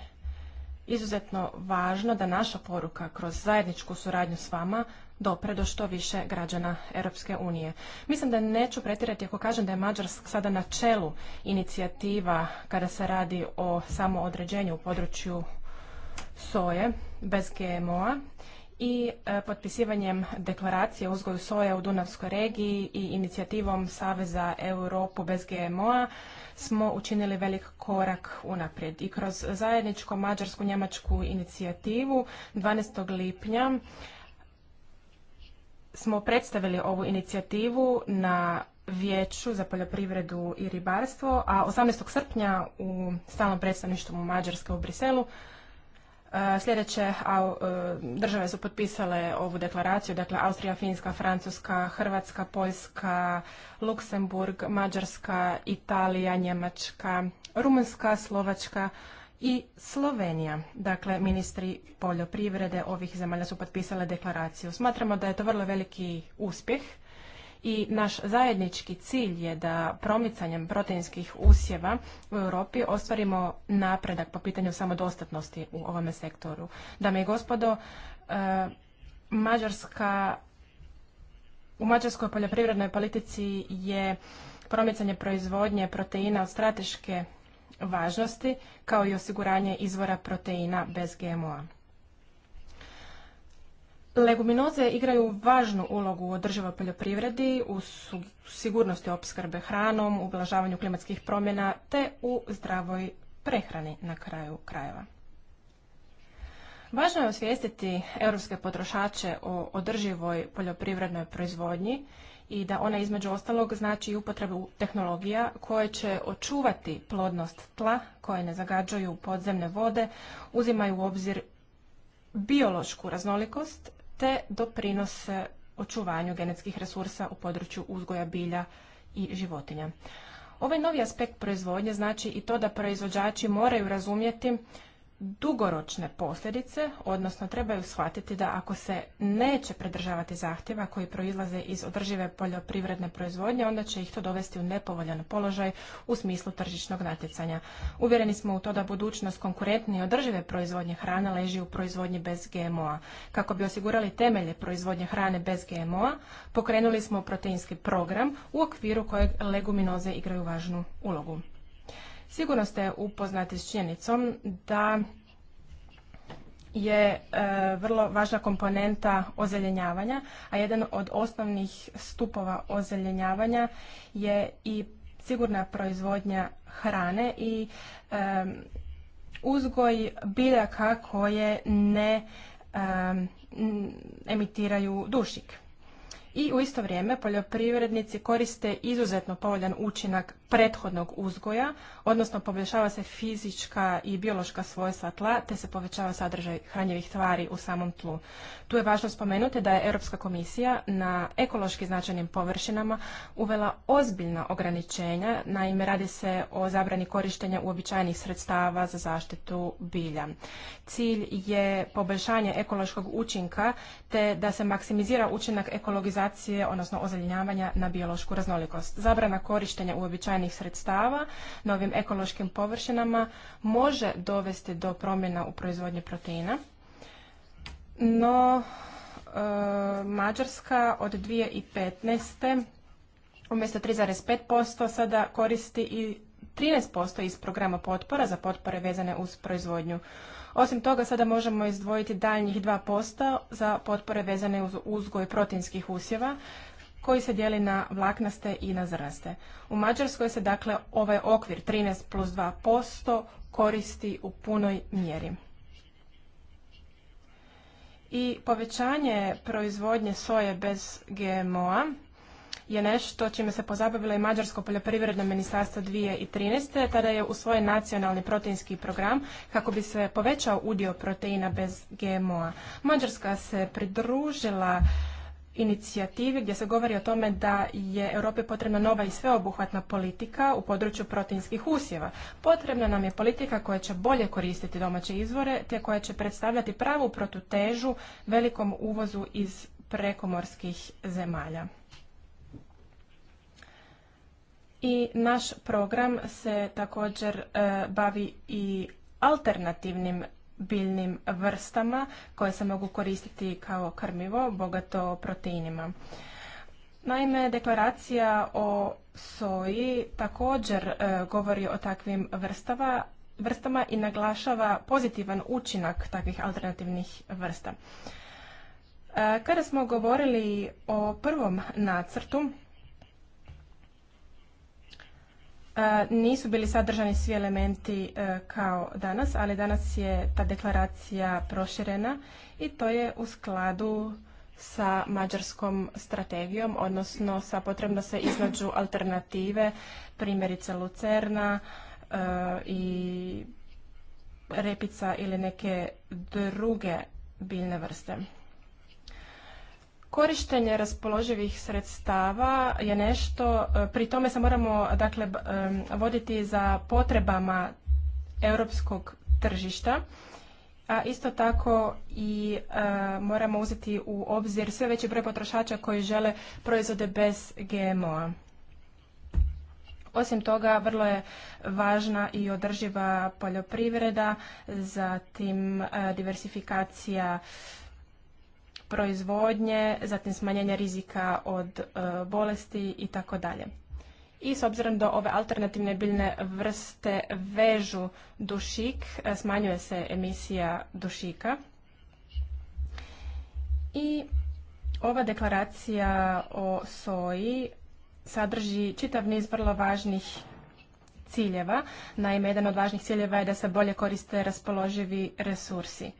izuzetno važno da naša poruka kroz zajedničku suradnju s vama dopre do što više građana Europske unije. Mislim da neću pretirati ako kažem da je Mađarsk sada na čelu inicijativa kada se radi o samoodređenju u području soje bez GMO-a i e, potpisivanjem deklaracije o uzgoju soje u Dunavskoj regiji i inicijativom Saveza Europu bez GMO-a smo učinili velik korak unaprijed. I kroz zajedničko mađarsku njemačku inicijativu 12. lipnja smo predstavili ovu inicijativu na Vijeću za poljoprivredu i ribarstvo, a 18. srpnja u stalnom predstavništvu Mađarske u Briselu e, sljedeće e, države su potpisale ovu deklaraciju, dakle Austrija, Finska, Francuska, Hrvatska, Poljska, Luksemburg, Mađarska, Italija, Njemačka, Rumunjska, Slovačka, i Slovenija. Dakle, ministri poljoprivrede ovih zemalja su potpisale deklaraciju. Smatramo da je to vrlo veliki uspjeh i naš zajednički cilj je da promicanjem proteinskih usjeva u Europi ostvarimo napredak po pitanju samodostatnosti u ovome sektoru. Dame i gospodo, e, Mađarska, u mađarskoj poljoprivrednoj politici je promicanje proizvodnje proteina od strateške važnosti kao i osiguranje izvora proteina bez GMO-a. Leguminoze igraju važnu ulogu u održivoj poljoprivredi, u sigurnosti opskrbe hranom, u ublažavanju klimatskih promjena te u zdravoj prehrani na kraju krajeva. Važno je osvijestiti europske potrošače o održivoj poljoprivrednoj proizvodnji i da ona između ostalog znači i upotrebu tehnologija koje će očuvati plodnost tla, koje ne zagađaju podzemne vode, uzimaju u obzir biološku raznolikost te doprinose očuvanju genetskih resursa u području uzgoja bilja i životinja. Ovaj novi aspekt proizvodnje znači i to da proizvođači moraju razumjeti dugoročne posljedice, odnosno trebaju shvatiti da ako se neće predržavati zahtjeva koji proizlaze iz održive poljoprivredne proizvodnje, onda će ih to dovesti u nepovoljan položaj u smislu tržišnog natjecanja. Uvjereni smo u to da budućnost konkurentnije i održive proizvodnje hrane leži u proizvodnji bez GMO-a. Kako bi osigurali temelje proizvodnje hrane bez GMO-a, pokrenuli smo proteinski program u okviru kojeg leguminoze igraju važnu ulogu. Sigurno ste upoznati s činjenicom da je e, vrlo važna komponenta ozeljenjavanja, a jedan od osnovnih stupova ozeljenjavanja je i sigurna proizvodnja hrane i e, uzgoj biljaka koje ne e, emitiraju dušik. I u isto vrijeme poljoprivrednici koriste izuzetno povoljan učinak prethodnog uzgoja, odnosno poboljšava se fizička i biološka svojstva tla, te se povećava sadržaj hranjivih tvari u samom tlu. Tu je važno spomenuti da je Europska komisija na ekološki značajnim površinama uvela ozbiljna ograničenja, naime radi se o zabrani korištenja uobičajenih sredstava za zaštitu bilja. Cilj je poboljšanje ekološkog učinka, te da se maksimizira učinak ekologizacije, odnosno ozeljenjavanja na biološku raznolikost. Zabrana korištenja uobičajenih i sredstava novim ekološkim površinama može dovesti do promjena u proizvodnji proteina. No, e, Mađarska od 2015. umjesto 3,5% sada koristi i 13% iz programa potpora za potpore vezane uz proizvodnju. Osim toga, sada možemo izdvojiti daljnjih 2% za potpore vezane uz uzgoj proteinskih usjeva, koji se dijeli na vlaknaste i na zrnaste. U Mađarskoj se dakle ovaj okvir 13 plus 2% koristi u punoj mjeri. I povećanje proizvodnje soje bez GMO-a je nešto čime se pozabavilo i Mađarsko poljoprivredno ministarstvo 2013. Tada je u svoj nacionalni proteinski program kako bi se povećao udio proteina bez GMO-a. Mađarska se pridružila inicijativi gdje se govori o tome da je Europi potrebna nova i sveobuhvatna politika u području proteinskih usjeva. Potrebna nam je politika koja će bolje koristiti domaće izvore te koja će predstavljati pravu protutežu velikom uvozu iz prekomorskih zemalja. I naš program se također e, bavi i alternativnim biljnim vrstama koje se mogu koristiti kao krmivo, bogato proteinima. Naime, deklaracija o soji također e, govori o takvim vrstama i naglašava pozitivan učinak takvih alternativnih vrsta. E, kada smo govorili o prvom nacrtu, E, nisu bili sadržani svi elementi e, kao danas, ali danas je ta deklaracija proširena i to je u skladu sa mađarskom strategijom, odnosno sa potrebno se iznađu alternative, primjerice Lucerna e, i repica ili neke druge biljne vrste. Korištenje raspoloživih sredstava je nešto, e, pri tome se moramo dakle, voditi za potrebama europskog tržišta, a isto tako i e, moramo uzeti u obzir sve veći broj potrošača koji žele proizvode bez GMO-a. Osim toga, vrlo je važna i održiva poljoprivreda, zatim e, diversifikacija proizvodnje, zatim smanjenje rizika od e, bolesti i tako dalje. I s obzirom da ove alternativne biljne vrste vežu dušik, e, smanjuje se emisija dušika. I ova deklaracija o soji sadrži čitav niz vrlo važnih ciljeva. Naime, jedan od važnih ciljeva je da se bolje koriste raspoloživi resursi.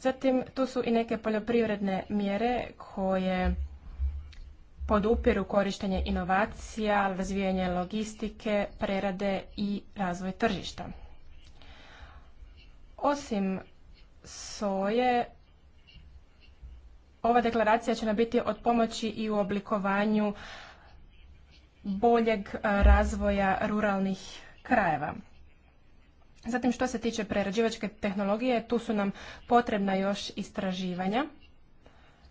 Zatim tu su i neke poljoprivredne mjere koje podupiru korištenje inovacija, razvijanje logistike, prerade i razvoj tržišta. Osim soje, ova deklaracija će nam biti od pomoći i u oblikovanju boljeg razvoja ruralnih krajeva. Zatim što se tiče prerađivačke tehnologije, tu su nam potrebna još istraživanja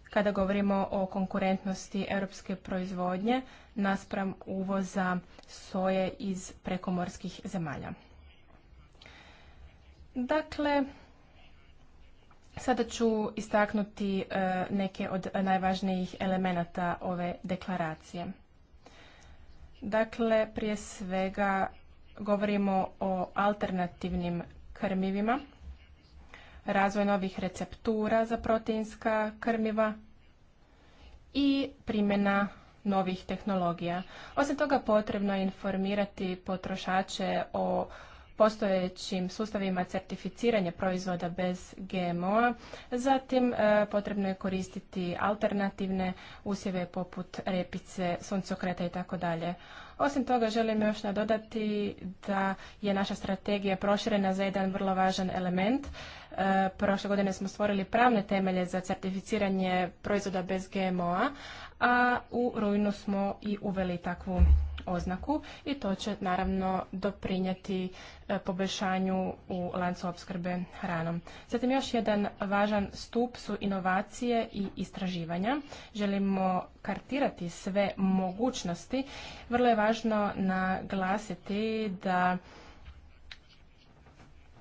kada govorimo o konkurentnosti europske proizvodnje naspram uvoza soje iz prekomorskih zemalja. Dakle, sada ću istaknuti e, neke od najvažnijih elemenata ove deklaracije. Dakle, prije svega Govorimo o alternativnim krmivima, razvoj novih receptura za proteinska krmiva i primjena novih tehnologija. Osim toga potrebno je informirati potrošače o postojećim sustavima certificiranja proizvoda bez GMO-a. Zatim e, potrebno je koristiti alternativne usjeve poput repice, suncokreta i tako dalje. Osim toga želim još nadodati da je naša strategija proširena za jedan vrlo važan element. E, prošle godine smo stvorili pravne temelje za certificiranje proizvoda bez GMO-a, a u rujnu smo i uveli takvu oznaku i to će naravno doprinijeti e, poboljšanju u lancu opskrbe hranom. Zatim još jedan važan stup su inovacije i istraživanja. Želimo kartirati sve mogućnosti. Vrlo je važno naglasiti da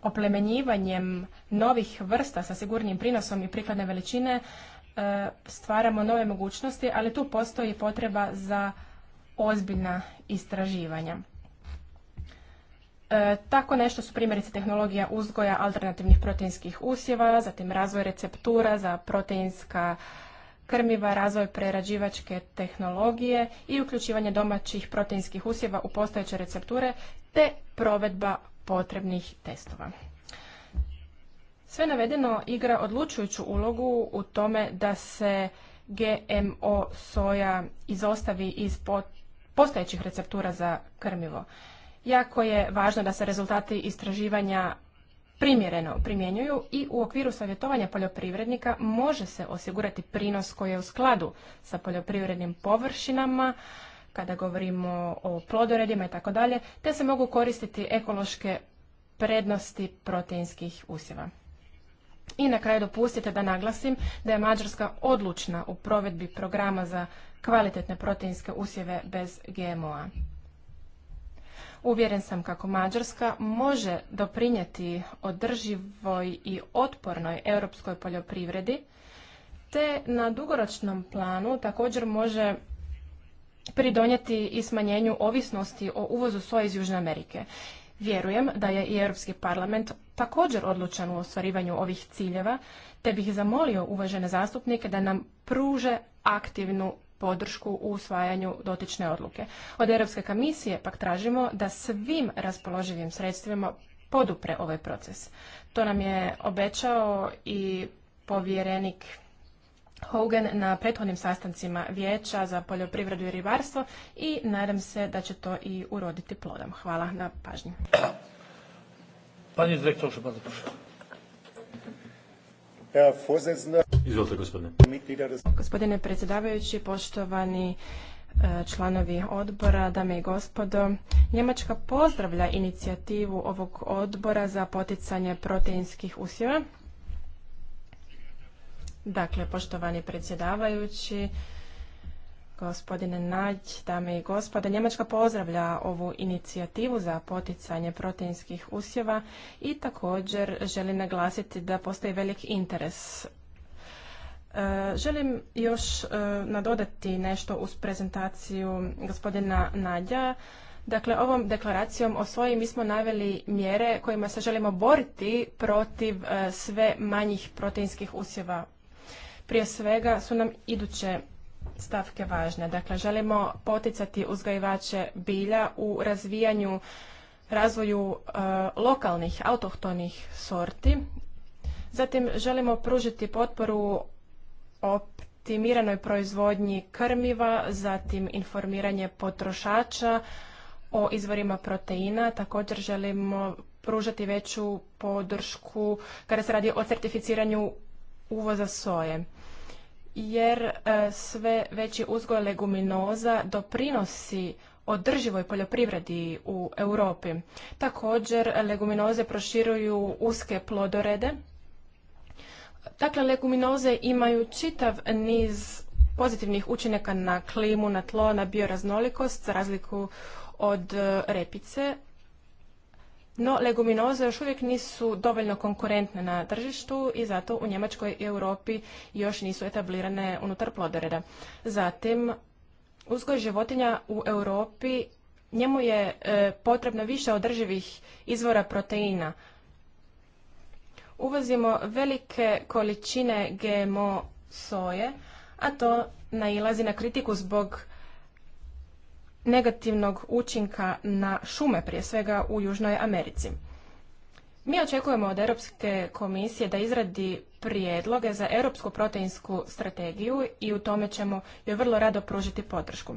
oplemenjivanjem novih vrsta sa sigurnim prinosom i prikladne veličine e, stvaramo nove mogućnosti, ali tu postoji potreba za ozbiljna istraživanja. E, tako nešto su primjerice tehnologija uzgoja alternativnih proteinskih usjeva, zatim razvoj receptura za proteinska krmiva, razvoj prerađivačke tehnologije i uključivanje domaćih proteinskih usjeva u postojeće recepture te provedba potrebnih testova. Sve navedeno igra odlučujuću ulogu u tome da se GMO soja izostavi iz pot postojećih receptura za krmivo. Jako je važno da se rezultati istraživanja primjereno primjenjuju i u okviru savjetovanja poljoprivrednika može se osigurati prinos koji je u skladu sa poljoprivrednim površinama, kada govorimo o plodoredima i tako dalje, te se mogu koristiti ekološke prednosti proteinskih usjeva. I na kraju dopustite da naglasim da je Mađarska odlučna u provedbi programa za kvalitetne proteinske usjeve bez GMO-a. Uvjeren sam kako Mađarska može doprinijeti održivoj i otpornoj europskoj poljoprivredi, te na dugoročnom planu također može pridonijeti i smanjenju ovisnosti o uvozu soje iz Južne Amerike. Vjerujem da je i Europski parlament također odlučan u ostvarivanju ovih ciljeva, te bih zamolio uvažene zastupnike da nam pruže aktivnu podršku u usvajanju dotične odluke. Od Europske komisije pak tražimo da svim raspoloživim sredstvima podupre ovaj proces. To nam je obećao i povjerenik Hogan na prethodnim sastancima Vijeća za poljoprivredu i ribarstvo i nadam se da će to i uroditi plodom. Hvala na pažnji gospodine. Gospodine predsjedavajući, poštovani e, članovi odbora, dame i gospodo. Njemačka pozdravlja inicijativu ovog odbora za poticanje proteinskih usjeva. Dakle, poštovani predsjedavajući, Gospodine Nađ, dame i gospode, Njemačka pozdravlja ovu inicijativu za poticanje proteinskih usjeva i također želi naglasiti da postoji velik interes. E, želim još e, nadodati nešto uz prezentaciju gospodina Nađa. Dakle, ovom deklaracijom o svoji mi smo naveli mjere kojima se želimo boriti protiv e, sve manjih proteinskih usjeva. Prije svega su nam iduće stavke važne. Dakle, želimo poticati uzgajivače bilja u razvijanju, razvoju e, lokalnih, autohtonih sorti. Zatim, želimo pružiti potporu optimiranoj proizvodnji krmiva, zatim informiranje potrošača o izvorima proteina. Također želimo pružati veću podršku kada se radi o certificiranju uvoza soje jer e, sve veći uzgoj leguminoza doprinosi održivoj poljoprivredi u Europi. Također leguminoze proširuju uske plodorede. Dakle, leguminoze imaju čitav niz pozitivnih učinaka na klimu, na tlo, na bioraznolikost, za razliku od e, repice, no, leguminoze još uvijek nisu dovoljno konkurentne na tržištu i zato u Njemačkoj i Europi još nisu etablirane unutar plodoreda. Zatim, uzgoj životinja u Europi, njemu je e, potrebno više održivih izvora proteina. Uvozimo velike količine GMO soje, a to nailazi na kritiku zbog negativnog učinka na šume, prije svega u Južnoj Americi. Mi očekujemo od Europske komisije da izradi prijedloge za europsku proteinsku strategiju i u tome ćemo joj vrlo rado pružiti podršku.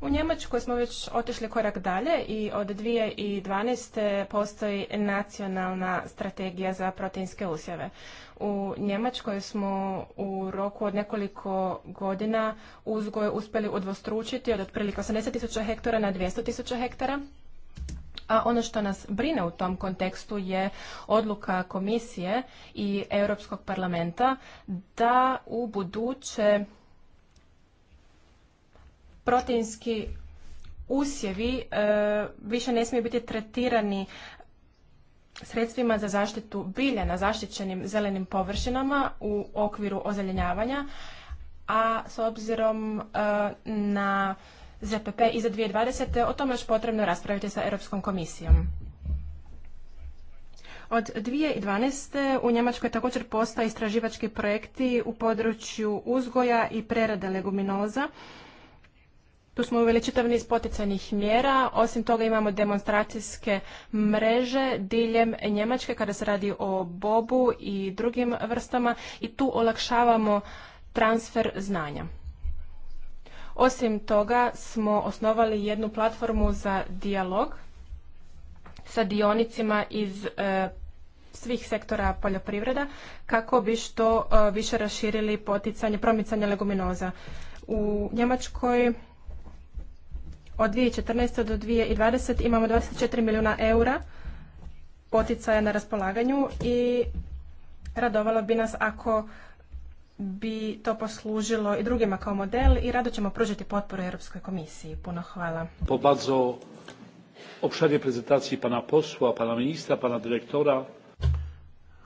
U Njemačkoj smo već otišli korak dalje i od 2012. postoji nacionalna strategija za proteinske usjeve. U Njemačkoj smo u roku od nekoliko godina uzgoj uspjeli udvostručiti od otprilike 80.000 hektara na 200.000 hektara. A ono što nas brine u tom kontekstu je odluka komisije i Europskog parlamenta da u buduće proteinski usjevi e, više ne smiju biti tretirani sredstvima za zaštitu bilja na zaštićenim zelenim površinama u okviru ozeljenjavanja, a s obzirom e, na ZPP za 2020. o tome još potrebno raspraviti sa Europskom komisijom. Od 2012. u Njemačkoj također postoje istraživački projekti u području uzgoja i prerade leguminoza tu smo uveli čitav niz poticajnih mjera. Osim toga imamo demonstracijske mreže diljem Njemačke kada se radi o bobu i drugim vrstama i tu olakšavamo transfer znanja. Osim toga smo osnovali jednu platformu za dijalog sa dionicima iz e, svih sektora poljoprivreda kako bi što e, više raširili poticanje promicanje leguminoza. U Njemačkoj od 2014. do 2020 imamo 24 milijuna eura poticaja na raspolaganju i radovalo bi nas ako bi to poslužilo i drugima kao model i rado ćemo pružiti potporu Europskoj komisiji. Puno hvala. Po bardzo obšarje prezentaciji pana posla, pana ministra, pana direktora.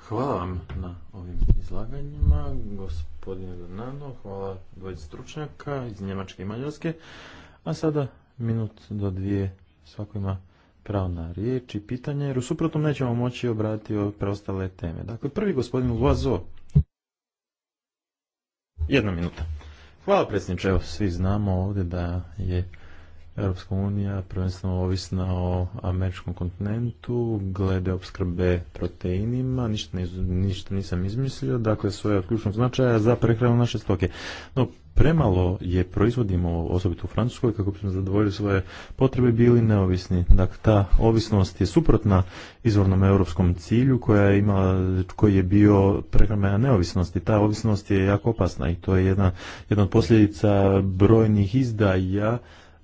Hvala vam na ovim izlaganjima, gospodine Donano. hvala dvojice stručnjaka iz Njemačke i Mađarske. A sada minut do dvije svako ima pravo na riječ i pitanje, jer u suprotnom nećemo moći obratiti o preostale teme. Dakle, prvi gospodin Loazo. Jedna minuta. Hvala predsjedniče, evo svi znamo ovdje da je Europska unija prvenstveno ovisna o američkom kontinentu glede opskrbe proteinima, ništa, ništa nisam izmislio, dakle svoje od ključnog značaja za prehranu naše stoke. No, premalo je proizvodimo, osobito u Francuskoj, kako bismo zadovoljili svoje potrebe, bili neovisni. Dakle, ta ovisnost je suprotna izvornom europskom cilju koja je imala, koji je bio prehrambena neovisnosti. ta ovisnost je jako opasna i to je jedna, jedna od posljedica brojnih izdaja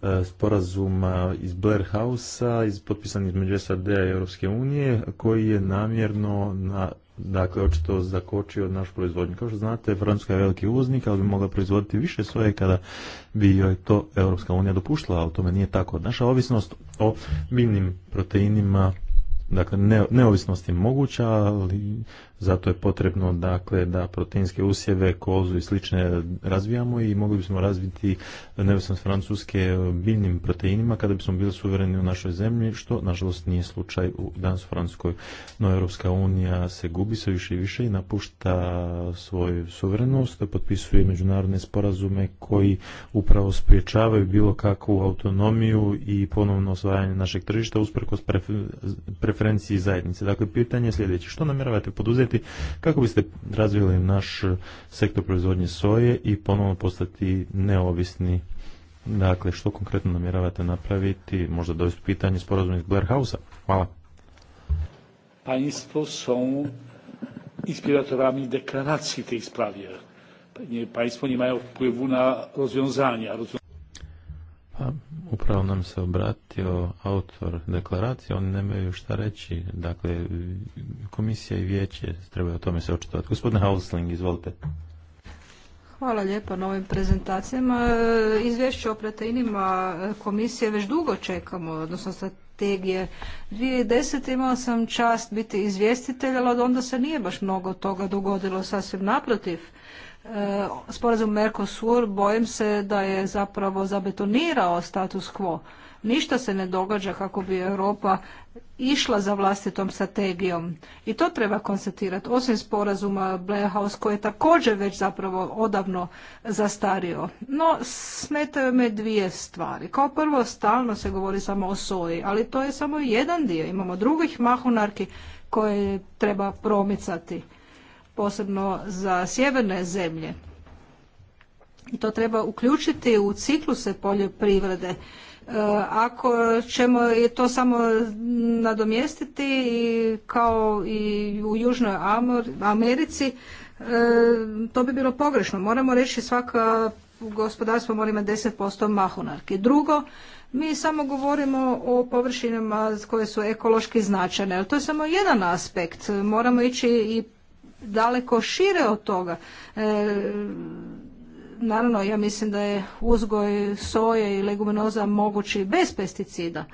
E, sporazuma iz Blair House-a, iz, potpisan između SAD-a i Europske unije, koji je namjerno na Dakle, očito zakočio naš proizvodnju. Kao što znate, Francuska je veliki uvoznik, ali bi mogla proizvoditi više svoje kada bi joj to Europska unija dopuštila, ali tome nije tako. Naša ovisnost o biljnim proteinima, dakle, ne, neovisnost je moguća, ali zato je potrebno dakle da proteinske usjeve, kozu i slične razvijamo i mogli bismo razviti neovisnost Francuske biljnim proteinima kada bismo bili suvereni u našoj zemlji, što nažalost nije slučaj u danas u Francuskoj. No Europska unija se gubi sve više i više i napušta svoju suverenost, potpisuje međunarodne sporazume koji upravo spriječavaju bilo kakvu autonomiju i ponovno osvajanje našeg tržišta usprkos preferenciji zajednice. Dakle, pitanje je sljedeće. Što namjeravate poduzeti poduzeti kako biste razvili naš sektor proizvodnje soje i ponovno postati neovisni Dakle, što konkretno namjeravate napraviti? Možda dovesti pitanje sporazum iz Blair House-a? Hvala. Państwo są inspiratorami deklaracji tej sprawie. państwo nie mają wpływu na rozwiązania. Pa, upravo nam se obratio autor deklaracije, oni nemaju šta reći. Dakle, komisija i vijeće trebaju o tome se očitovati. Gospodine Hausling, izvolite. Hvala lijepo na ovim prezentacijama. Izvješće o proteinima komisije već dugo čekamo, odnosno strategije. 2010. imao sam čast biti izvjestitelj, ali od onda se nije baš mnogo toga dogodilo, sasvim naprotiv. E, sporazum Mercosur bojim se da je zapravo zabetonirao status quo. Ništa se ne događa kako bi Europa išla za vlastitom strategijom. I to treba konstatirati. Osim sporazuma House koji je također već zapravo odavno zastario. No, smetaju me dvije stvari. Kao prvo, stalno se govori samo o soji, ali to je samo jedan dio. Imamo drugih mahunarki koje treba promicati posebno za sjeverne zemlje. I to treba uključiti u cikluse poljoprivrede. E, ako ćemo to samo nadomjestiti kao i u Južnoj Americi, e, to bi bilo pogrešno. Moramo reći svaka gospodarstvo mora imati 10% mahunarki. Drugo, mi samo govorimo o površinama koje su ekološki značajne, ali to je samo jedan aspekt. Moramo ići i daleko šire od toga. E, naravno, ja mislim da je uzgoj soje i leguminoza mogući bez pesticida.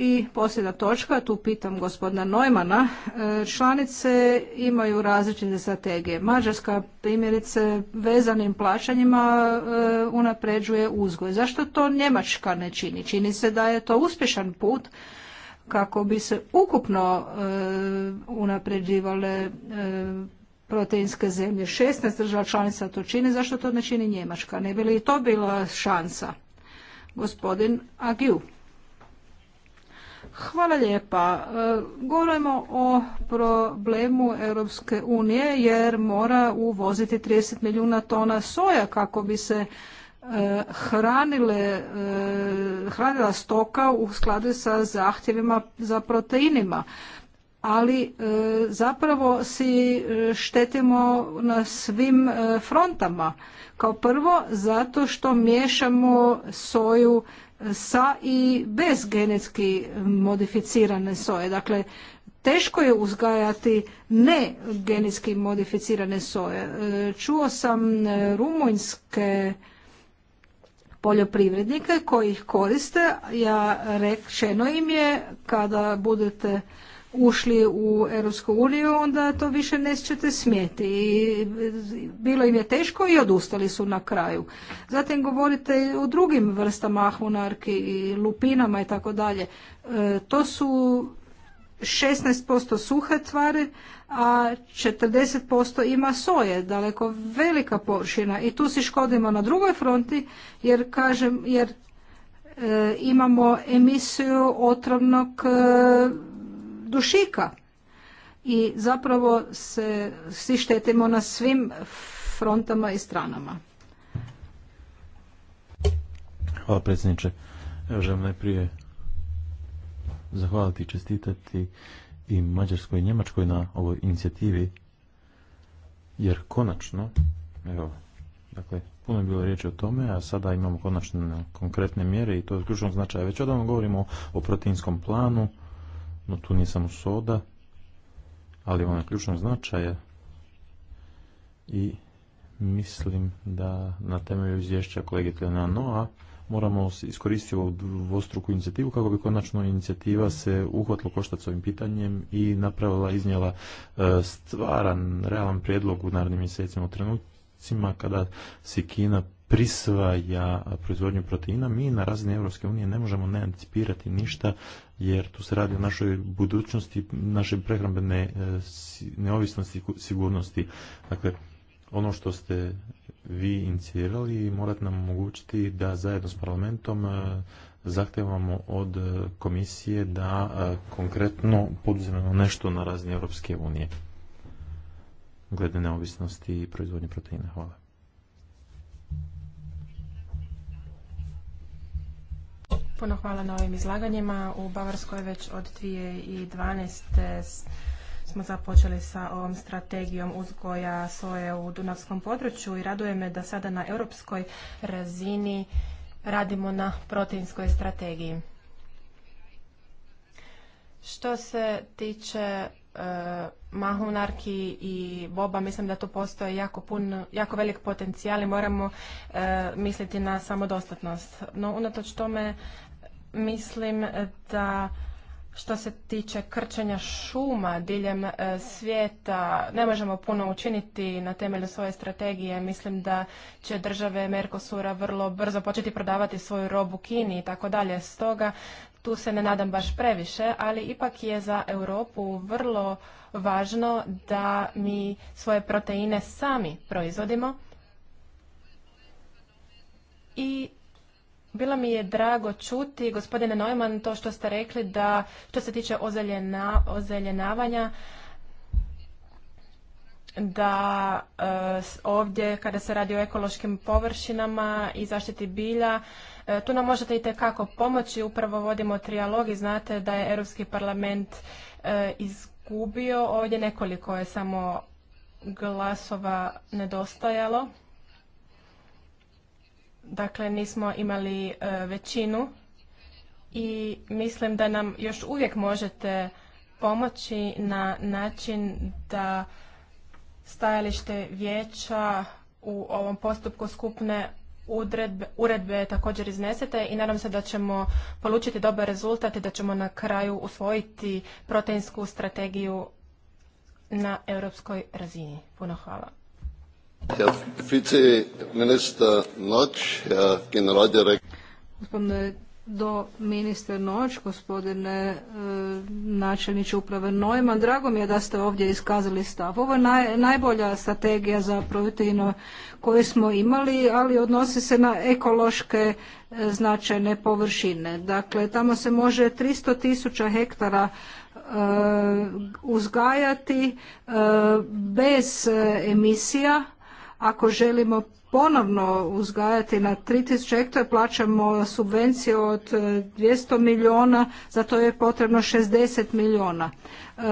I posljedna točka, tu pitam gospodina Nojmana, e, članice imaju različite strategije. Mađarska primjerice vezanim plaćanjima e, unapređuje uzgoj. Zašto to Njemačka ne čini? Čini se da je to uspješan put, kako bi se ukupno e, unapređivale e, proteinske zemlje. 16 država članica to čini, zašto to ne čini Njemačka? Ne bi li i to bila šansa? Gospodin Agiu. Hvala lijepa. E, govorimo o problemu Europske unije jer mora uvoziti 30 milijuna tona soja kako bi se hranile, e, hranila stoka u skladu sa zahtjevima za proteinima. Ali e, zapravo si e, štetimo na svim frontama. Kao prvo zato što miješamo soju sa i bez genetski modificirane soje. Dakle, teško je uzgajati ne genetski modificirane soje. Čuo sam rumunjske poljoprivrednike koji ih koriste. Ja rečeno im je kada budete ušli u Europsku uniju, onda to više nećete smjeti. I bilo im je teško i odustali su na kraju. Zatim govorite i o drugim vrstama ahunarki i lupinama i tako dalje. E, to su 16% suhe tvari, a 40% ima soje, daleko velika površina i tu si škodimo na drugoj fronti jer kažem jer e, imamo emisiju otrovnog e, dušika i zapravo se svi štetimo na svim frontama i stranama. Hvala predsjedniče. Evo želim najprije zahvaliti i čestitati i Mađarskoj i Njemačkoj na ovoj inicijativi, jer konačno, evo, dakle, puno je bilo riječi o tome, a sada imamo konačne konkretne mjere i to je ključnog značaja. Već odavno govorimo o proteinskom planu, no tu nije samo soda, ali ono je ključnog značaja i mislim da na temelju izvješća kolege Noa moramo iskoristiti ovu dvostruku inicijativu kako bi konačno inicijativa se uhvatila koštac ovim pitanjem i napravila, iznijela e, stvaran, realan prijedlog u narednim mjesecima u trenutcima kada se Kina prisvaja proizvodnju proteina, mi na razini Europske unije ne možemo ne anticipirati ništa jer tu se radi o našoj budućnosti, naše prehrambene e, neovisnosti, sigurnosti. Dakle, ono što ste vi inicirali i morate nam omogućiti da zajedno s parlamentom e, zahtevamo od e, komisije da e, konkretno poduzimamo ono nešto na razini Europske unije glede neovisnosti i proizvodnje proteina. Hvala. Puno hvala na ovim izlaganjima. U Bavarskoj već od 2012 smo započeli sa ovom strategijom uzgoja soje u Dunavskom području i raduje me da sada na europskoj razini radimo na proteinskoj strategiji. Što se tiče e, mahunarki i boba, mislim da tu postoje jako, pun, jako velik potencijal i moramo e, misliti na samodostatnost. No, unatoč tome mislim da što se tiče krčenja šuma diljem e, svijeta, ne možemo puno učiniti na temelju svoje strategije. Mislim da će države Merkosura vrlo brzo početi prodavati svoju robu Kini i tako dalje. Stoga tu se ne nadam baš previše, ali ipak je za Europu vrlo važno da mi svoje proteine sami proizvodimo i bilo mi je drago čuti, gospodine Neumann, to što ste rekli da što se tiče ozeljena, ozeljenavanja, da e, ovdje kada se radi o ekološkim površinama i zaštiti bilja, e, tu nam možete i tekako pomoći. Upravo vodimo trijalog i znate da je Europski parlament e, izgubio. Ovdje nekoliko je samo glasova nedostajalo dakle nismo imali e, većinu i mislim da nam još uvijek možete pomoći na način da stajalište vijeća u ovom postupku skupne uredbe također iznesete i nadam se da ćemo polučiti dobar rezultat i da ćemo na kraju usvojiti proteinsku strategiju na europskoj razini. Puno hvala. Herr do ministre Noć, gospodine e, načelniče uprave Nojma, Drago mi je da ste ovdje iskazali stav. Ovo je najbolja strategija za proteino koju smo imali, ali odnosi se na ekološke e, značajne površine. Dakle, tamo se može 300 tisuća hektara e, uzgajati bez emisija ako želimo ponovno uzgajati na 3000 hektara, plaćamo subvencije od 200 e, milijuna, za to je potrebno 60 milijuna. E,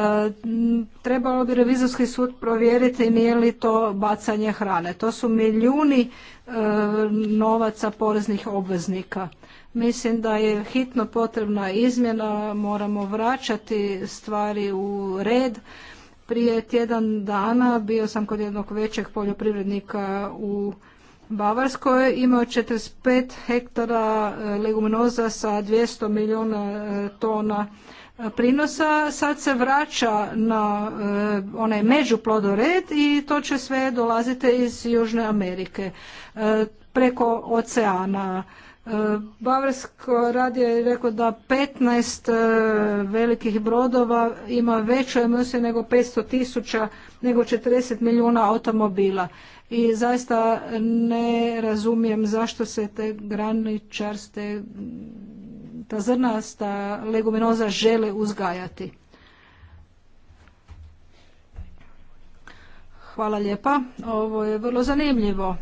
trebalo bi revizorski sud provjeriti nije li to bacanje hrane. To su milijuni e, novaca poreznih obveznika. Mislim da je hitno potrebna izmjena, moramo vraćati stvari u red. Prije tjedan dana bio sam kod jednog većeg poljoprivrednika u Bavarskoj. Imao 45 hektara e, leguminoza sa 200 milijuna e, tona e, prinosa. Sad se vraća na onaj međuplodored i to će sve dolaziti iz Južne Amerike preko oceana. Bavarsko radio je rekao da 15 e, velikih brodova ima veću emisiju nego 500 tisuća, nego 40 milijuna automobila. I zaista ne razumijem zašto se te graničarste, ta zrnasta leguminoza žele uzgajati. Hvala lijepa. Ovo je vrlo zanimljivo.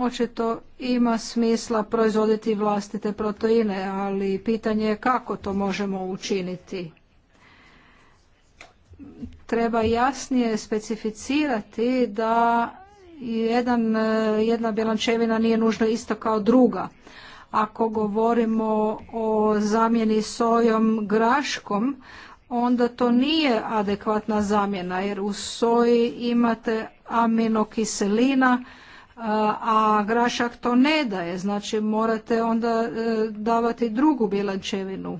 Očito ima smisla proizvoditi vlastite proteine, ali pitanje je kako to možemo učiniti. Treba jasnije specificirati da jedan, jedna bjelančevina nije nužna isto kao druga. Ako govorimo o zamjeni sojom graškom, onda to nije adekvatna zamjena jer u soji imate aminokiselina, a grašak to ne daje, znači morate onda e, davati drugu bilančevinu.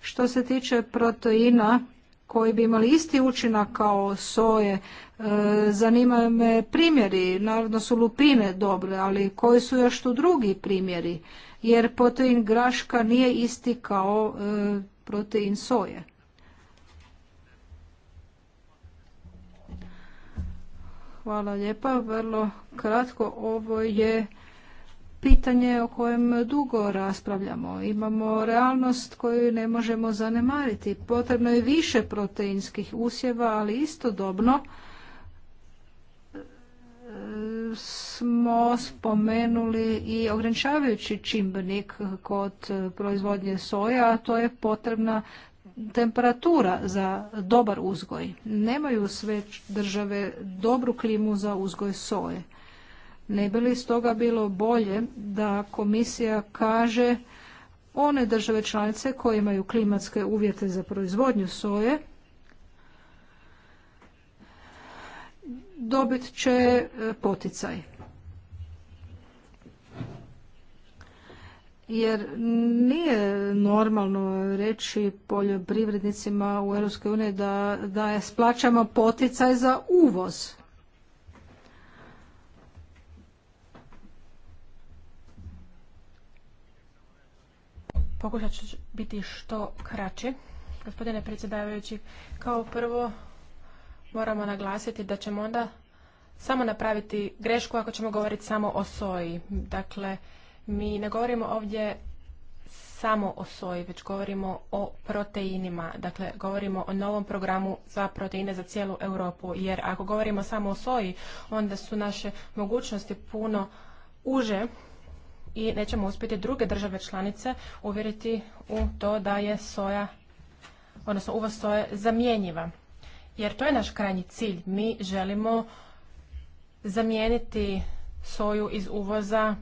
Što se tiče proteina koji bi imali isti učinak kao soje, e, zanimaju me primjeri, naravno su lupine dobre, ali koji su još tu drugi primjeri, jer protein graška nije isti kao e, protein soje. Hvala lijepa. Vrlo kratko, ovo je pitanje o kojem dugo raspravljamo. Imamo realnost koju ne možemo zanemariti. Potrebno je više proteinskih usjeva, ali istodobno e, smo spomenuli i ograničavajući čimbenik kod proizvodnje soja, a to je potrebna temperatura za dobar uzgoj. Nemaju sve države dobru klimu za uzgoj soje. Ne bi li stoga bilo bolje da komisija kaže one države članice koje imaju klimatske uvjete za proizvodnju soje dobit će e, poticaj. jer nije normalno reći poljoprivrednicima u EU da, da je splaćamo poticaj za uvoz. Pokušat ću biti što kraće. Gospodine predsjedavajući, kao prvo moramo naglasiti da ćemo onda samo napraviti grešku ako ćemo govoriti samo o soji. Dakle, mi ne govorimo ovdje samo o soji, već govorimo o proteinima. Dakle, govorimo o novom programu za proteine za cijelu Europu. Jer ako govorimo samo o soji, onda su naše mogućnosti puno uže i nećemo uspjeti druge države članice uvjeriti u to da je soja, odnosno uvoz soje zamjenjiva. Jer to je naš krajnji cilj. Mi želimo zamijeniti soju iz uvoza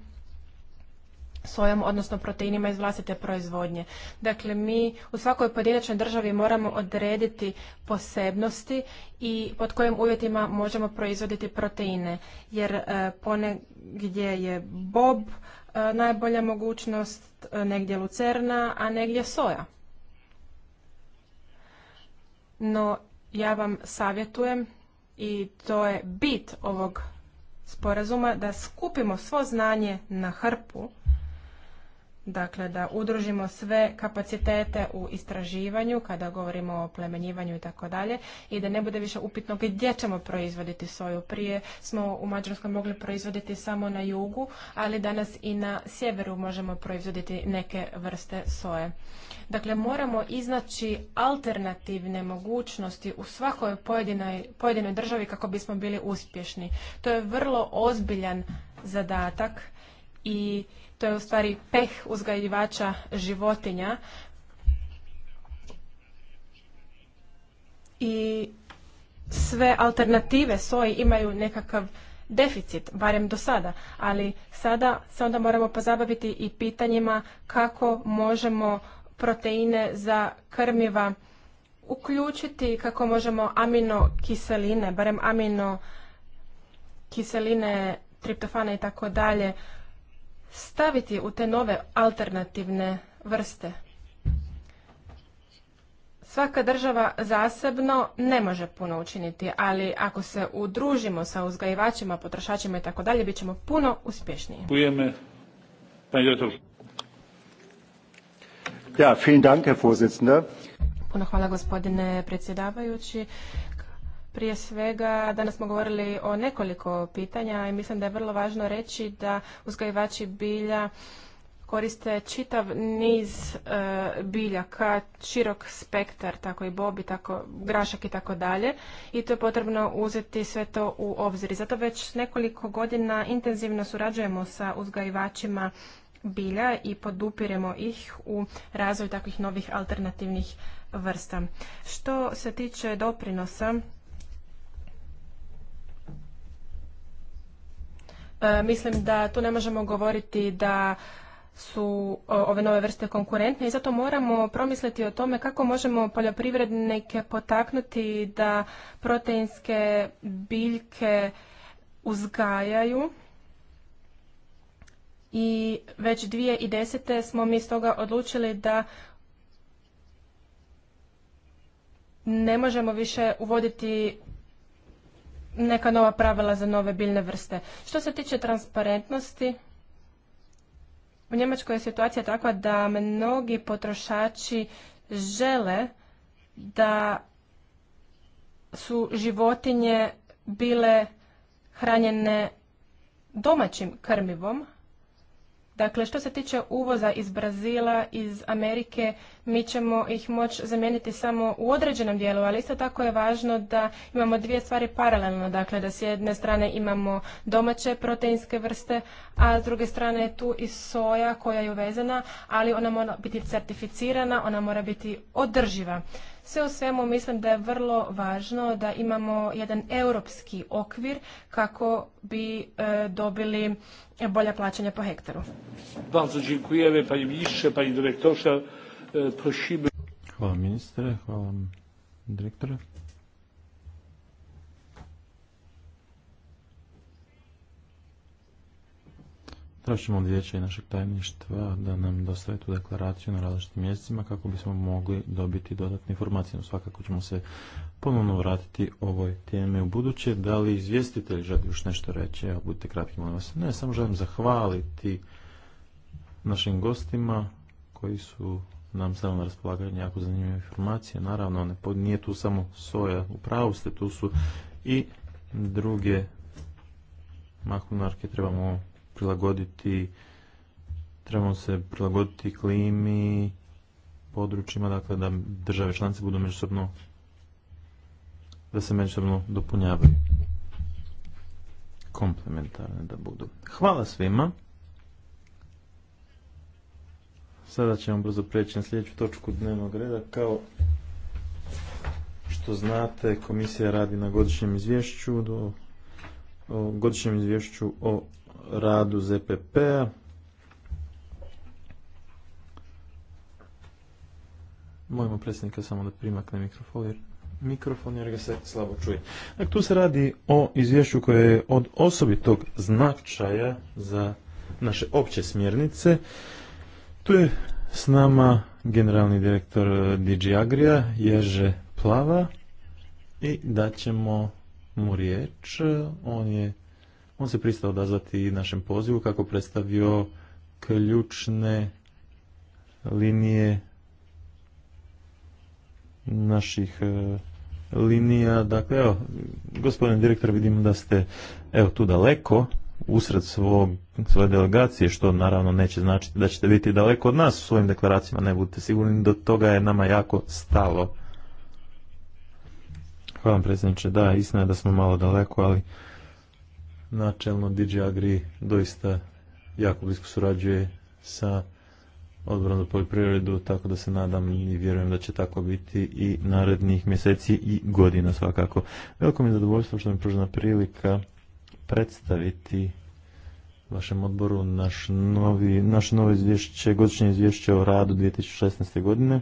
sojom, odnosno proteinima iz vlastite proizvodnje. Dakle, mi u svakoj pojedinačnoj državi moramo odrediti posebnosti i pod kojim uvjetima možemo proizvoditi proteine. Jer e, ponegdje je bob e, najbolja mogućnost, e, negdje lucerna, a negdje soja. No, ja vam savjetujem i to je bit ovog sporazuma da skupimo svo znanje na hrpu Dakle, da udružimo sve kapacitete u istraživanju, kada govorimo o plemenjivanju i tako dalje, i da ne bude više upitno gdje ćemo proizvoditi soju. Prije smo u Mađarskoj mogli proizvoditi samo na jugu, ali danas i na sjeveru možemo proizvoditi neke vrste soje. Dakle, moramo iznaći alternativne mogućnosti u svakoj pojedinoj, pojedinoj državi kako bismo bili uspješni. To je vrlo ozbiljan zadatak i to je u stvari peh uzgajivača životinja i sve alternative soji imaju nekakav deficit, barem do sada, ali sada se onda moramo pozabaviti i pitanjima kako možemo proteine za krmiva uključiti, kako možemo aminokiseline, barem amino kiseline, triptofane i tako dalje, staviti u te nove alternativne vrste. Svaka država zasebno ne može puno učiniti, ali ako se udružimo sa uzgajivačima, potrošačima i tako dalje, bit ćemo puno uspješniji. Puno hvala gospodine predsjedavajući. Prije svega, danas smo govorili o nekoliko pitanja i mislim da je vrlo važno reći da uzgajivači bilja koriste čitav niz bilja, e, biljaka, širok spektar, tako i bobi, tako grašak i tako dalje. I to je potrebno uzeti sve to u obzir. zato već nekoliko godina intenzivno surađujemo sa uzgajivačima bilja i podupiremo ih u razvoju takvih novih alternativnih vrsta. Što se tiče doprinosa E, mislim da tu ne možemo govoriti da su e, ove nove vrste konkurentne i zato moramo promisliti o tome kako možemo poljoprivrednike potaknuti da proteinske biljke uzgajaju i već 2010. smo mi stoga odlučili da ne možemo više uvoditi neka nova pravila za nove biljne vrste. Što se tiče transparentnosti, u Njemačkoj je situacija takva da mnogi potrošači žele da su životinje bile hranjene domaćim krmivom, Dakle, što se tiče uvoza iz Brazila, iz Amerike, mi ćemo ih moći zamijeniti samo u određenom dijelu, ali isto tako je važno da imamo dvije stvari paralelno. Dakle, da s jedne strane imamo domaće proteinske vrste, a s druge strane je tu i soja koja je uvezena, ali ona mora biti certificirana, ona mora biti održiva. Sve u svemu mislim da je vrlo važno da imamo jedan europski okvir kako bi e, dobili bolja plaćanja po hektaru. Bardzo dziękujemy panie ministrze, pa dyrektorze. E, prosimy. Hvala ministre, hvala direktore. Tražimo od vijeća i našeg tajništva da nam dostave tu deklaraciju na različitim mjesecima kako bismo mogli dobiti dodatne informacije. No, svakako ćemo se ponovno vratiti ovoj teme u buduće. Da li izvjestitelj želi još nešto reći? Evo, budite kratki, molim vas. Ne, samo želim zahvaliti našim gostima koji su nam samo na raspolaganje jako zanimljive informacije. Naravno, ne, nije tu samo soja, u pravu ste, tu su i druge mahunarke, trebamo prilagoditi, trebamo se prilagoditi klimi, područjima, dakle da države članice budu međusobno, da se međusobno dopunjavaju. Komplementarne da budu. Hvala svima. Sada ćemo brzo preći na sljedeću točku dnevnog reda. Kao što znate, komisija radi na godišnjem izvješću do o godišnjem izvješću o radu ZPP-a. Mojmo predsjednika samo da primakne mikrofon jer, mikrofon jer ga se slabo čuje. Dakle, tu se radi o izvješću koje je od osobitog značaja za naše opće smjernice. Tu je s nama generalni direktor eh, DG Agrija, Ježe Plava i daćemo mu riječ. On je on se pristao odazvati našem pozivu kako predstavio ključne linije naših e, linija. Dakle, evo, gospodine direktor, vidim da ste evo tu daleko, usred svoje delegacije, što naravno neće značiti da ćete biti daleko od nas u svojim deklaracijama, ne budete sigurni, do toga je nama jako stalo. Hvala vam predsjedniče, da, istina je da smo malo daleko, ali načelno DJ Agri doista jako blisko surađuje sa odborom za poljoprivredu, tako da se nadam i vjerujem da će tako biti i narednih mjeseci i godina svakako. Veliko mi je zadovoljstvo što mi je pružena prilika predstaviti vašem odboru naš novi, naše novo izvješće, godišnje izvješće o radu 2016. godine.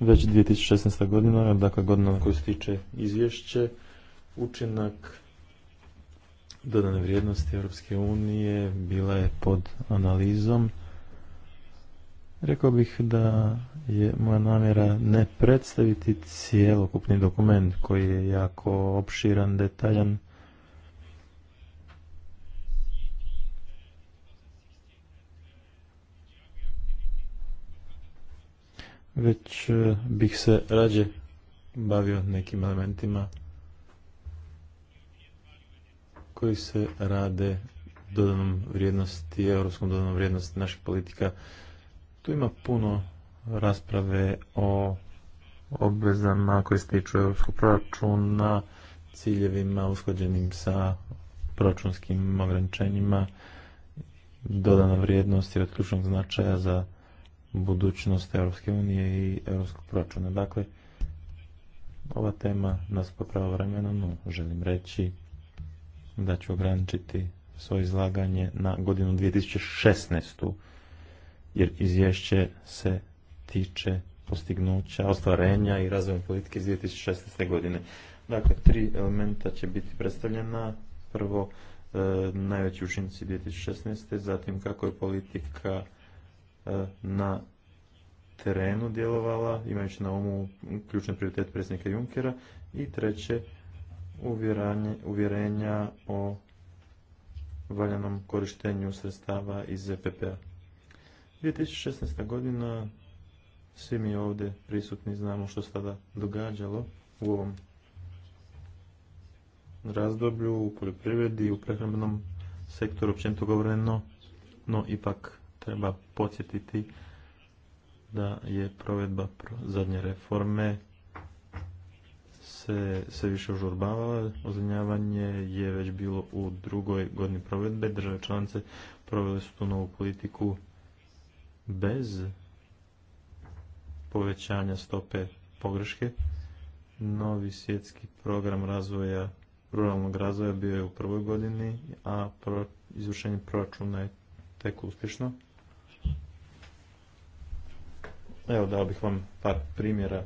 Već 2016. godina, dakle godina na koju se tiče izvješće, učinak dodane vrijednosti Europske unije bila je pod analizom. Rekao bih da je moja namjera ne predstaviti cijelokupni dokument koji je jako opširan, detaljan. Već eh, bih se rađe bavio nekim elementima koji se rade dodanom vrijednosti, europskom dodanom vrijednosti naših politika. Tu ima puno rasprave o obvezama koje se tiču europskog proračuna, ciljevima usklađenim sa proračunskim ograničenjima, dodana vrijednost je od ključnog značaja za budućnost Europske unije i europskog proračuna. Dakle, ova tema nas po no želim reći da ću ograničiti svoje izlaganje na godinu 2016. jer izvješće se tiče postignuća, ostvarenja i razvojne politike iz 2016. godine. Dakle, tri elementa će biti predstavljena. Prvo, e, najveći učinci 2016. Zatim, kako je politika e, na terenu djelovala, imajući na umu ključni prioritet predsjednika Junkera. I treće, uvjerenja o valjanom korištenju sredstava iz ZPP-a. E 2016. godina, svi mi ovdje prisutni znamo što se tada događalo u ovom razdoblju u poljoprivredi, u prehrambenom sektoru, općenito govoreno, no ipak treba podsjetiti da je provedba zadnje reforme se više ožurbavala. ozemljavanje je već bilo u drugoj godini provedbe. Države članice provele su tu novu politiku bez povećanja stope pogreške. Novi svjetski program razvoja ruralnog razvoja bio je u prvoj godini, a izvršenje proračuna je tek uspješno. Evo dao bih vam par primjera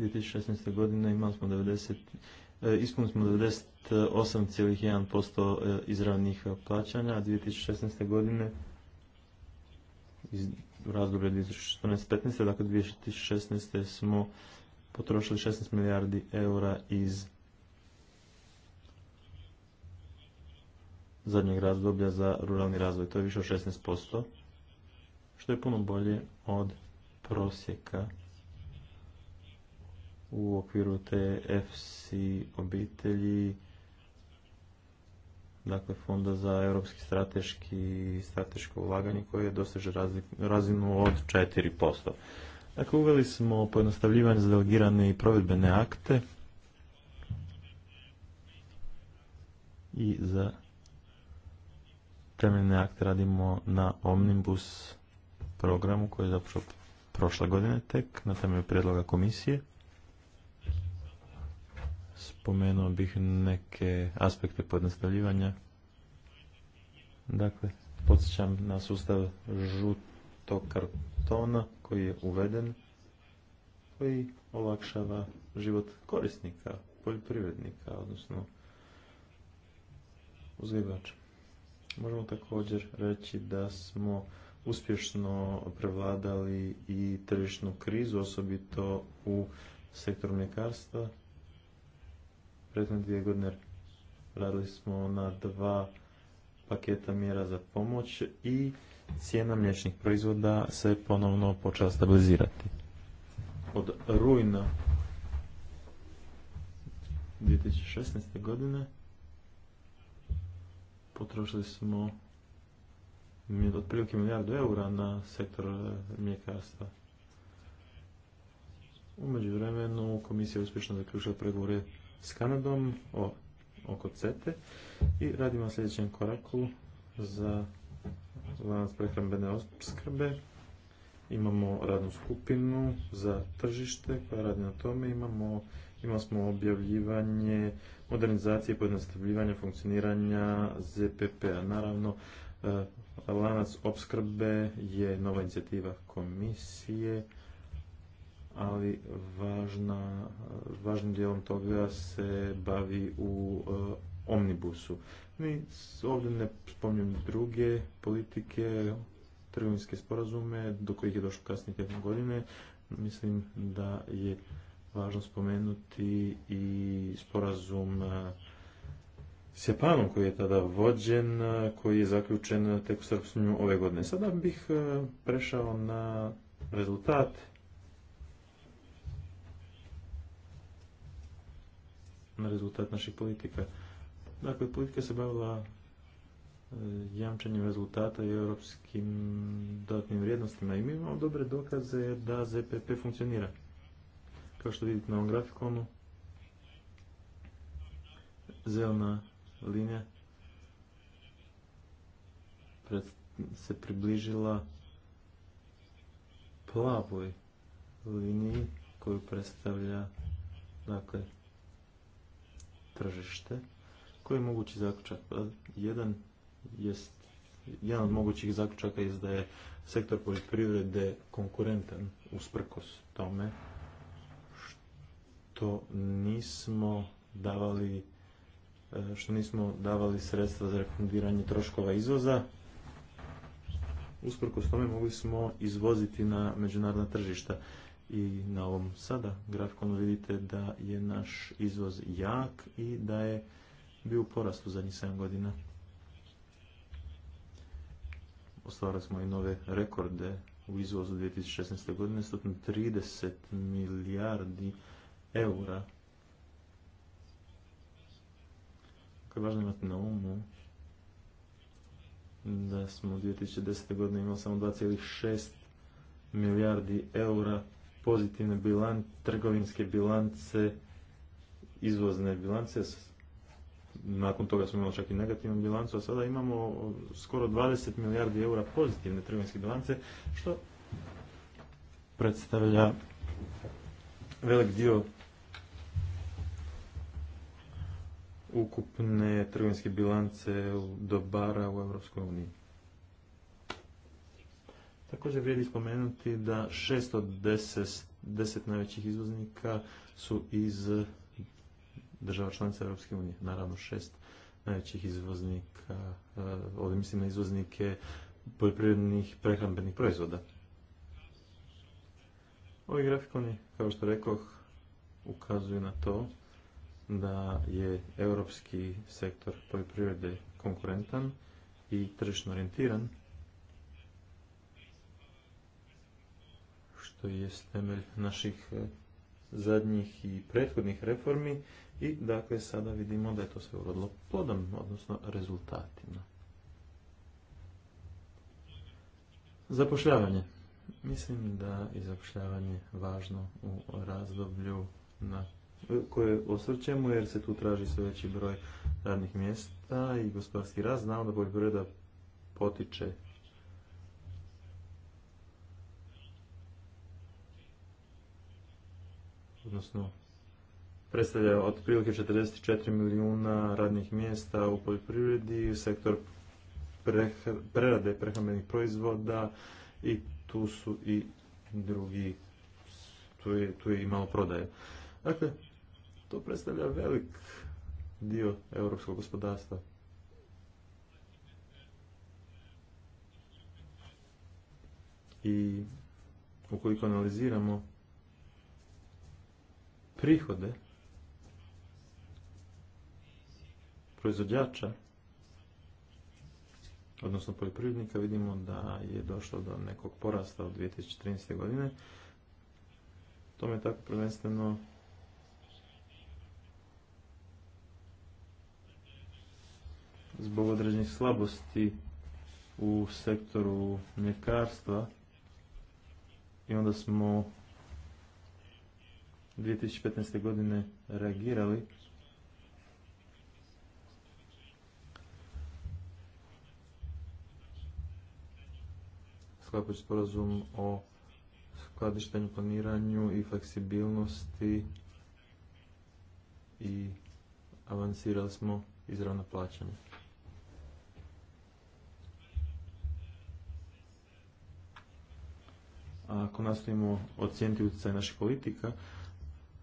2016. godine imali smo 90, e, ispunili smo 98,1% e, izravnih e, plaćanja, a 2016. godine iz razdoblja 2014-2015, dakle 2016. smo potrošili 16 milijardi eura iz zadnjeg razdoblja za ruralni razvoj. To je više od 16%, što je puno bolje od prosjeka u okviru te FC obitelji dakle fonda za europski strateški strateško ulaganje koje doseže razinu od 4%. Dakle, uveli smo pojednostavljivanje za delegirane i provedbene akte i za temeljne akte radimo na Omnibus programu koji je zapravo prošle godine tek na temelju prijedloga komisije spomenuo bih neke aspekte podnastavljivanja. Dakle, podsjećam na sustav žutog kartona koji je uveden, koji olakšava život korisnika, poljoprivrednika, odnosno uzgajivača. Možemo također reći da smo uspješno prevladali i tržišnu krizu, osobito u sektoru mljekarstva, prethodne dvije godine radili smo na dva paketa mjera za pomoć i cijena mliječnih proizvoda se ponovno počela stabilizirati. Od rujna 2016. godine potrošili smo otprilike milijardu eura na sektor e, mljekarstva. Umeđu vremenu komisija je uspješno zaključila pregovore s Kanadom oko CETE i radimo na sljedećem koraku za lanac prehrambene opskrbe. Imamo radnu skupinu za tržište koja radi na tome. Imamo, smo objavljivanje modernizacije i funkcioniranja ZPP-a. Naravno, e, lanac opskrbe je nova inicijativa komisije ali važna, važnim dijelom toga se bavi u e, omnibusu. mi ovdje ne spominjem druge politike, trgovinske sporazume do kojih je došlo kasnije tijekom godine. Mislim da je važno spomenuti i sporazum e, s Japanom koji je tada vođen, koji je zaključen tek u srpsnju ove godine. Sada bih e, prešao na rezultat na rezultat naših politika. Dakle, politika se bavila e, jamčenjem rezultata i europskim dodatnim vrijednostima i mi imamo dobre dokaze da ZPP funkcionira. Kao što vidite na ovom grafikonu, zelena linija se približila plavoj liniji koju predstavlja dakle tržište. Koji je mogući zaključak? Pa, jedan, jest, jedan od mogućih zaključaka je da je sektor poljoprivrede konkurentan usprkos tome što nismo davali e, što nismo davali sredstva za refundiranje troškova izvoza. Usprkos tome mogli smo izvoziti na međunarodna tržišta i na ovom sada grafikonu vidite da je naš izvoz jak i da je bio u zadnjih 7 godina. Ostvarili smo i nove rekorde u izvozu 2016. godine, 130 milijardi eura. Kako je važno imati na umu da smo u 2010. godine imali samo 2,6 milijardi eura pozitivne bilance, trgovinske bilance, izvozne bilance, nakon toga smo imali čak i negativnu bilancu, a sada imamo skoro 20 milijardi eura pozitivne trgovinske bilance, što predstavlja velik dio ukupne trgovinske bilance dobara u Europskoj uniji. Također vrijedi spomenuti da od deset najvećih izvoznika su iz država članica Europske unije. Naravno šest najvećih izvoznika, eh, ovdje mislim na izvoznike poljoprivrednih prehrambenih proizvoda. Ovi grafikoni, kao što rekoh, ukazuju na to da je europski sektor poljoprivrede konkurentan i tržišno orijentiran, što je temelj naših e, zadnjih i prethodnih reformi i dakle sada vidimo da je to sve urodilo plodom, odnosno rezultatima. Zapošljavanje. Mislim da je zapošljavanje važno u razdoblju na e, koje osvrćemo jer se tu traži sve veći broj radnih mjesta i gospodarski rast. Znamo da poljoprivreda potiče odnosno predstavlja otprilike 44 milijuna radnih mjesta u poljoprivredi, sektor prerade prehrambenih proizvoda i tu su i drugi, tu je, tu je i malo prodaje. Dakle, to predstavlja velik dio europskog gospodarstva. I ukoliko analiziramo prihode proizvođača, odnosno poljoprivrednika, vidimo da je došlo do nekog porasta od 2013. godine. to me tako prvenstveno zbog određenih slabosti u sektoru mljekarstva i onda smo 2015. godine reagirali Sklapić sporazum o skladištenju, planiranju i fleksibilnosti i avansirali smo izravno plaćanje. Ako nastavimo ocijeniti utjecaj naših politika,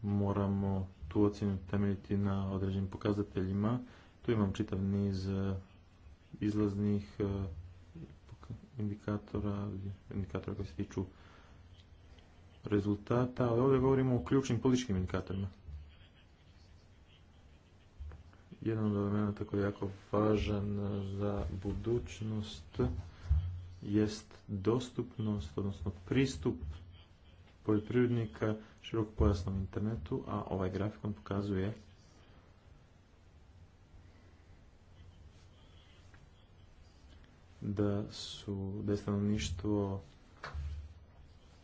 moramo tu ocjenu temeljiti na određenim pokazateljima. Tu imam čitav niz e, izlaznih e, indikatora, indikatora koji se tiču rezultata, ali ovdje govorimo o ključnim političkim indikatorima. Jedan od elementa koji je jako važan e, za budućnost jest dostupnost, odnosno pristup poljoprivrednika širokopojasnom internetu, a ovaj grafikon pokazuje da su da je stanovništvo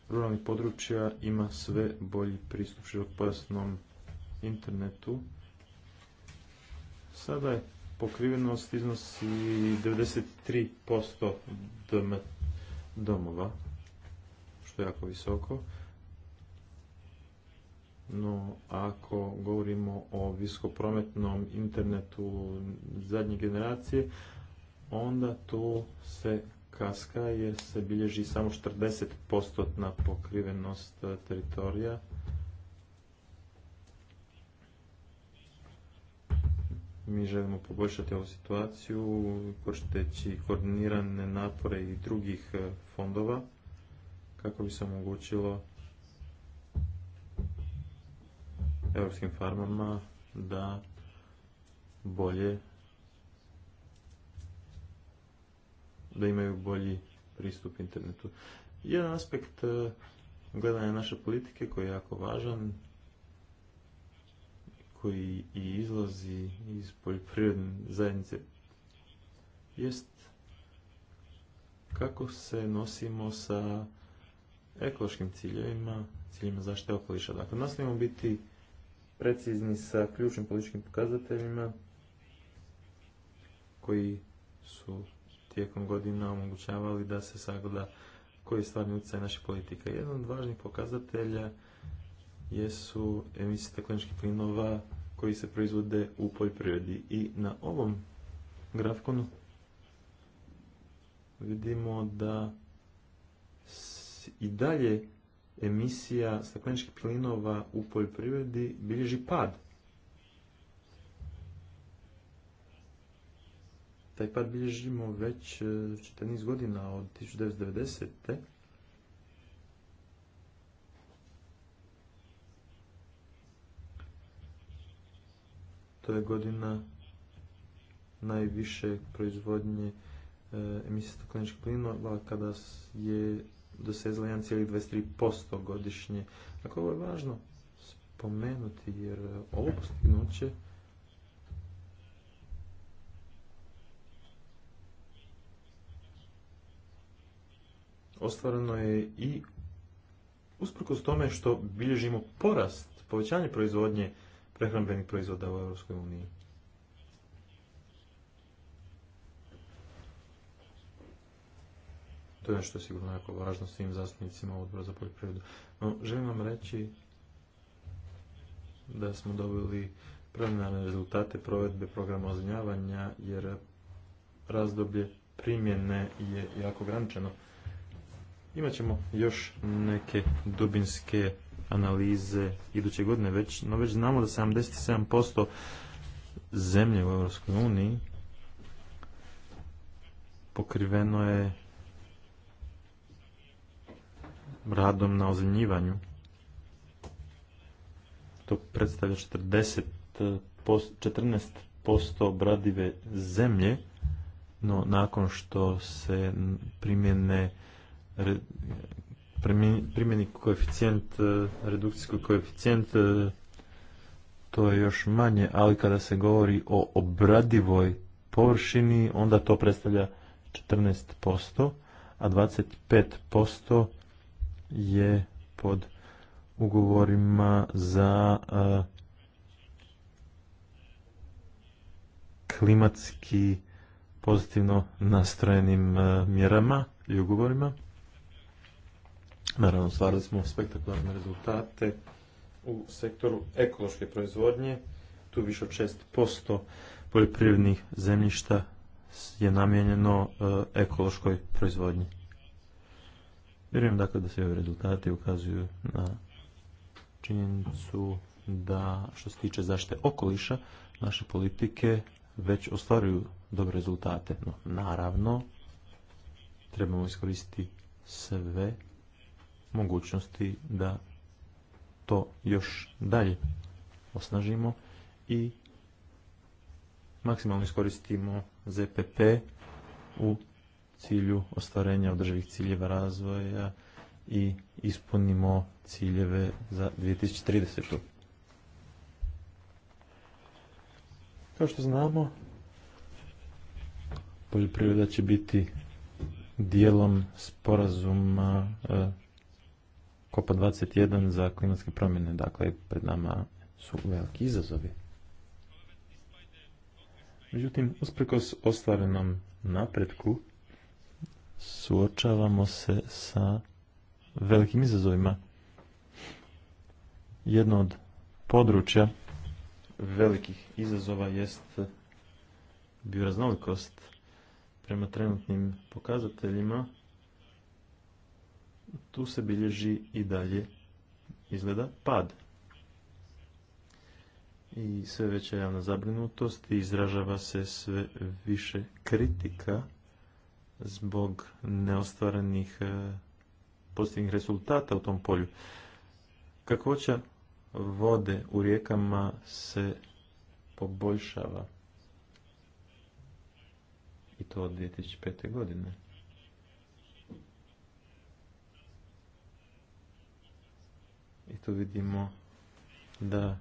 ruralnih područja ima sve bolji pristup širokopojasnom internetu. Sada je pokrivenost iznosi 93% domova, što je jako visoko no ako govorimo o viskoprometnom internetu zadnje generacije, onda tu se kaska jer se bilježi samo 40% pokrivenost e, teritorija. Mi želimo poboljšati ovu situaciju koristeći koordinirane napore i drugih e, fondova kako bi se omogućilo europskim farmama da bolje da imaju bolji pristup internetu. Jedan aspekt e, gledanja naše politike koji je jako važan koji i izlazi iz poljoprivredne zajednice jest kako se nosimo sa ekološkim ciljevima, ciljima zaštite okoliša. Dakle, nastavimo biti precizni sa ključnim političkim pokazateljima koji su tijekom godina omogućavali da se sagleda koji je stvarni utjecaj naše politika. Jedan od važnih pokazatelja jesu emisije stakleničkih plinova koji se proizvode u poljoprivredi. I na ovom grafkonu vidimo da i dalje emisija stakleničkih plinova u poljoprivredi bilježi pad. Taj pad bilježimo već 14 e, godina od 1990. To je godina najviše proizvodnje e, emisije stakleničkih plinova kada je dosezla 1,23% godišnje. Dakle, ovo je važno spomenuti jer ovo postignuće ostvareno je i usprkos tome što bilježimo porast, povećanje proizvodnje prehrambenih proizvoda u EU. To je nešto sigurno jako važno svim zastupnicima odbora za poljoprivredu. No, želim vam reći da smo dobili preliminarne rezultate provedbe programa oznjavanja, jer razdoblje primjene je jako ograničeno. Imaćemo još neke dubinske analize iduće godine, već, no već znamo da 77% zemlje u EU pokriveno je radom na ozemljivanju. To predstavlja 40 14% obradive zemlje, no nakon što se primjene primjeni koeficijent, redukcijski koeficijent, to je još manje, ali kada se govori o obradivoj površini, onda to predstavlja 14%, a 25% je pod ugovorima za klimatski pozitivno nastrojenim mjerama i ugovorima. Naravno, stvarali smo spektakularne rezultate u sektoru ekološke proizvodnje. Tu više od 6% poljoprivrednih zemljišta je namijenjeno ekološkoj proizvodnji. Vjerujem dakle da se ovi rezultati ukazuju na činjenicu da što se tiče zaštite okoliša, naše politike već ostvaruju dobre rezultate. No, naravno, trebamo iskoristiti sve mogućnosti da to još dalje osnažimo i maksimalno iskoristimo ZPP u cilju ostvarenja održivih ciljeva razvoja i ispunimo ciljeve za 2030. Kao što znamo, poljoprivreda će biti dijelom sporazuma COPA e, 21 za klimatske promjene. Dakle, pred nama su veliki izazovi. Međutim, usprkos ostvarenom napretku, suočavamo se sa velikim izazovima. Jedno od područja velikih izazova jest bioraznolikost. Prema trenutnim pokazateljima tu se bilježi i dalje izgleda pad. I sve veća javna zabrinutost i izražava se sve više kritika zbog neostvarenih e, pozitivnih rezultata u tom polju. Kakvoća vode u rijekama se poboljšava i to od 2005. godine. I tu vidimo da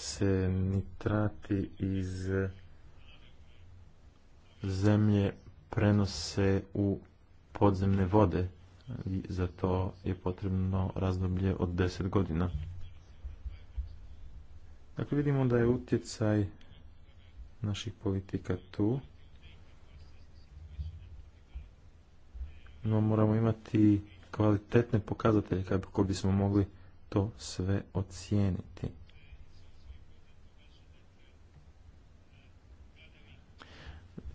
se nitrati iz zemlje prenose u podzemne vode i za to je potrebno razdoblje od 10 godina. Dakle, vidimo da je utjecaj naših politika tu. No, moramo imati kvalitetne pokazatelje kako bismo mogli to sve ocijeniti.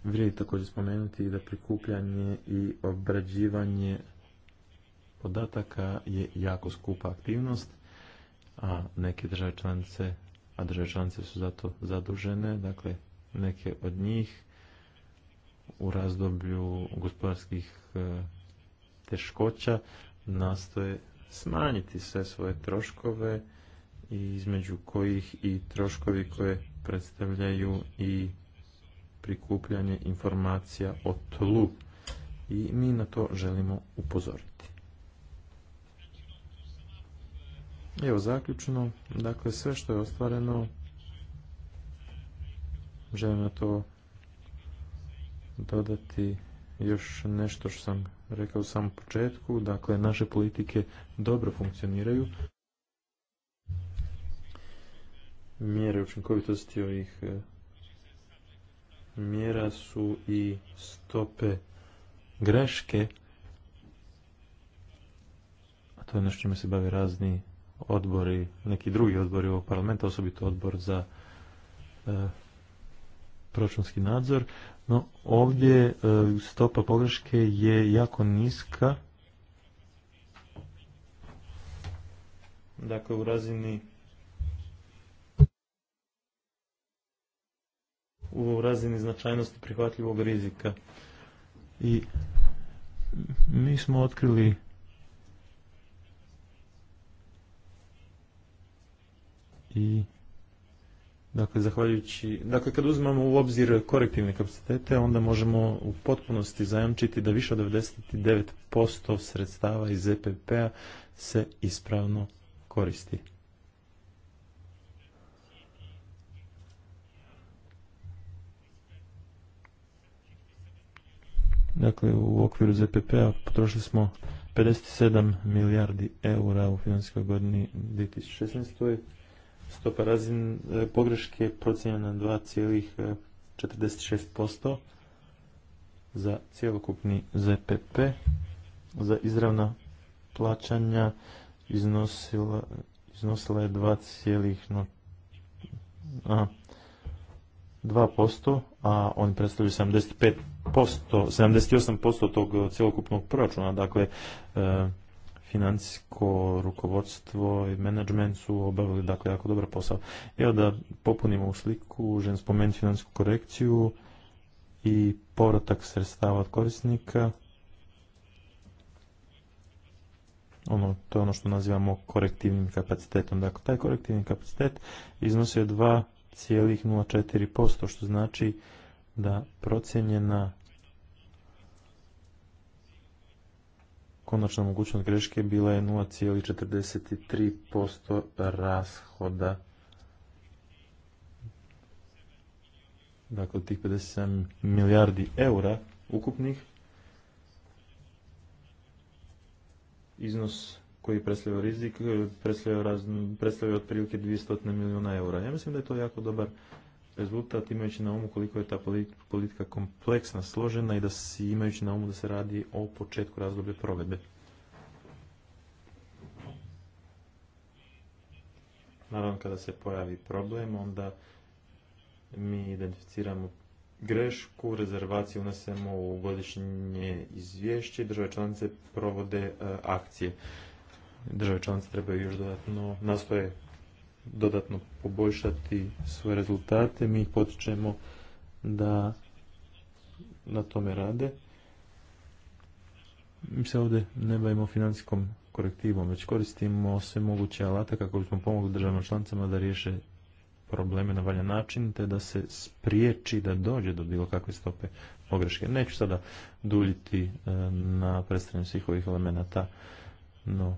Vrijedi također spomenuti da prikupljanje i obrađivanje podataka je jako skupa aktivnost, a neke države članice, a države članice su zato zadužene, dakle neke od njih u razdoblju gospodarskih e, teškoća nastoje smanjiti sve svoje troškove i između kojih i troškovi koje predstavljaju i prikupljanje informacija o tlu i mi na to želimo upozoriti. Evo zaključno, dakle sve što je ostvareno želim na to dodati još nešto što sam rekao u samom početku, dakle naše politike dobro funkcioniraju. Mjere učinkovitosti ovih eh, mjera su i stope greške, a to je ono što čime se bave razni odbori, neki drugi odbori ovog parlamenta, osobito odbor za e, nadzor, no ovdje e, stopa pogreške je jako niska, dakle u razini u razini značajnosti prihvatljivog rizika. I mi smo otkrili i Dakle, zahvaljujući, dakle, kad uzmemo u obzir korektivne kapacitete, onda možemo u potpunosti zajamčiti da više od 99% sredstava iz EPP-a se ispravno koristi. Dakle, u okviru ZPP-a potrošili smo 57 milijardi eura u financijskoj godini 2016. Stopa razin e, pogreške je procijenjena na 2,46% e, za cijelokupni ZPP. Za izravna plaćanja iznosila, iznosila je 2, 2%, a oni predstavljaju 75%, 78% tog eh, cjelokupnog proračuna, dakle eh, financijsko rukovodstvo i menadžment su obavili dakle jako dobar posao. Evo da popunimo u sliku, želim spomenuti financijsku korekciju i povratak sredstava od korisnika. Ono, to je ono što nazivamo korektivnim kapacitetom. Dakle, taj korektivni kapacitet iznosio 2 posto što znači da procjenjena konačna mogućnost greške bila je 0,43% rashoda. Dakle, tih 57 milijardi eura ukupnih iznos koji predstavljaju rizik, eh, predstavljaju, otprilike 200 milijuna eura. Ja mislim da je to jako dobar rezultat imajući na umu koliko je ta politika kompleksna, složena i da si imajući na umu da se radi o početku razdoblja provedbe. Naravno, kada se pojavi problem, onda mi identificiramo grešku, rezervaciju unesemo u godišnje izvješće i države članice provode eh, akcije države članice trebaju još dodatno, nastoje dodatno poboljšati svoje rezultate. Mi ih potičemo da na tome rade. Mi se ovdje ne bavimo financijskom korektivom, već koristimo sve moguće alate kako bismo pomogli državama člancama da riješe probleme na valjan način, te da se spriječi da dođe do bilo kakve stope pogreške. Neću sada duljiti e, na predstavljanju svih ovih elemenata, no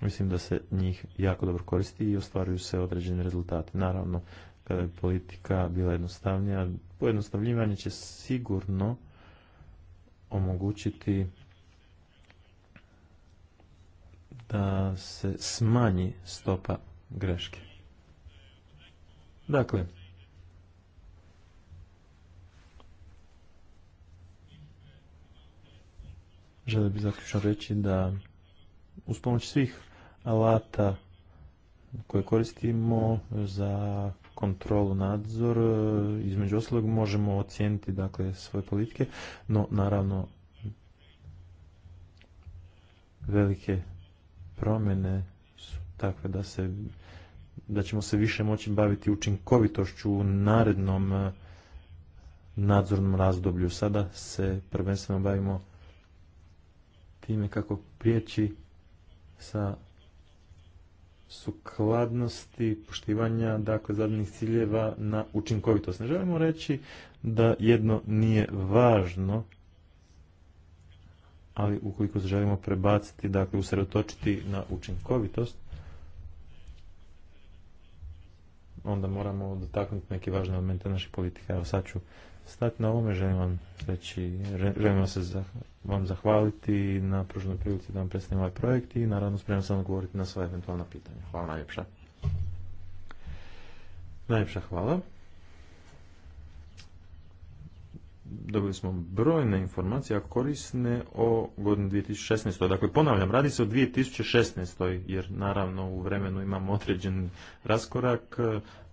Mislim da se njih jako dobro koristi i ostvaruju se određeni rezultati. Naravno, kada je politika bila jednostavnija, pojednostavljivanje će sigurno omogućiti da se smanji stopa greške. Dakle, želio bih zaključno reći da uz pomoć svih alata koje koristimo za kontrolu, nadzor, između ostalog možemo ocijeniti dakle svoje politike, no naravno velike promjene su takve da se da ćemo se više moći baviti učinkovitošću u narednom eh, nadzornom razdoblju. Sada se prvenstveno bavimo time kako prijeći sa sukladnosti poštivanja dakle zadanih ciljeva na učinkovitost. Ne želimo reći da jedno nije važno, ali ukoliko se želimo prebaciti, dakle usredotočiti na učinkovitost, onda moramo dotaknuti neke važne elemente naših politika. Evo sad ću stati na ovome, želim vam reći, želim vam se vam zahvaliti na pruženoj prilici da vam predstavim ovaj projekt i naravno spreman sam odgovoriti na sva eventualna pitanja. Hvala najljepša. Najljepša hvala. Dobili smo brojne informacije, korisne o godini 2016. Dakle, ponavljam, radi se o 2016. jer naravno u vremenu imamo određen raskorak,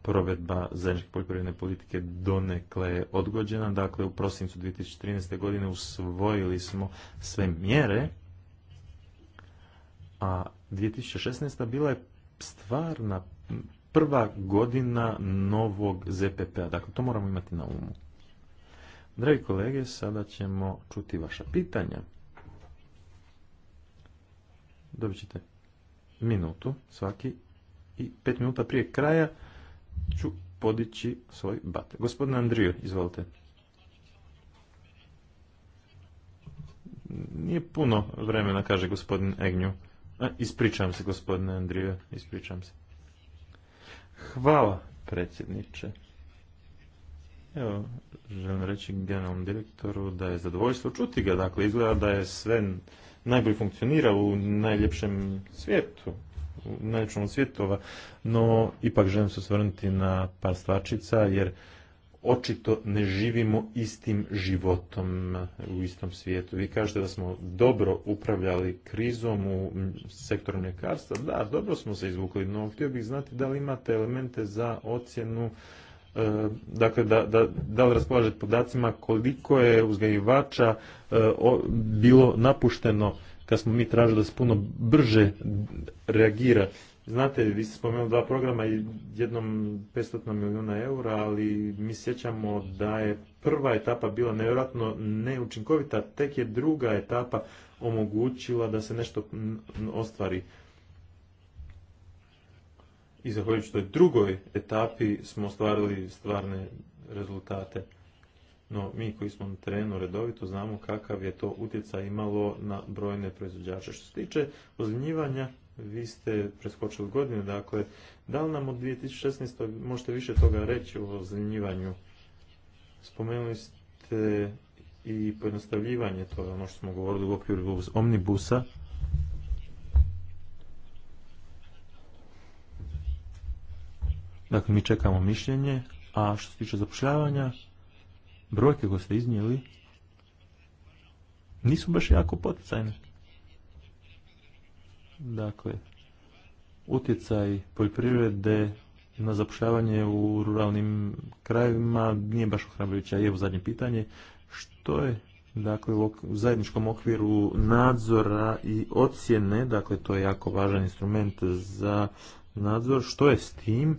provedba zajedničke poljoprivredne politike donekle je odgođena. Dakle, u prosincu 2013. godine usvojili smo sve mjere, a 2016. bila je stvarna prva godina novog ZPP-a. Dakle, to moramo imati na umu. Dragi kolege, sada ćemo čuti vaša pitanja. Dobit ćete minutu svaki i pet minuta prije kraja ću podići svoj bat. Gospodin Andriju, izvolite. Nije puno vremena, kaže gospodin Egnju. ispričam se, gospodine Andriju, ispričam se. Hvala, predsjedniče. Evo, želim reći generalnom direktoru da je zadovoljstvo čuti ga. Dakle, izgleda da je sve najbolje funkcionira u najljepšem svijetu najljepšom svjetova, no ipak želim se osvrnuti na par stvarčica, jer očito ne živimo istim životom u istom svijetu. Vi kažete da smo dobro upravljali krizom u sektoru mljekarstva. Da, dobro smo se izvukli, no htio bih znati da li imate elemente za ocjenu e, dakle da, da, da li raspolažete podacima koliko je uzgajivača e, bilo napušteno kad smo mi tražili da se puno brže reagira. Znate, vi ste spomenuli dva programa i jednom 500 milijuna eura, ali mi sjećamo da je prva etapa bila nevjerojatno neučinkovita, tek je druga etapa omogućila da se nešto ostvari. I zahvaljujući toj drugoj etapi smo ostvarili stvarne rezultate no mi koji smo na terenu redovito znamo kakav je to utjecaj imalo na brojne proizvođače. Što se tiče ozljenjivanja, vi ste preskočili godine, dakle, da li nam od 2016. možete više toga reći o ozljenjivanju? Spomenuli ste i pojednostavljivanje, to ono što smo govorili u okviru omnibusa. Dakle, mi čekamo mišljenje, a što se tiče zapošljavanja, brojke koje ste iznijeli nisu baš jako poticajne. Dakle, utjecaj poljoprivrede na zapošljavanje u ruralnim krajevima nije baš je Evo zadnje pitanje, što je dakle u zajedničkom okviru nadzora i ocjene, dakle to je jako važan instrument za nadzor, što je s tim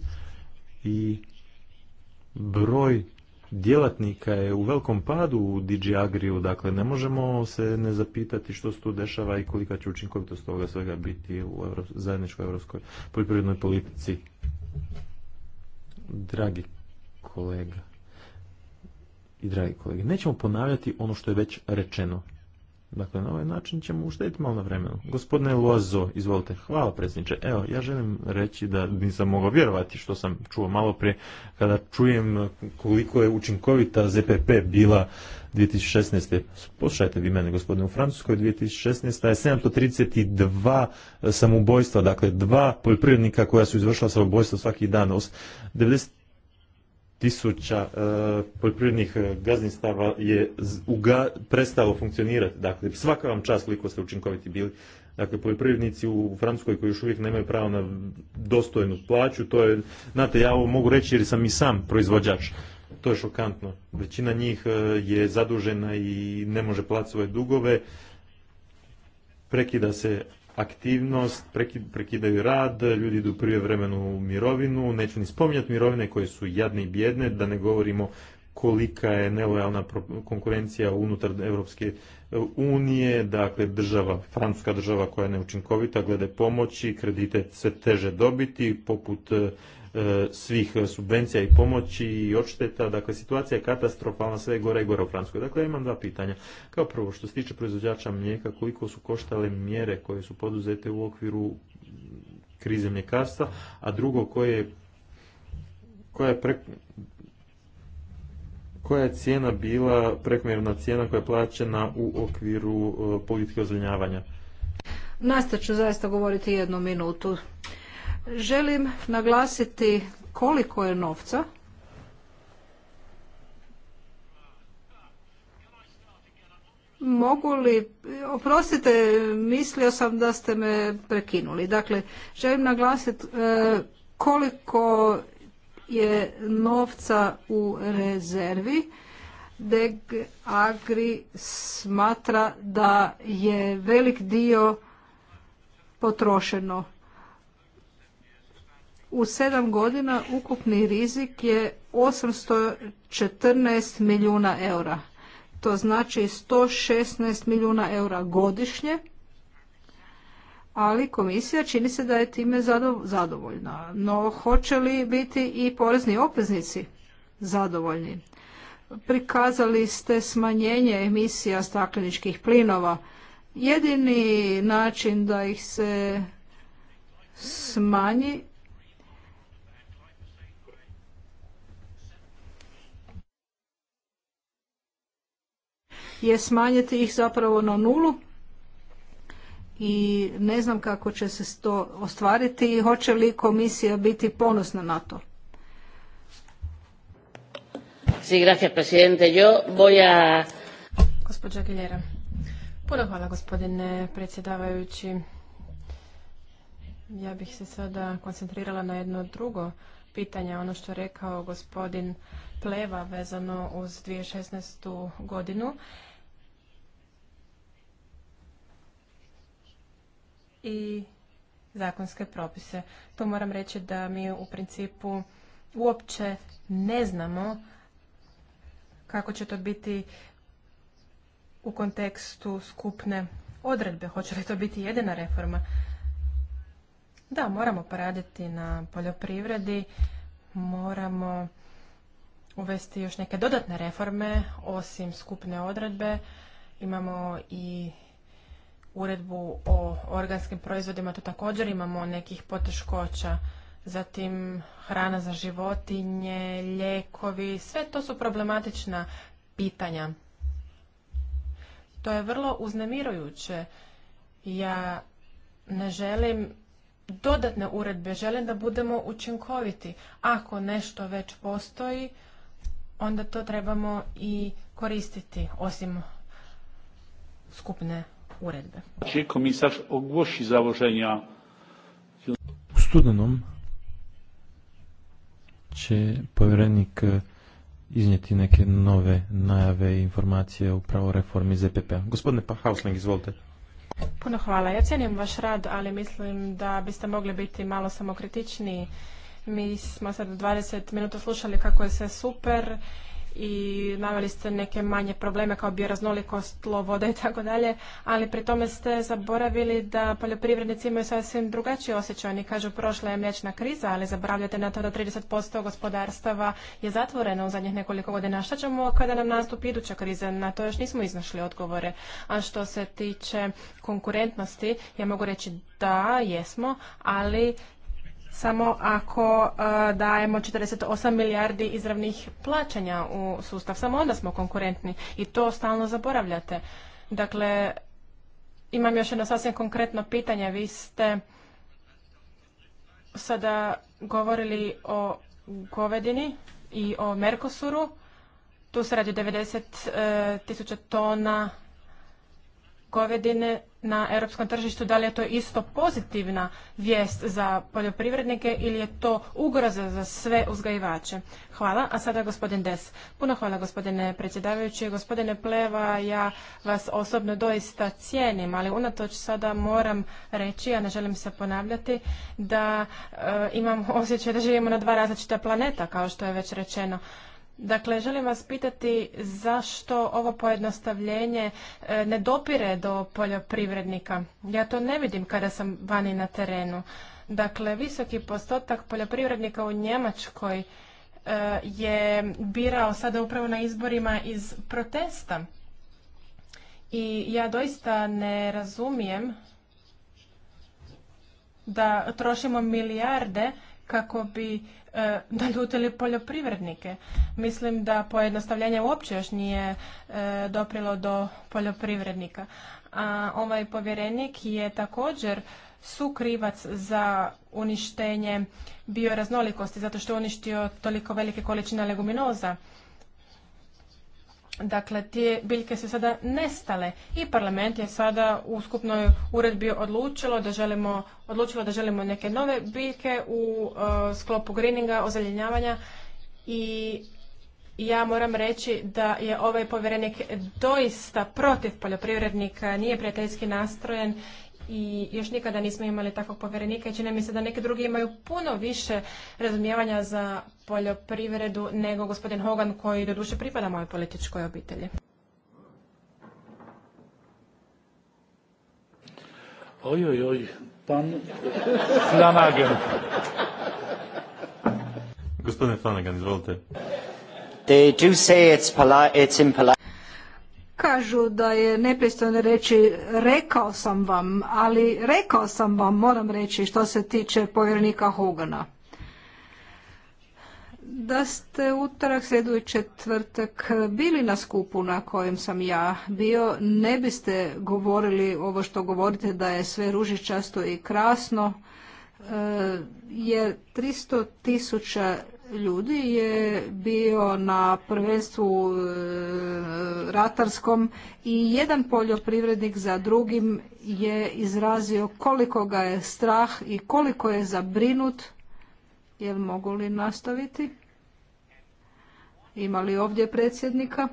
i broj djelatnika je u velikom padu u DJ Agriju, dakle ne možemo se ne zapitati što se tu dešava i kolika će učinkovitost toga svega biti u zajedničkoj europskoj poljoprivrednoj politici. Dragi kolega i dragi kolege, nećemo ponavljati ono što je već rečeno. Dakle, na ovaj način ćemo uštediti malo na vremenu. Gospodine Loazo, izvolite. Hvala predsjedniče. Evo, ja želim reći da nisam mogao vjerovati što sam čuo malo prije kada čujem koliko je učinkovita ZPP bila 2016. Poslušajte vi mene, gospodine, u Francuskoj 2016. je 732 samoubojstva, dakle dva poljoprivrednika koja su izvršila samoubojstvo svaki dan. 90 tisuća e, poljoprivrednih e, gazdinstava je prestalo funkcionirati. Dakle, svaka vam čast koliko ste učinkoviti bili. Dakle, poljoprivrednici u Francuskoj koji još uvijek nemaju pravo na dostojnu plaću, to je, znate, ja ovo mogu reći jer sam i sam proizvođač. To je šokantno. Većina njih e, je zadužena i ne može platiti svoje dugove. Prekida se aktivnost, prekidaju rad, ljudi idu vremenu u mirovinu, neću ni spominjati mirovine koje su jadne i bjedne, da ne govorimo kolika je nelojalna konkurencija unutar Europske e, unije, dakle država, francuska država koja je neučinkovita, glede pomoći, kredite sve teže dobiti, poput e, E, svih subvencija i pomoći i odšteta. Dakle, situacija je katastrofalna, sve je gore i gore u Francuskoj. Dakle, imam dva pitanja. Kao prvo, što se tiče proizvođača mlijeka, koliko su koštale mjere koje su poduzete u okviru krize mljekarstva, a drugo, koje, koja je koja je cijena bila, prekomjerna cijena koja je plaćena u okviru e, politike ozvinjavanja? Nastat ću zaista govoriti jednu minutu. Želim naglasiti koliko je novca Mogu li, oprostite, mislio sam da ste me prekinuli. Dakle, želim naglasiti e, koliko je novca u rezervi. Deg Agri smatra da je velik dio potrošeno u sedam godina ukupni rizik je 814 milijuna eura. To znači 116 milijuna eura godišnje, ali komisija čini se da je time zadovoljna. No hoće li biti i porezni obveznici zadovoljni? Prikazali ste smanjenje emisija stakleničkih plinova. Jedini način da ih se smanji je smanjiti ih zapravo na nulu i ne znam kako će se to ostvariti i hoće li komisija biti ponosna na to. Sí, gracias, presidente. Yo voy a... Puno hvala, gospodine predsjedavajući. Ja bih se sada koncentrirala na jedno drugo pitanje, ono što je rekao gospodin Pleva vezano uz 2016. godinu. i zakonske propise. Tu moram reći da mi u principu uopće ne znamo kako će to biti u kontekstu skupne odredbe. Hoće li to biti jedina reforma? Da, moramo poraditi na poljoprivredi, moramo uvesti još neke dodatne reforme osim skupne odredbe. Imamo i uredbu o organskim proizvodima, tu također imamo nekih poteškoća. Zatim hrana za životinje, lijekovi, sve to su problematična pitanja. To je vrlo uznemirujuće. Ja ne želim dodatne uredbe, želim da budemo učinkoviti. Ako nešto već postoji, onda to trebamo i koristiti, osim skupne uredbe. komisar ogłosi założenia... U studenom će povjerenik e, iznijeti neke nove najave i informacije upravo o reformi ZPP-a. Gospodine Pahausling, izvolite. Puno hvala. Ja cijenim vaš rad, ali mislim da biste mogli biti malo samokritičniji. Mi smo sad 20 minuta slušali kako je sve super i naveli ste neke manje probleme kao bioraznolikost, voda i tako dalje, ali pri tome ste zaboravili da poljoprivrednici imaju sasvim drugačiji osjećaj. Oni kažu prošla je mlječna kriza, ali zaboravljate na to da 30% gospodarstava je zatvoreno u zadnjih nekoliko godina. Šta ćemo kada nam nastupi iduća kriza? Na to još nismo iznašli odgovore. A što se tiče konkurentnosti, ja mogu reći da, jesmo, ali samo ako e, dajemo 48 milijardi izravnih plaćanja u sustav. Samo onda smo konkurentni i to stalno zaboravljate. Dakle, imam još jedno sasvim konkretno pitanje. Vi ste sada govorili o govedini i o Merkosuru. Tu se radi 90 e, tisuća tona govedine na europskom tržištu, da li je to isto pozitivna vijest za poljoprivrednike ili je to ugroza za sve uzgajivače? Hvala. A sada gospodin Des. Puno hvala gospodine predsjedavajući. Gospodine Pleva, ja vas osobno doista cijenim, ali unatoč sada moram reći, a ne želim se ponavljati, da e, imam osjećaj da živimo na dva različita planeta, kao što je već rečeno. Dakle, želim vas pitati zašto ovo pojednostavljenje e, ne dopire do poljoprivrednika. Ja to ne vidim kada sam vani na terenu. Dakle, visoki postotak poljoprivrednika u Njemačkoj e, je birao sada upravo na izborima iz protesta. I ja doista ne razumijem da trošimo milijarde kako bi e, poljoprivrednike. Mislim da pojednostavljanje uopće još nije e, doprilo do poljoprivrednika. A ovaj povjerenik je također sukrivac za uništenje bioraznolikosti zato što je uništio toliko velike količine leguminoza Dakle, te biljke su sada nestale i parlament je sada u skupnoj uredbi odlučilo da želimo, odlučilo da želimo neke nove biljke u e, sklopu greeninga, ozeljenjavanja i ja moram reći da je ovaj povjerenik doista protiv poljoprivrednika, nije prijateljski nastrojen i još nikada nismo imali takvog povjerenika i čini mi se da neki drugi imaju puno više razumijevanja za poljoprivredu nego gospodin Hogan koji doduše pripada mojoj političkoj obitelji. Oj, Flanagan. Gospodine Flanagan, izvolite. They do say it's, it's impolite kažu da je nepristojno reći rekao sam vam, ali rekao sam vam, moram reći što se tiče povjernika Hogana. Da ste utorak, sredu i četvrtak bili na skupu na kojem sam ja bio, ne biste govorili ovo što govorite da je sve ružičasto i krasno, e, jer 300 tisuća ljudi je bio na prvenstvu e, ratarskom i jedan poljoprivrednik za drugim je izrazio koliko ga je strah i koliko je zabrinut. Jel mogu li nastaviti? Ima li ovdje predsjednika?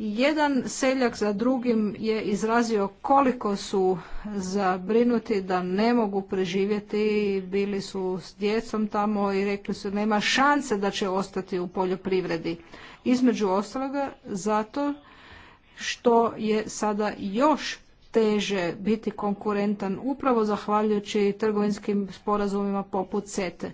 Jedan seljak za drugim je izrazio koliko su zabrinuti da ne mogu preživjeti, bili su s djecom tamo i rekli su nema šanse da će ostati u poljoprivredi. Između ostaloga zato što je sada još teže biti konkurentan upravo zahvaljujući trgovinskim sporazumima poput CETE.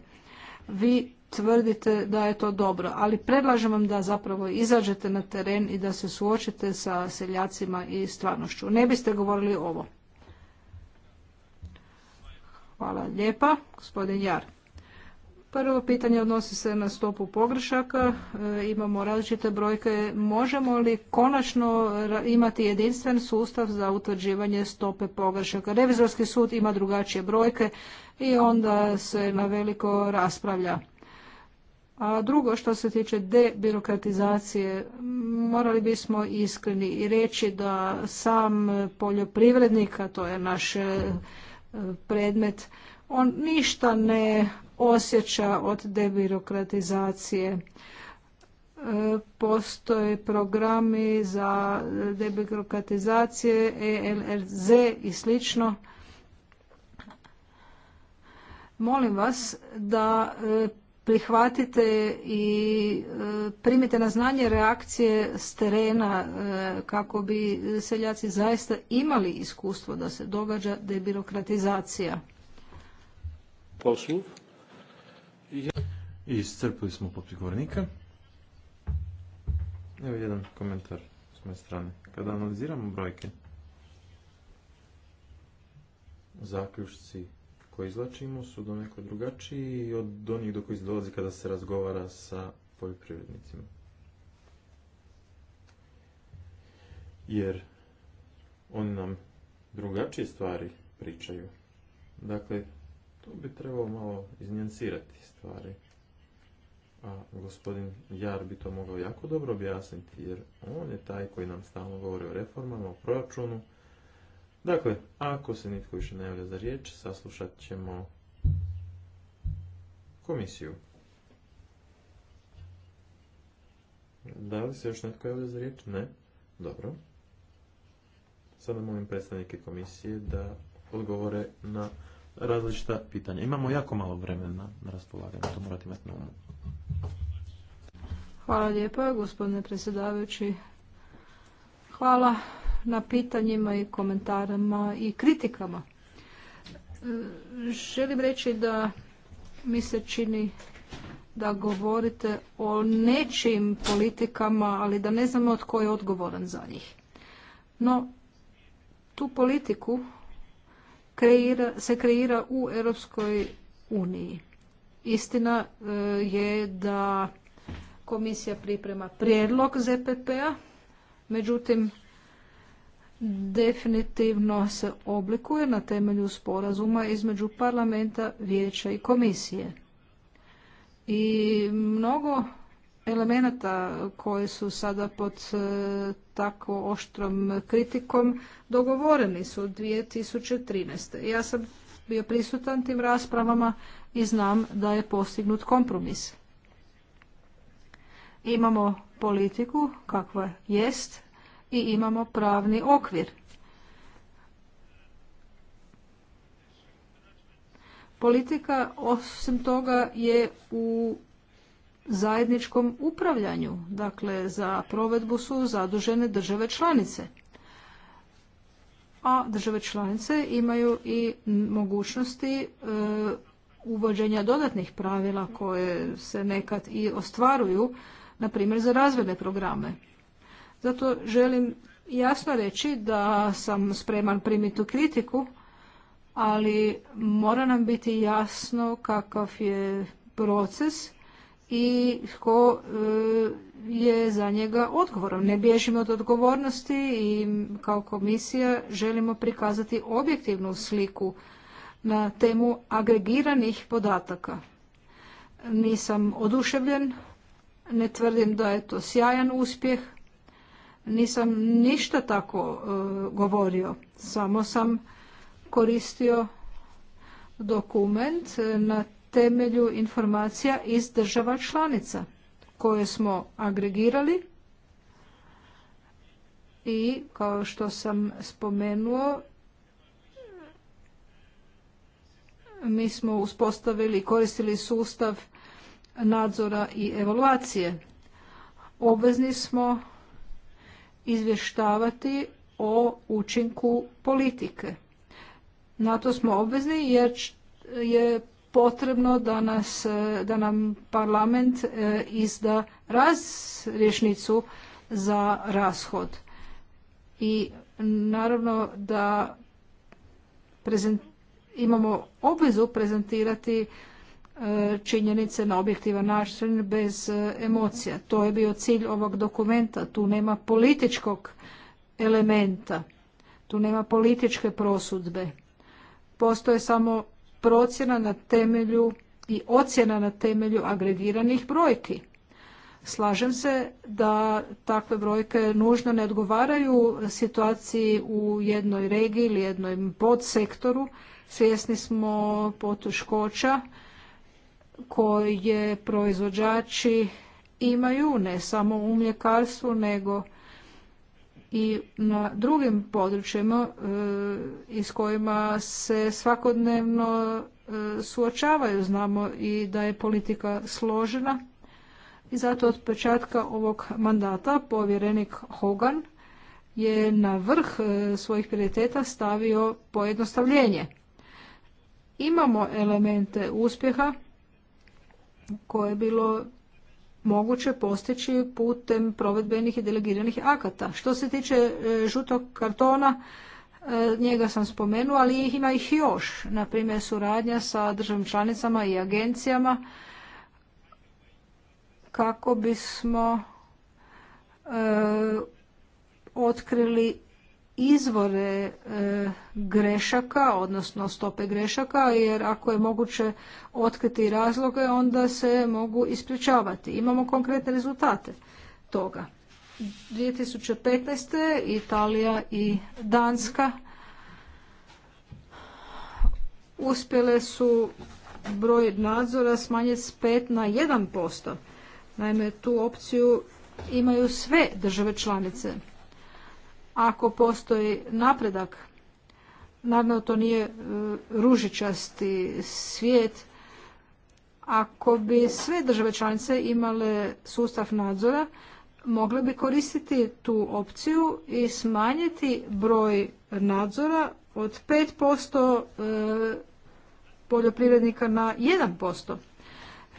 Vi tvrdite da je to dobro, ali predlažem vam da zapravo izađete na teren i da se suočite sa seljacima i stvarnošću. Ne biste govorili ovo. Hvala lijepa, gospodin Jar. Prvo pitanje odnosi se na stopu pogrešaka. E, imamo različite brojke. Možemo li konačno imati jedinstven sustav za utvrđivanje stope pogrešaka? Revizorski sud ima drugačije brojke i onda se na veliko raspravlja. A drugo što se tiče debirokratizacije, morali bismo iskreni i reći da sam poljoprivrednik, a to je naš e, predmet, on ništa ne osjeća od debirokratizacije. E, postoje programi za debirokratizacije, ELRZ i slično. Molim vas da e, prihvatite i e, primite na znanje reakcije s terena e, kako bi seljaci zaista imali iskustvo da se događa debirokratizacija. Iscrpili smo popis govornika. Evo jedan komentar s moje strane. Kada analiziramo brojke, zaključci koje izlačimo su do drugačiji od onih do kojih dolazi kada se razgovara sa poljoprivrednicima. Jer oni nam drugačije stvari pričaju. Dakle, to bi trebalo malo iznjencirati stvari. A gospodin Jar bi to mogao jako dobro objasniti, jer on je taj koji nam stalno govori o reformama, o proračunu, Dakle, ako se nitko više ne javlja za riječ, saslušat ćemo komisiju. Da li se još netko javlja za riječ? Ne. Dobro. Sada molim predstavnike komisije da odgovore na različita pitanja. Imamo jako malo vremena na raspolaganju, to morate imati na Hvala lijepo, gospodine predsjedavajući. Hvala na pitanjima i komentarama i kritikama. E, želim reći da mi se čini da govorite o nečim politikama, ali da ne znamo koje je odgovoran za njih. No, tu politiku kreira, se kreira u Europskoj uniji. Istina e, je da komisija priprema prijedlog ZPP-a, međutim definitivno se oblikuje na temelju sporazuma između parlamenta, vijeća i komisije. I mnogo elemenata koji su sada pod e, tako oštrom kritikom dogovoreni su 2013. Ja sam bio prisutan tim raspravama i znam da je postignut kompromis. Imamo politiku kakva jest i imamo pravni okvir. Politika osim toga je u zajedničkom upravljanju, dakle za provedbu su zadužene države članice. A države članice imaju i mogućnosti e, uvođenja dodatnih pravila koje se nekad i ostvaruju, na primjer za razvojne programe. Zato želim jasno reći da sam spreman primiti kritiku, ali mora nam biti jasno kakav je proces i tko e, je za njega odgovoran. Ne bježimo od odgovornosti i kao komisija želimo prikazati objektivnu sliku na temu agregiranih podataka. Nisam oduševljen, ne tvrdim da je to sjajan uspjeh, nisam ništa tako e, govorio, samo sam koristio dokument e, na temelju informacija iz država članica koje smo agregirali i kao što sam spomenuo mi smo uspostavili i koristili sustav nadzora i evaluacije. Obvezni smo izvještavati o učinku politike. Na to smo obvezni jer je potrebno da, nas, da nam parlament e, izda razrješnicu za rashod. I naravno da imamo obvezu prezentirati činjenice na objektivan način bez e, emocija. To je bio cilj ovog dokumenta. Tu nema političkog elementa. Tu nema političke prosudbe. Postoje samo procjena na temelju i ocjena na temelju agregiranih brojki. Slažem se da takve brojke nužno ne odgovaraju situaciji u jednoj regiji ili jednom podsektoru. Svjesni smo poteškoća koje proizvođači imaju ne samo u mljekarstvu nego i na drugim područjima e, iz s kojima se svakodnevno e, suočavaju. Znamo i da je politika složena i zato od početka ovog mandata povjerenik Hogan je na vrh e, svojih prioriteta stavio pojednostavljenje. Imamo elemente uspjeha koje je bilo moguće postići putem provedbenih i delegiranih akata. Što se tiče e, žutog kartona, e, njega sam spomenuo, ali ih ima ih još. Na primjer, suradnja sa državnim članicama i agencijama kako bismo e, otkrili izvore e, grešaka, odnosno stope grešaka, jer ako je moguće otkriti razloge, onda se mogu ispričavati. Imamo konkretne rezultate toga. 2015. Italija i Danska uspjele su broj nadzora smanjiti s 5 na 1%. Naime, tu opciju imaju sve države članice ako postoji napredak. Naravno, to nije e, ružičasti svijet. Ako bi sve države članice imale sustav nadzora, mogle bi koristiti tu opciju i smanjiti broj nadzora od 5% e, poljoprivrednika na 1%.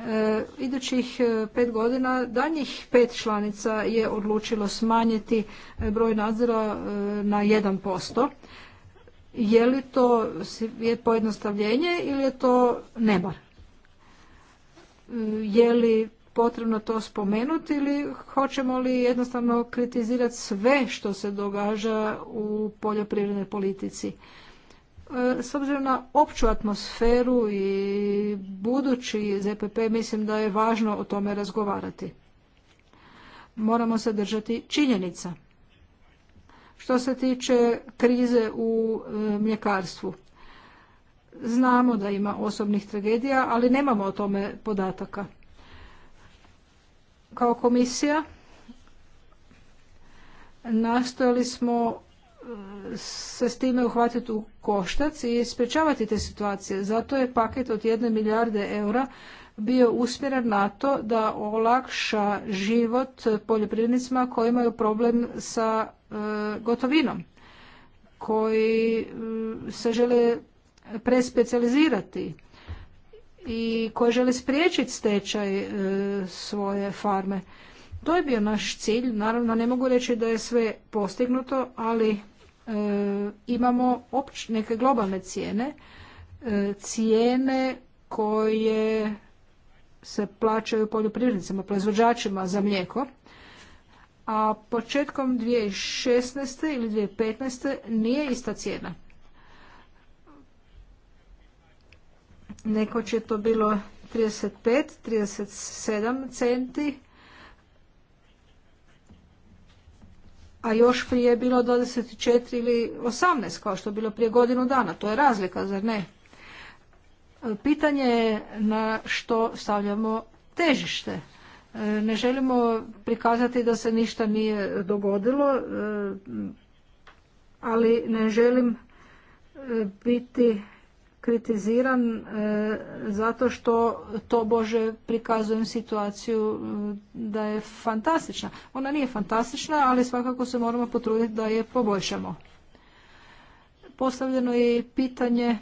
E, idućih e, pet godina danjih pet članica je odlučilo smanjiti e, broj nadzora na 1%. Je li to pojednostavljenje ili je to nebar? Je li potrebno to spomenuti ili hoćemo li jednostavno kritizirati sve što se događa u poljoprivrednoj politici? E, s obzirom na opću atmosferu i budući ZPP mislim da je važno o tome razgovarati. Moramo se držati činjenica. Što se tiče krize u e, mljekarstvu, znamo da ima osobnih tragedija, ali nemamo o tome podataka. Kao komisija nastojali smo se s time uhvatiti u koštac i sprečavati te situacije. Zato je paket od jedne milijarde eura bio usmjeren na to da olakša život poljoprivrednicima koji imaju problem sa e, gotovinom, koji se žele prespecializirati i koji žele spriječiti stečaj e, svoje farme. To je bio naš cilj. Naravno, ne mogu reći da je sve postignuto, ali E, imamo neke globalne cijene, e, cijene koje se plaćaju poljoprivrednicima, proizvođačima za mlijeko, a početkom 2016. ili 2015. nije ista cijena. Neko će to bilo 35, 37 centi, a još prije je bilo 24 ili 18 kao što je bilo prije godinu dana. To je razlika, zar ne? Pitanje je na što stavljamo težište. Ne želimo prikazati da se ništa nije dogodilo, ali ne želim biti kritiziran e, zato što to Bože prikazujem situaciju e, da je fantastična. Ona nije fantastična, ali svakako se moramo potruditi da je poboljšamo. Postavljeno je i pitanje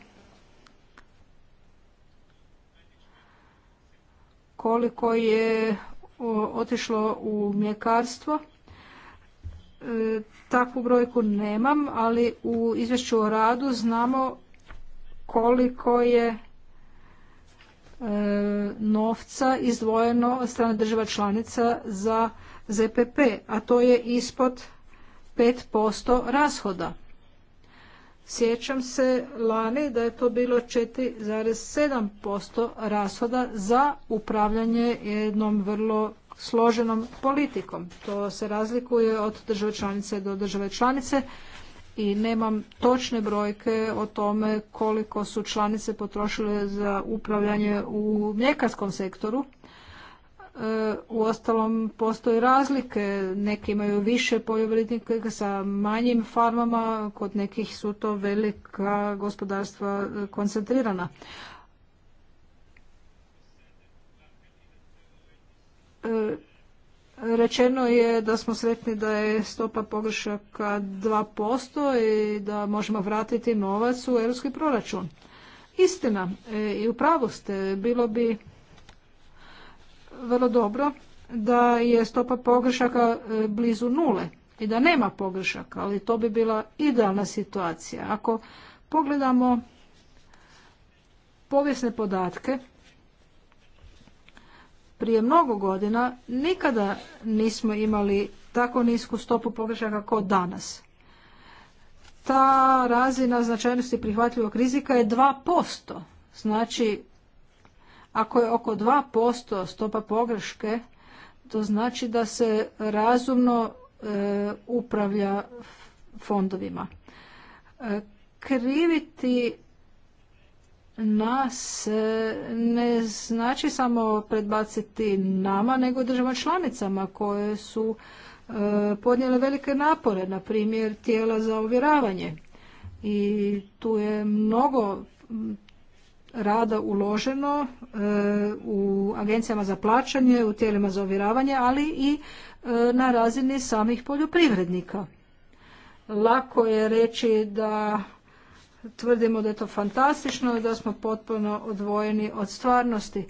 koliko je otišlo u mljekarstvo. E, takvu brojku nemam, ali u izvješću o radu znamo koliko je e, novca izdvojeno od strane država članica za ZPP, a to je ispod 5% rashoda. Sjećam se lani da je to bilo 4,7% rashoda za upravljanje jednom vrlo složenom politikom. To se razlikuje od države članice do države članice i nemam točne brojke o tome koliko su članice potrošile za upravljanje u mljekarskom sektoru. E, u ostalom postoje razlike, neki imaju više poljoprivrednika sa manjim farmama, kod nekih su to velika gospodarstva e, koncentrirana. E, Rečeno je da smo sretni da je stopa pogrešaka 2% i da možemo vratiti novac u europski proračun. Istina, e, i u pravu ste, bilo bi vrlo dobro da je stopa pogrešaka e, blizu nule i da nema pogrešaka, ali to bi bila idealna situacija. Ako pogledamo povijesne podatke, prije mnogo godina nikada nismo imali tako nisku stopu pogrešaka kao danas. Ta razina značajnosti prihvatljivog rizika je 2%. Znači, ako je oko 2% stopa pogreške, to znači da se razumno e, upravlja fondovima. E, kriviti nas e, ne znači samo predbaciti nama, nego državama članicama koje su e, podnijele velike napore, na primjer tijela za ovjeravanje. I tu je mnogo rada uloženo e, u agencijama za plaćanje, u tijelima za ovjeravanje, ali i na razini samih poljoprivrednika. Lako je reći da tvrdimo da je to fantastično i da smo potpuno odvojeni od stvarnosti.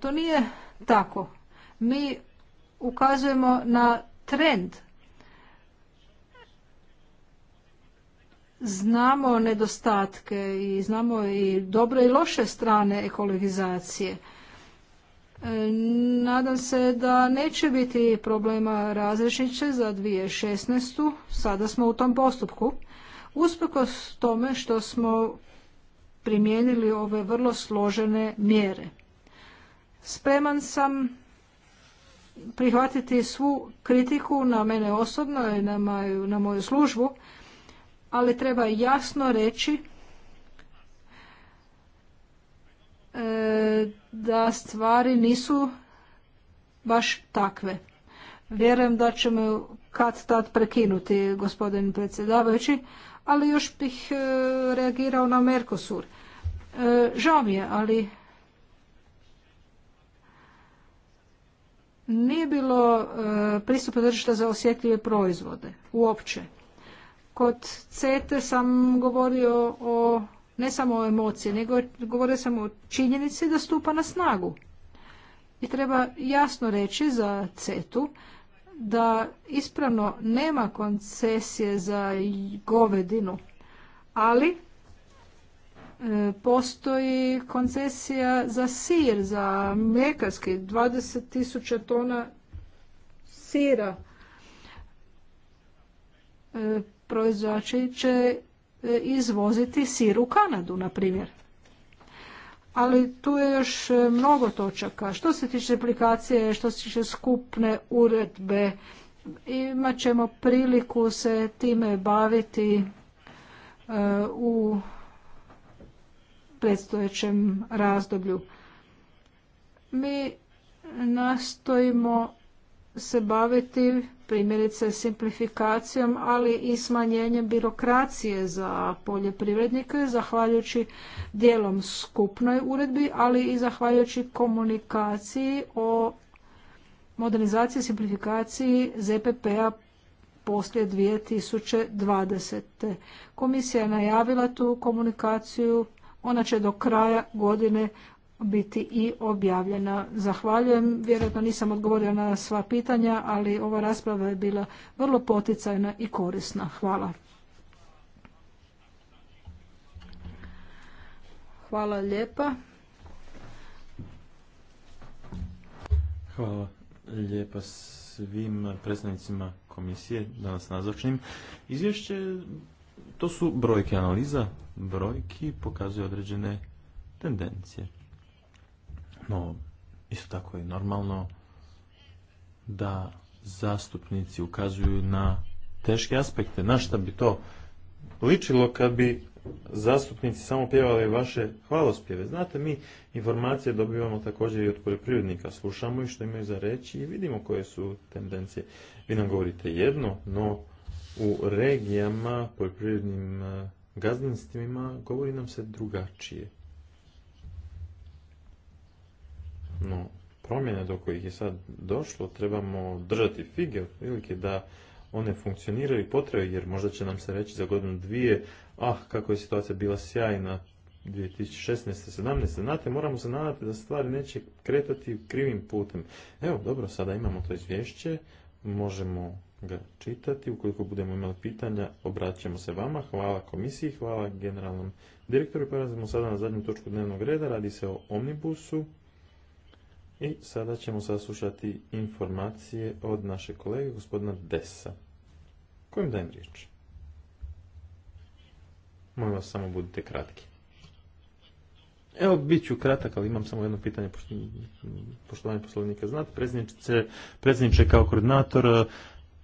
To nije tako. Mi ukazujemo na trend. Znamo nedostatke i znamo i dobre i loše strane ekologizacije. E, nadam se da neće biti problema razrešniće za 2016. Sada smo u tom postupku usprkos tome što smo primijenili ove vrlo složene mjere. Spreman sam prihvatiti svu kritiku na mene osobno i na moju, na moju službu, ali treba jasno reći e, da stvari nisu baš takve. Vjerujem da ćemo kad tad prekinuti, gospodin predsjedavajući, ali još bih e, reagirao na Mercosur. E, žao mi je, ali nije bilo e, pristupa tržišta za osjetljive proizvode uopće. Kod CETE sam govorio o ne samo o emociji, nego govorio sam o činjenici da stupa na snagu. I treba jasno reći za CETU da ispravno nema koncesije za govedinu, ali e, postoji koncesija za sir, za mekarski 20.000 tona sira. E, proizvođači će e, izvoziti sir u Kanadu, na primjer ali tu je još e, mnogo točaka. Što se tiče aplikacije, što se tiče skupne uredbe, imat ćemo priliku se time baviti e, u predstojećem razdoblju. Mi nastojimo se baviti primjerice simplifikacijom, ali i smanjenjem birokracije za poljoprivrednike, zahvaljujući dijelom skupnoj uredbi, ali i zahvaljujući komunikaciji o modernizaciji i simplifikaciji ZPP-a poslije 2020. Komisija je najavila tu komunikaciju, ona će do kraja godine biti i objavljena. Zahvaljujem, vjerojatno nisam odgovorila na sva pitanja, ali ova rasprava je bila vrlo poticajna i korisna. Hvala. Hvala lijepa. Hvala lijepa svim predstavnicima komisije danas nazočnim. Izvješće, to su brojke analiza, brojki pokazuju određene tendencije. No, isto tako je normalno da zastupnici ukazuju na teške aspekte. Na šta bi to ličilo kad bi zastupnici samo pjevali vaše hvalospjeve. Znate, mi informacije dobivamo također i od poljoprivrednika. Slušamo i što imaju za reći i vidimo koje su tendencije. Vi nam govorite jedno, no u regijama, poljoprivrednim eh, gazdinstvima govori nam se drugačije. No, promjene do kojih je sad došlo, trebamo držati fige otprilike da one funkcioniraju i potrebe, jer možda će nam se reći za godinu dvije, ah, kako je situacija bila sjajna 2016. 17. Znate, moramo se nadati da stvari neće kretati krivim putem. Evo, dobro, sada imamo to izvješće, možemo ga čitati. Ukoliko budemo imali pitanja, obraćamo se vama. Hvala komisiji, hvala generalnom direktoru. Prelazimo sada na zadnju točku dnevnog reda. Radi se o omnibusu. I sada ćemo saslušati informacije od naše kolege gospodina Desa. Kojim dajem riječ? Molim vas, samo budite kratki. Evo, bit ću kratak, ali imam samo jedno pitanje poštovanje poslovnika. Znate, predsjedniče kao koordinator,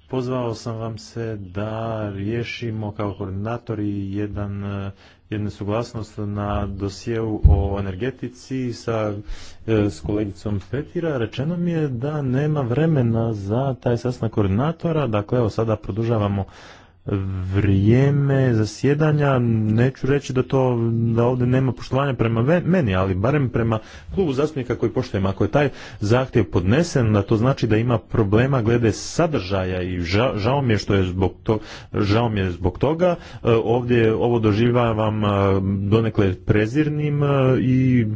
pozvao sam vam se da riješimo kao koordinatori jedan jednu suglasnost na dosjeu o energetici sa, e, s kolegicom Petira. Rečeno mi je da nema vremena za taj sastanak koordinatora, dakle evo sada produžavamo vrijeme zasjedanja, neću reći da to da ovdje nema poštovanja prema meni, ali barem prema klubu zastupnika koji poštujem. Ako je taj zahtjev podnesen, da to znači da ima problema glede sadržaja i žao, mi je što je zbog to, žao mi je zbog toga. E, ovdje ovo doživljavam e, donekle prezirnim e, i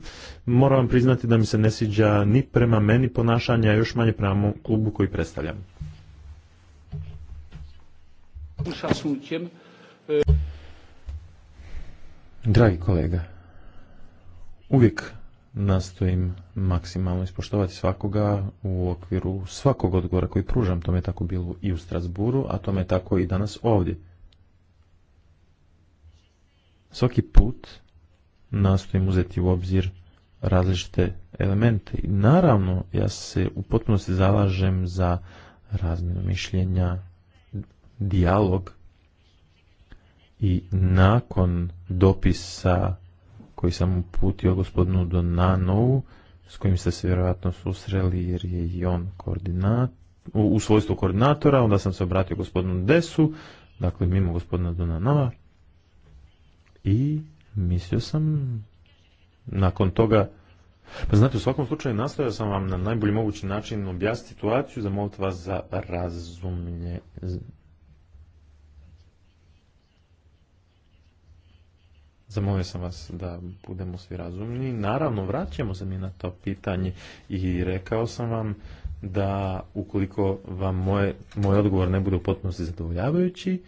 moram priznati da mi se ne sviđa ni prema meni ponašanja, još manje prema klubu koji predstavljam. Dragi kolega, uvijek nastojim maksimalno ispoštovati svakoga u okviru svakog odgovora koji pružam. Tome je tako bilo i u Strasburu, a tome je tako i danas ovdje. Svaki put nastojim uzeti u obzir različite elemente. I naravno, ja se u potpunosti zalažem za razmjenu mišljenja, dijalog i nakon dopisa koji sam uputio gospodinu Donanovu, s kojim ste se vjerojatno susreli jer je i on koordinat, u, svojstvu koordinatora, onda sam se obratio gospodinu Desu, dakle mimo gospodina Donanova i mislio sam nakon toga pa znate, u svakom slučaju nastojao sam vam na najbolji mogući način objasniti situaciju, zamoliti vas za razumlje, Zamolio sam vas da budemo svi razumni. Naravno, vraćamo se mi na to pitanje i rekao sam vam da ukoliko vam moje, moj odgovor ne bude u potpunosti zadovoljavajući,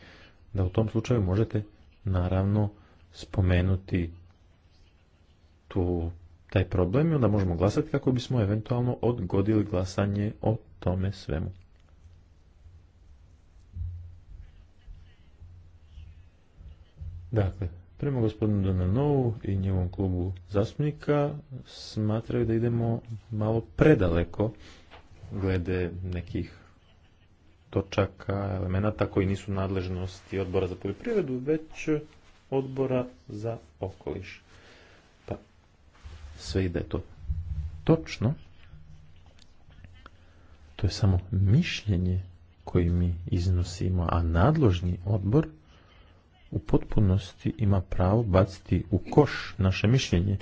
da u tom slučaju možete naravno spomenuti tu taj problem i onda možemo glasati kako bismo eventualno odgodili glasanje o tome svemu. Dakle, Prema gospodinu Donanovu i njegovom klubu zastupnika smatraju da idemo malo predaleko glede nekih točaka, elemenata koji nisu nadležnosti odbora za poljoprivredu, već odbora za okoliš. Pa sve ide to točno. To je samo mišljenje koje mi iznosimo, a nadložni odbor u potpunosti ima pravo baciti u koš naše mišljenje.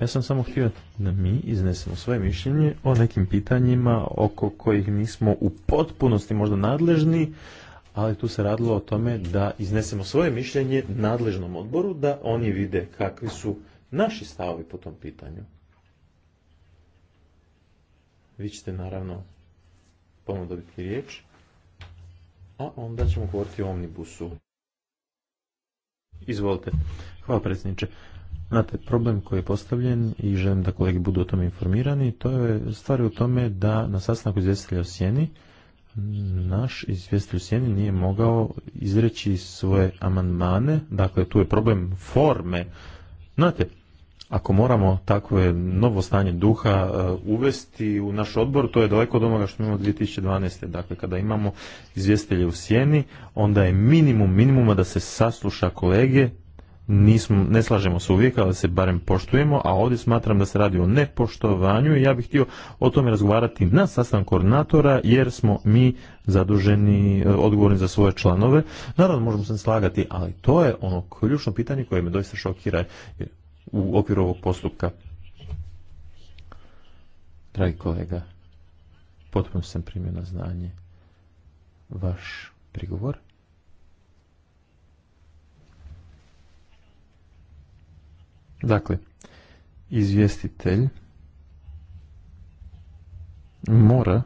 Ja sam samo htio da mi iznesemo svoje mišljenje o nekim pitanjima oko kojih nismo u potpunosti možda nadležni, ali tu se radilo o tome da iznesemo svoje mišljenje nadležnom odboru, da oni vide kakvi su naši stavovi po tom pitanju. Vi ćete naravno ponovno dobiti riječ, a onda ćemo govoriti o omnibusu. Izvolite. Hvala predsjedniče. Znate, problem koji je postavljen i želim da kolegi budu o tome informirani, to je stvar u tome da na sastanku izvjestitelja o sjeni naš izvjestitelj u sjeni nije mogao izreći svoje amandmane, dakle tu je problem forme. Znate, ako moramo takvo novo stanje duha e, uvesti u naš odbor, to je daleko od onoga što imamo 2012. Dakle, kada imamo izvjestelje u sjeni, onda je minimum minimuma da se sasluša kolege, Nismo, ne slažemo se uvijek, ali se barem poštujemo, a ovdje smatram da se radi o nepoštovanju i ja bih htio o tome razgovarati na sastanku koordinatora, jer smo mi zaduženi, e, odgovorni za svoje članove. Naravno, možemo se slagati, ali to je ono ključno pitanje koje me doista šokira u okviru ovog postupka. Dragi kolega, potpuno sam primio na znanje vaš prigovor. Dakle, izvjestitelj mora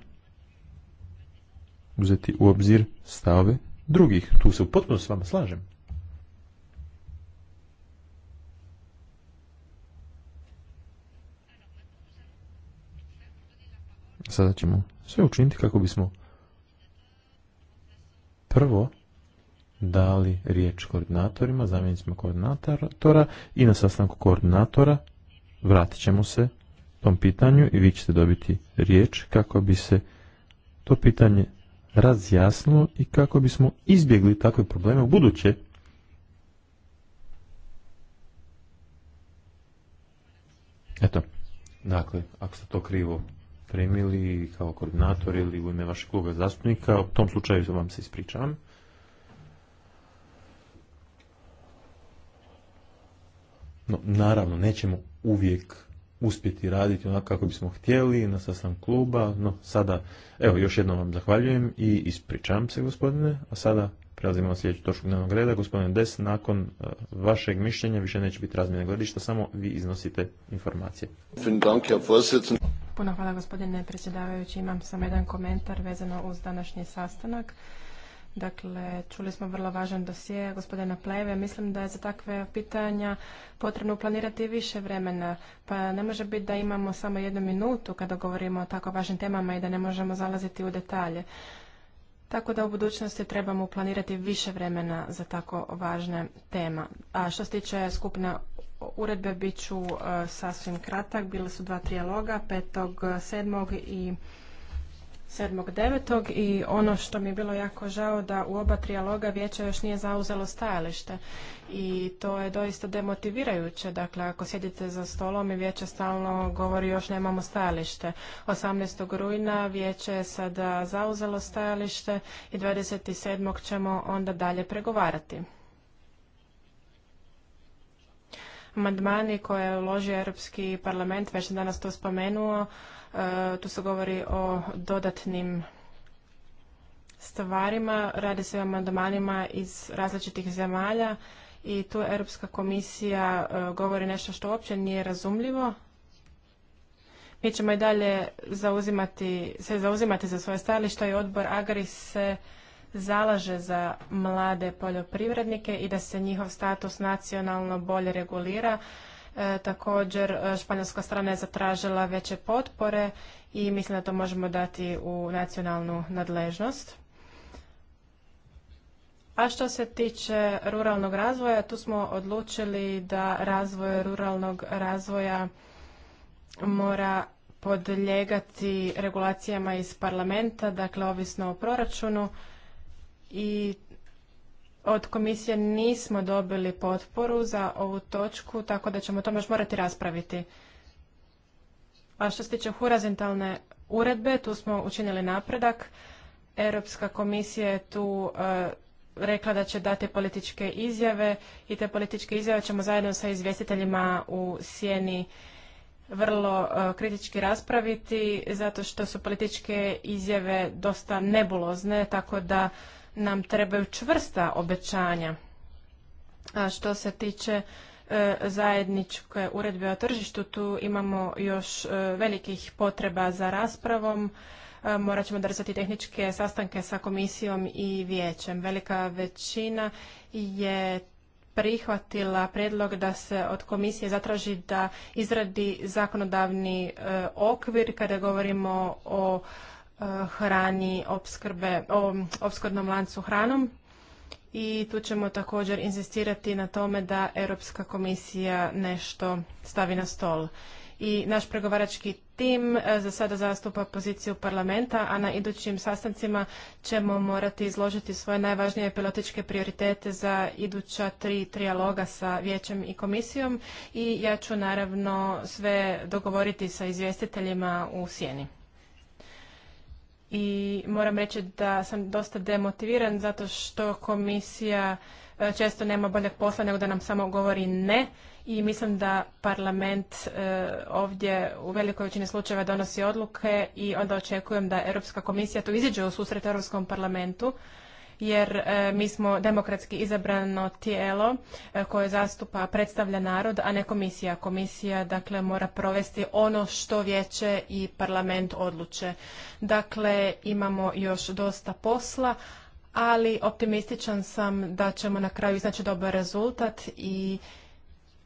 uzeti u obzir stave drugih. Tu se u potpuno s vama slažem. Sada ćemo sve učiniti kako bismo prvo dali riječ koordinatorima, zamjenicima koordinatora i na sastanku koordinatora vratit ćemo se tom pitanju i vi ćete dobiti riječ kako bi se to pitanje razjasnilo i kako bismo izbjegli takve probleme u buduće. Eto, dakle, ako ste to krivo primili kao koordinator ili u ime vašeg kluba zastupnika. U tom slučaju vam se ispričavam. No, naravno, nećemo uvijek uspjeti raditi onako kako bismo htjeli na sastan kluba, no sada, evo, još jednom vam zahvaljujem i ispričavam se, gospodine, a sada Prelazimo na sljedeću točku dnevnog reda. Gospodine Des, nakon e, vašeg mišljenja više neće biti razmjene gledišta, samo vi iznosite informacije. Puno hvala gospodine predsjedavajući. Imam samo jedan komentar vezano uz današnji sastanak. Dakle, čuli smo vrlo važan dosije gospodina Pleve. Mislim da je za takve pitanja potrebno planirati više vremena. Pa ne može biti da imamo samo jednu minutu kada govorimo o tako važnim temama i da ne možemo zalaziti u detalje. Tako da u budućnosti trebamo planirati više vremena za tako važne tema. A što se tiče skupne uredbe, bit ću e, sasvim kratak. Bile su dva trijaloga, 5.7. i 7.9. i ono što mi je bilo jako žao da u oba trijaloga vijeće još nije zauzelo stajalište i to je doista demotivirajuće. Dakle, ako sjedite za stolom i vijeće stalno govori još nemamo stajalište. 18. rujna vijeće je sada zauzelo stajalište i 27. ćemo onda dalje pregovarati. Amandmani koje je uložio Europski parlament, već danas to spomenuo, E, tu se govori o dodatnim stvarima. Radi se o amandmanima iz različitih zemalja i tu Europska komisija e, govori nešto što uopće nije razumljivo. Mi ćemo i dalje zauzimati, se zauzimati za svoje stajališta i odbor Agri se zalaže za mlade poljoprivrednike i da se njihov status nacionalno bolje regulira E, također, e, španjolska strana je zatražila veće potpore i mislim da to možemo dati u nacionalnu nadležnost. A što se tiče ruralnog razvoja, tu smo odlučili da razvoj ruralnog razvoja mora podlijegati regulacijama iz parlamenta, dakle ovisno o proračunu i od komisije nismo dobili potporu za ovu točku, tako da ćemo o tome još morati raspraviti. A što se tiče horizontalne uredbe, tu smo učinili napredak. Europska komisija je tu eh, rekla da će dati političke izjave i te političke izjave ćemo zajedno sa izvjestiteljima u sjeni vrlo eh, kritički raspraviti zato što su političke izjave dosta nebulozne, tako da nam trebaju čvrsta obećanja. A što se tiče e, zajedničke uredbe o tržištu, tu imamo još e, velikih potreba za raspravom. E, morat ćemo držati tehničke sastanke sa komisijom i vijećem. Velika većina je prihvatila predlog da se od komisije zatraži da izradi zakonodavni okvir kada govorimo o hrani opskrbe, o opskrbnom lancu hranom i tu ćemo također inzistirati na tome da Europska komisija nešto stavi na stol. I naš pregovarački tim e, za sada zastupa poziciju parlamenta, a na idućim sastancima ćemo morati izložiti svoje najvažnije pilotičke prioritete za iduća tri trialoga sa vijećem i komisijom i ja ću naravno sve dogovoriti sa izvjestiteljima u sjeni i moram reći da sam dosta demotiviran zato što komisija e, često nema boljeg posla nego da nam samo govori ne i mislim da parlament e, ovdje u velikoj većini slučajeva donosi odluke i onda očekujem da Europska komisija tu iziđe u susret Europskom parlamentu jer e, mi smo demokratski izabrano tijelo e, koje zastupa, predstavlja narod, a ne komisija. Komisija dakle mora provesti ono što vijeće i parlament odluče. Dakle, imamo još dosta posla, ali optimističan sam da ćemo na kraju iznaći dobar rezultat i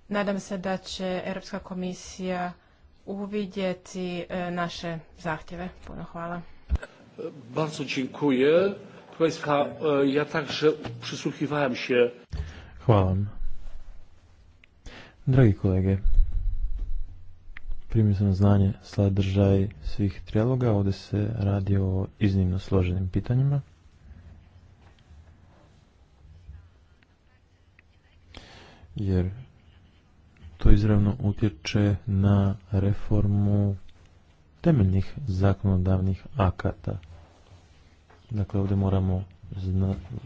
nadam se da će Europska komisija uvidjeti e, naše zahtjeve. Puno hvala. Bardzo dziękuję. Państwa, e, ja także przysłuchiwałem się. Dragi kolege, primio sam znanje sadržaj svih trijaloga. Ovdje se radi o iznimno složenim pitanjima. Jer to izravno utječe na reformu temeljnih zakonodavnih akata. Dakle, ovdje moramo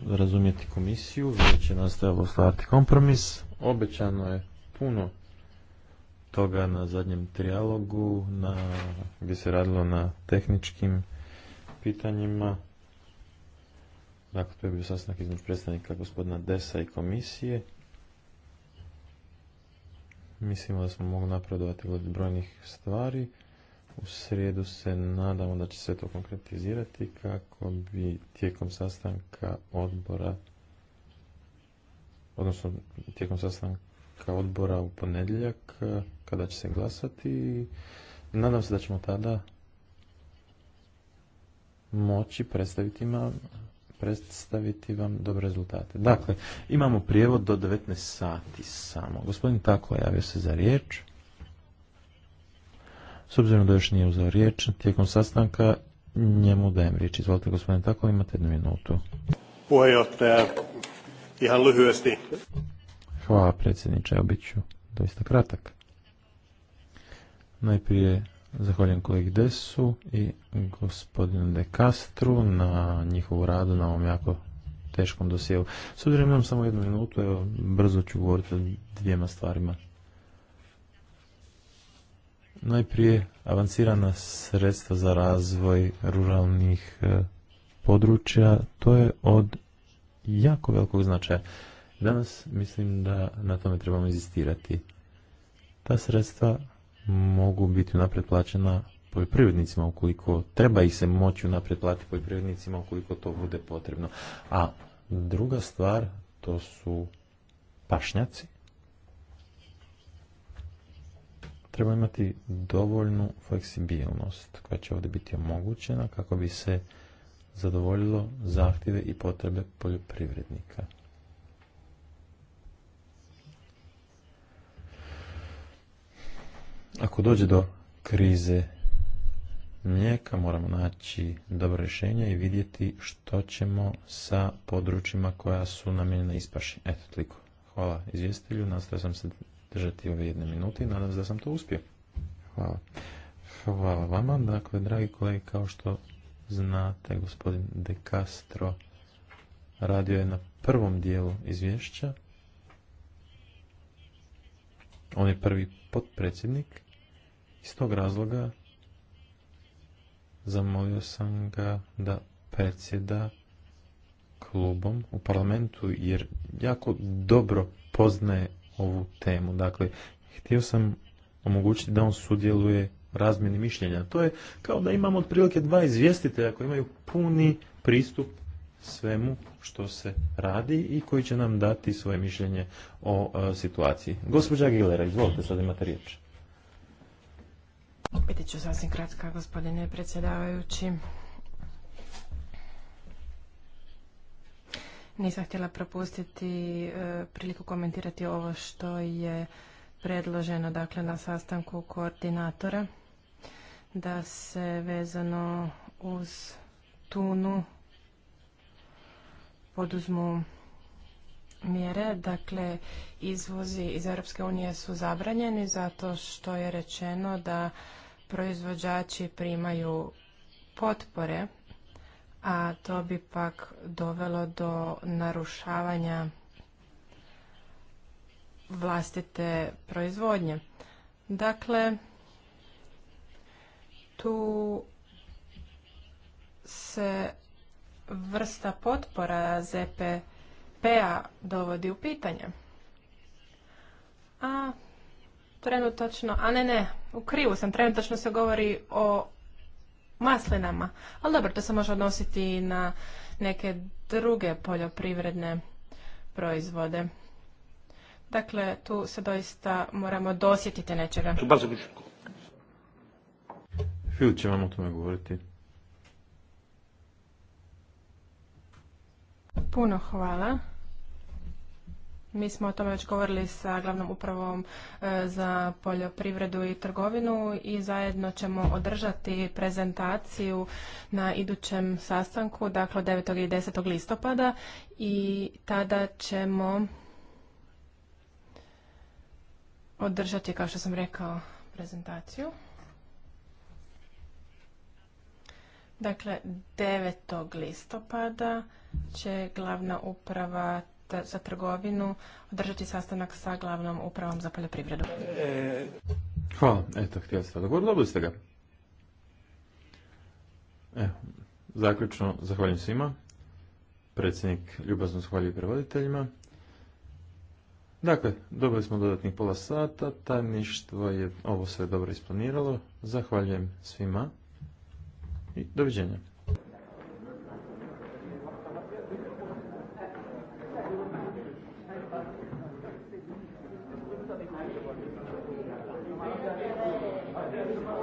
razumjeti komisiju, već je nastavilo kompromis. Obećano je puno toga na zadnjem trijalogu, na, gdje se radilo na tehničkim pitanjima. Dakle, to je bio sastanak između predstavnika gospodina Desa i komisije. Mislimo da smo mogli napredovati od brojnih stvari. U srijedu se nadamo da će sve to konkretizirati kako bi tijekom sastanka odbora odnosno tijekom sastanka odbora u ponedjeljak kada će se glasati nadam se da ćemo tada moći predstaviti vam, predstaviti vam dobre rezultate. Dakle, imamo prijevod do 19 sati samo. Gospodin Tako javio se za riječ. S obzirom da još nije uzeo riječ, tijekom sastanka njemu dajem riječ. Izvolite gospodine Tako, imate jednu minutu. Hvala predsjedniče, ja bit ću doista kratak. Najprije zahvaljujem kolegi Desu i gospodinu De Castru na njihovu radu na ovom jako teškom dosjeu. S obzirom imam samo jednu minutu, evo brzo ću govoriti o dvijema stvarima najprije avancirana sredstva za razvoj ruralnih e, područja, to je od jako velikog značaja. Danas mislim da na tome trebamo inzistirati. Ta sredstva mogu biti unaprijed plaćena poljoprivrednicima ukoliko treba ih se moći unaprijed platiti poljoprivrednicima ukoliko to bude potrebno. A druga stvar to su pašnjaci. Treba imati dovoljnu fleksibilnost koja će ovdje biti omogućena kako bi se zadovoljilo zahtjeve i potrebe poljoprivrednika. Ako dođe do krize mlijeka, moramo naći dobro rješenje i vidjeti što ćemo sa područjima koja su namijenjena ispaši. Eto, toliko. Hvala izvjestitelju, nastavio sam se držati ove jedne minute i nadam se da sam to uspio. Hvala. Hvala vama. Dakle, dragi kolege, kao što znate, gospodin De Castro radio je na prvom dijelu izvješća. On je prvi potpredsjednik. Iz tog razloga zamolio sam ga da predsjeda klubom u parlamentu jer jako dobro poznaje ovu temu. Dakle, htio sam omogućiti da on sudjeluje razmjeni mišljenja. To je kao da imamo otprilike dva izvjestitelja koji imaju puni pristup svemu što se radi i koji će nam dati svoje mišljenje o e, situaciji. Gospođa Gilera, izvolite, sad imate riječ. Biti ću sasvim kratka, gospodine predsjedavajući. Nisam htjela propustiti e, priliku komentirati ovo što je predloženo dakle na sastanku koordinatora da se vezano uz tunu poduzmu mjere. Dakle, izvozi iz Europske unije su zabranjeni zato što je rečeno da proizvođači primaju potpore a to bi pak dovelo do narušavanja vlastite proizvodnje. Dakle, tu se vrsta potpora ZPP-a dovodi u pitanje. A trenutačno, a ne ne, u krivu sam, trenutačno se govori o maslinama. Ali dobro, to se može odnositi i na neke druge poljoprivredne proizvode. Dakle, tu se doista moramo dosjetiti nečega. vam o tome govoriti. Puno hvala. Mi smo o tome već govorili sa glavnom upravom e, za poljoprivredu i trgovinu i zajedno ćemo održati prezentaciju na idućem sastanku, dakle 9. i 10. listopada i tada ćemo održati, kao što sam rekao, prezentaciju. Dakle, 9. listopada će glavna uprava za trgovinu održati sastanak sa glavnom upravom za poljoprivredu. hvala, eto, htio sam dogovor, dobili ste ga. Evo, zaključno, zahvaljujem svima. Predsjednik ljubazno zahvaljuje prevoditeljima. Dakle, dobili smo dodatnih pola sata, tajništvo je ovo sve dobro isplaniralo. Zahvaljujem svima i doviđenja.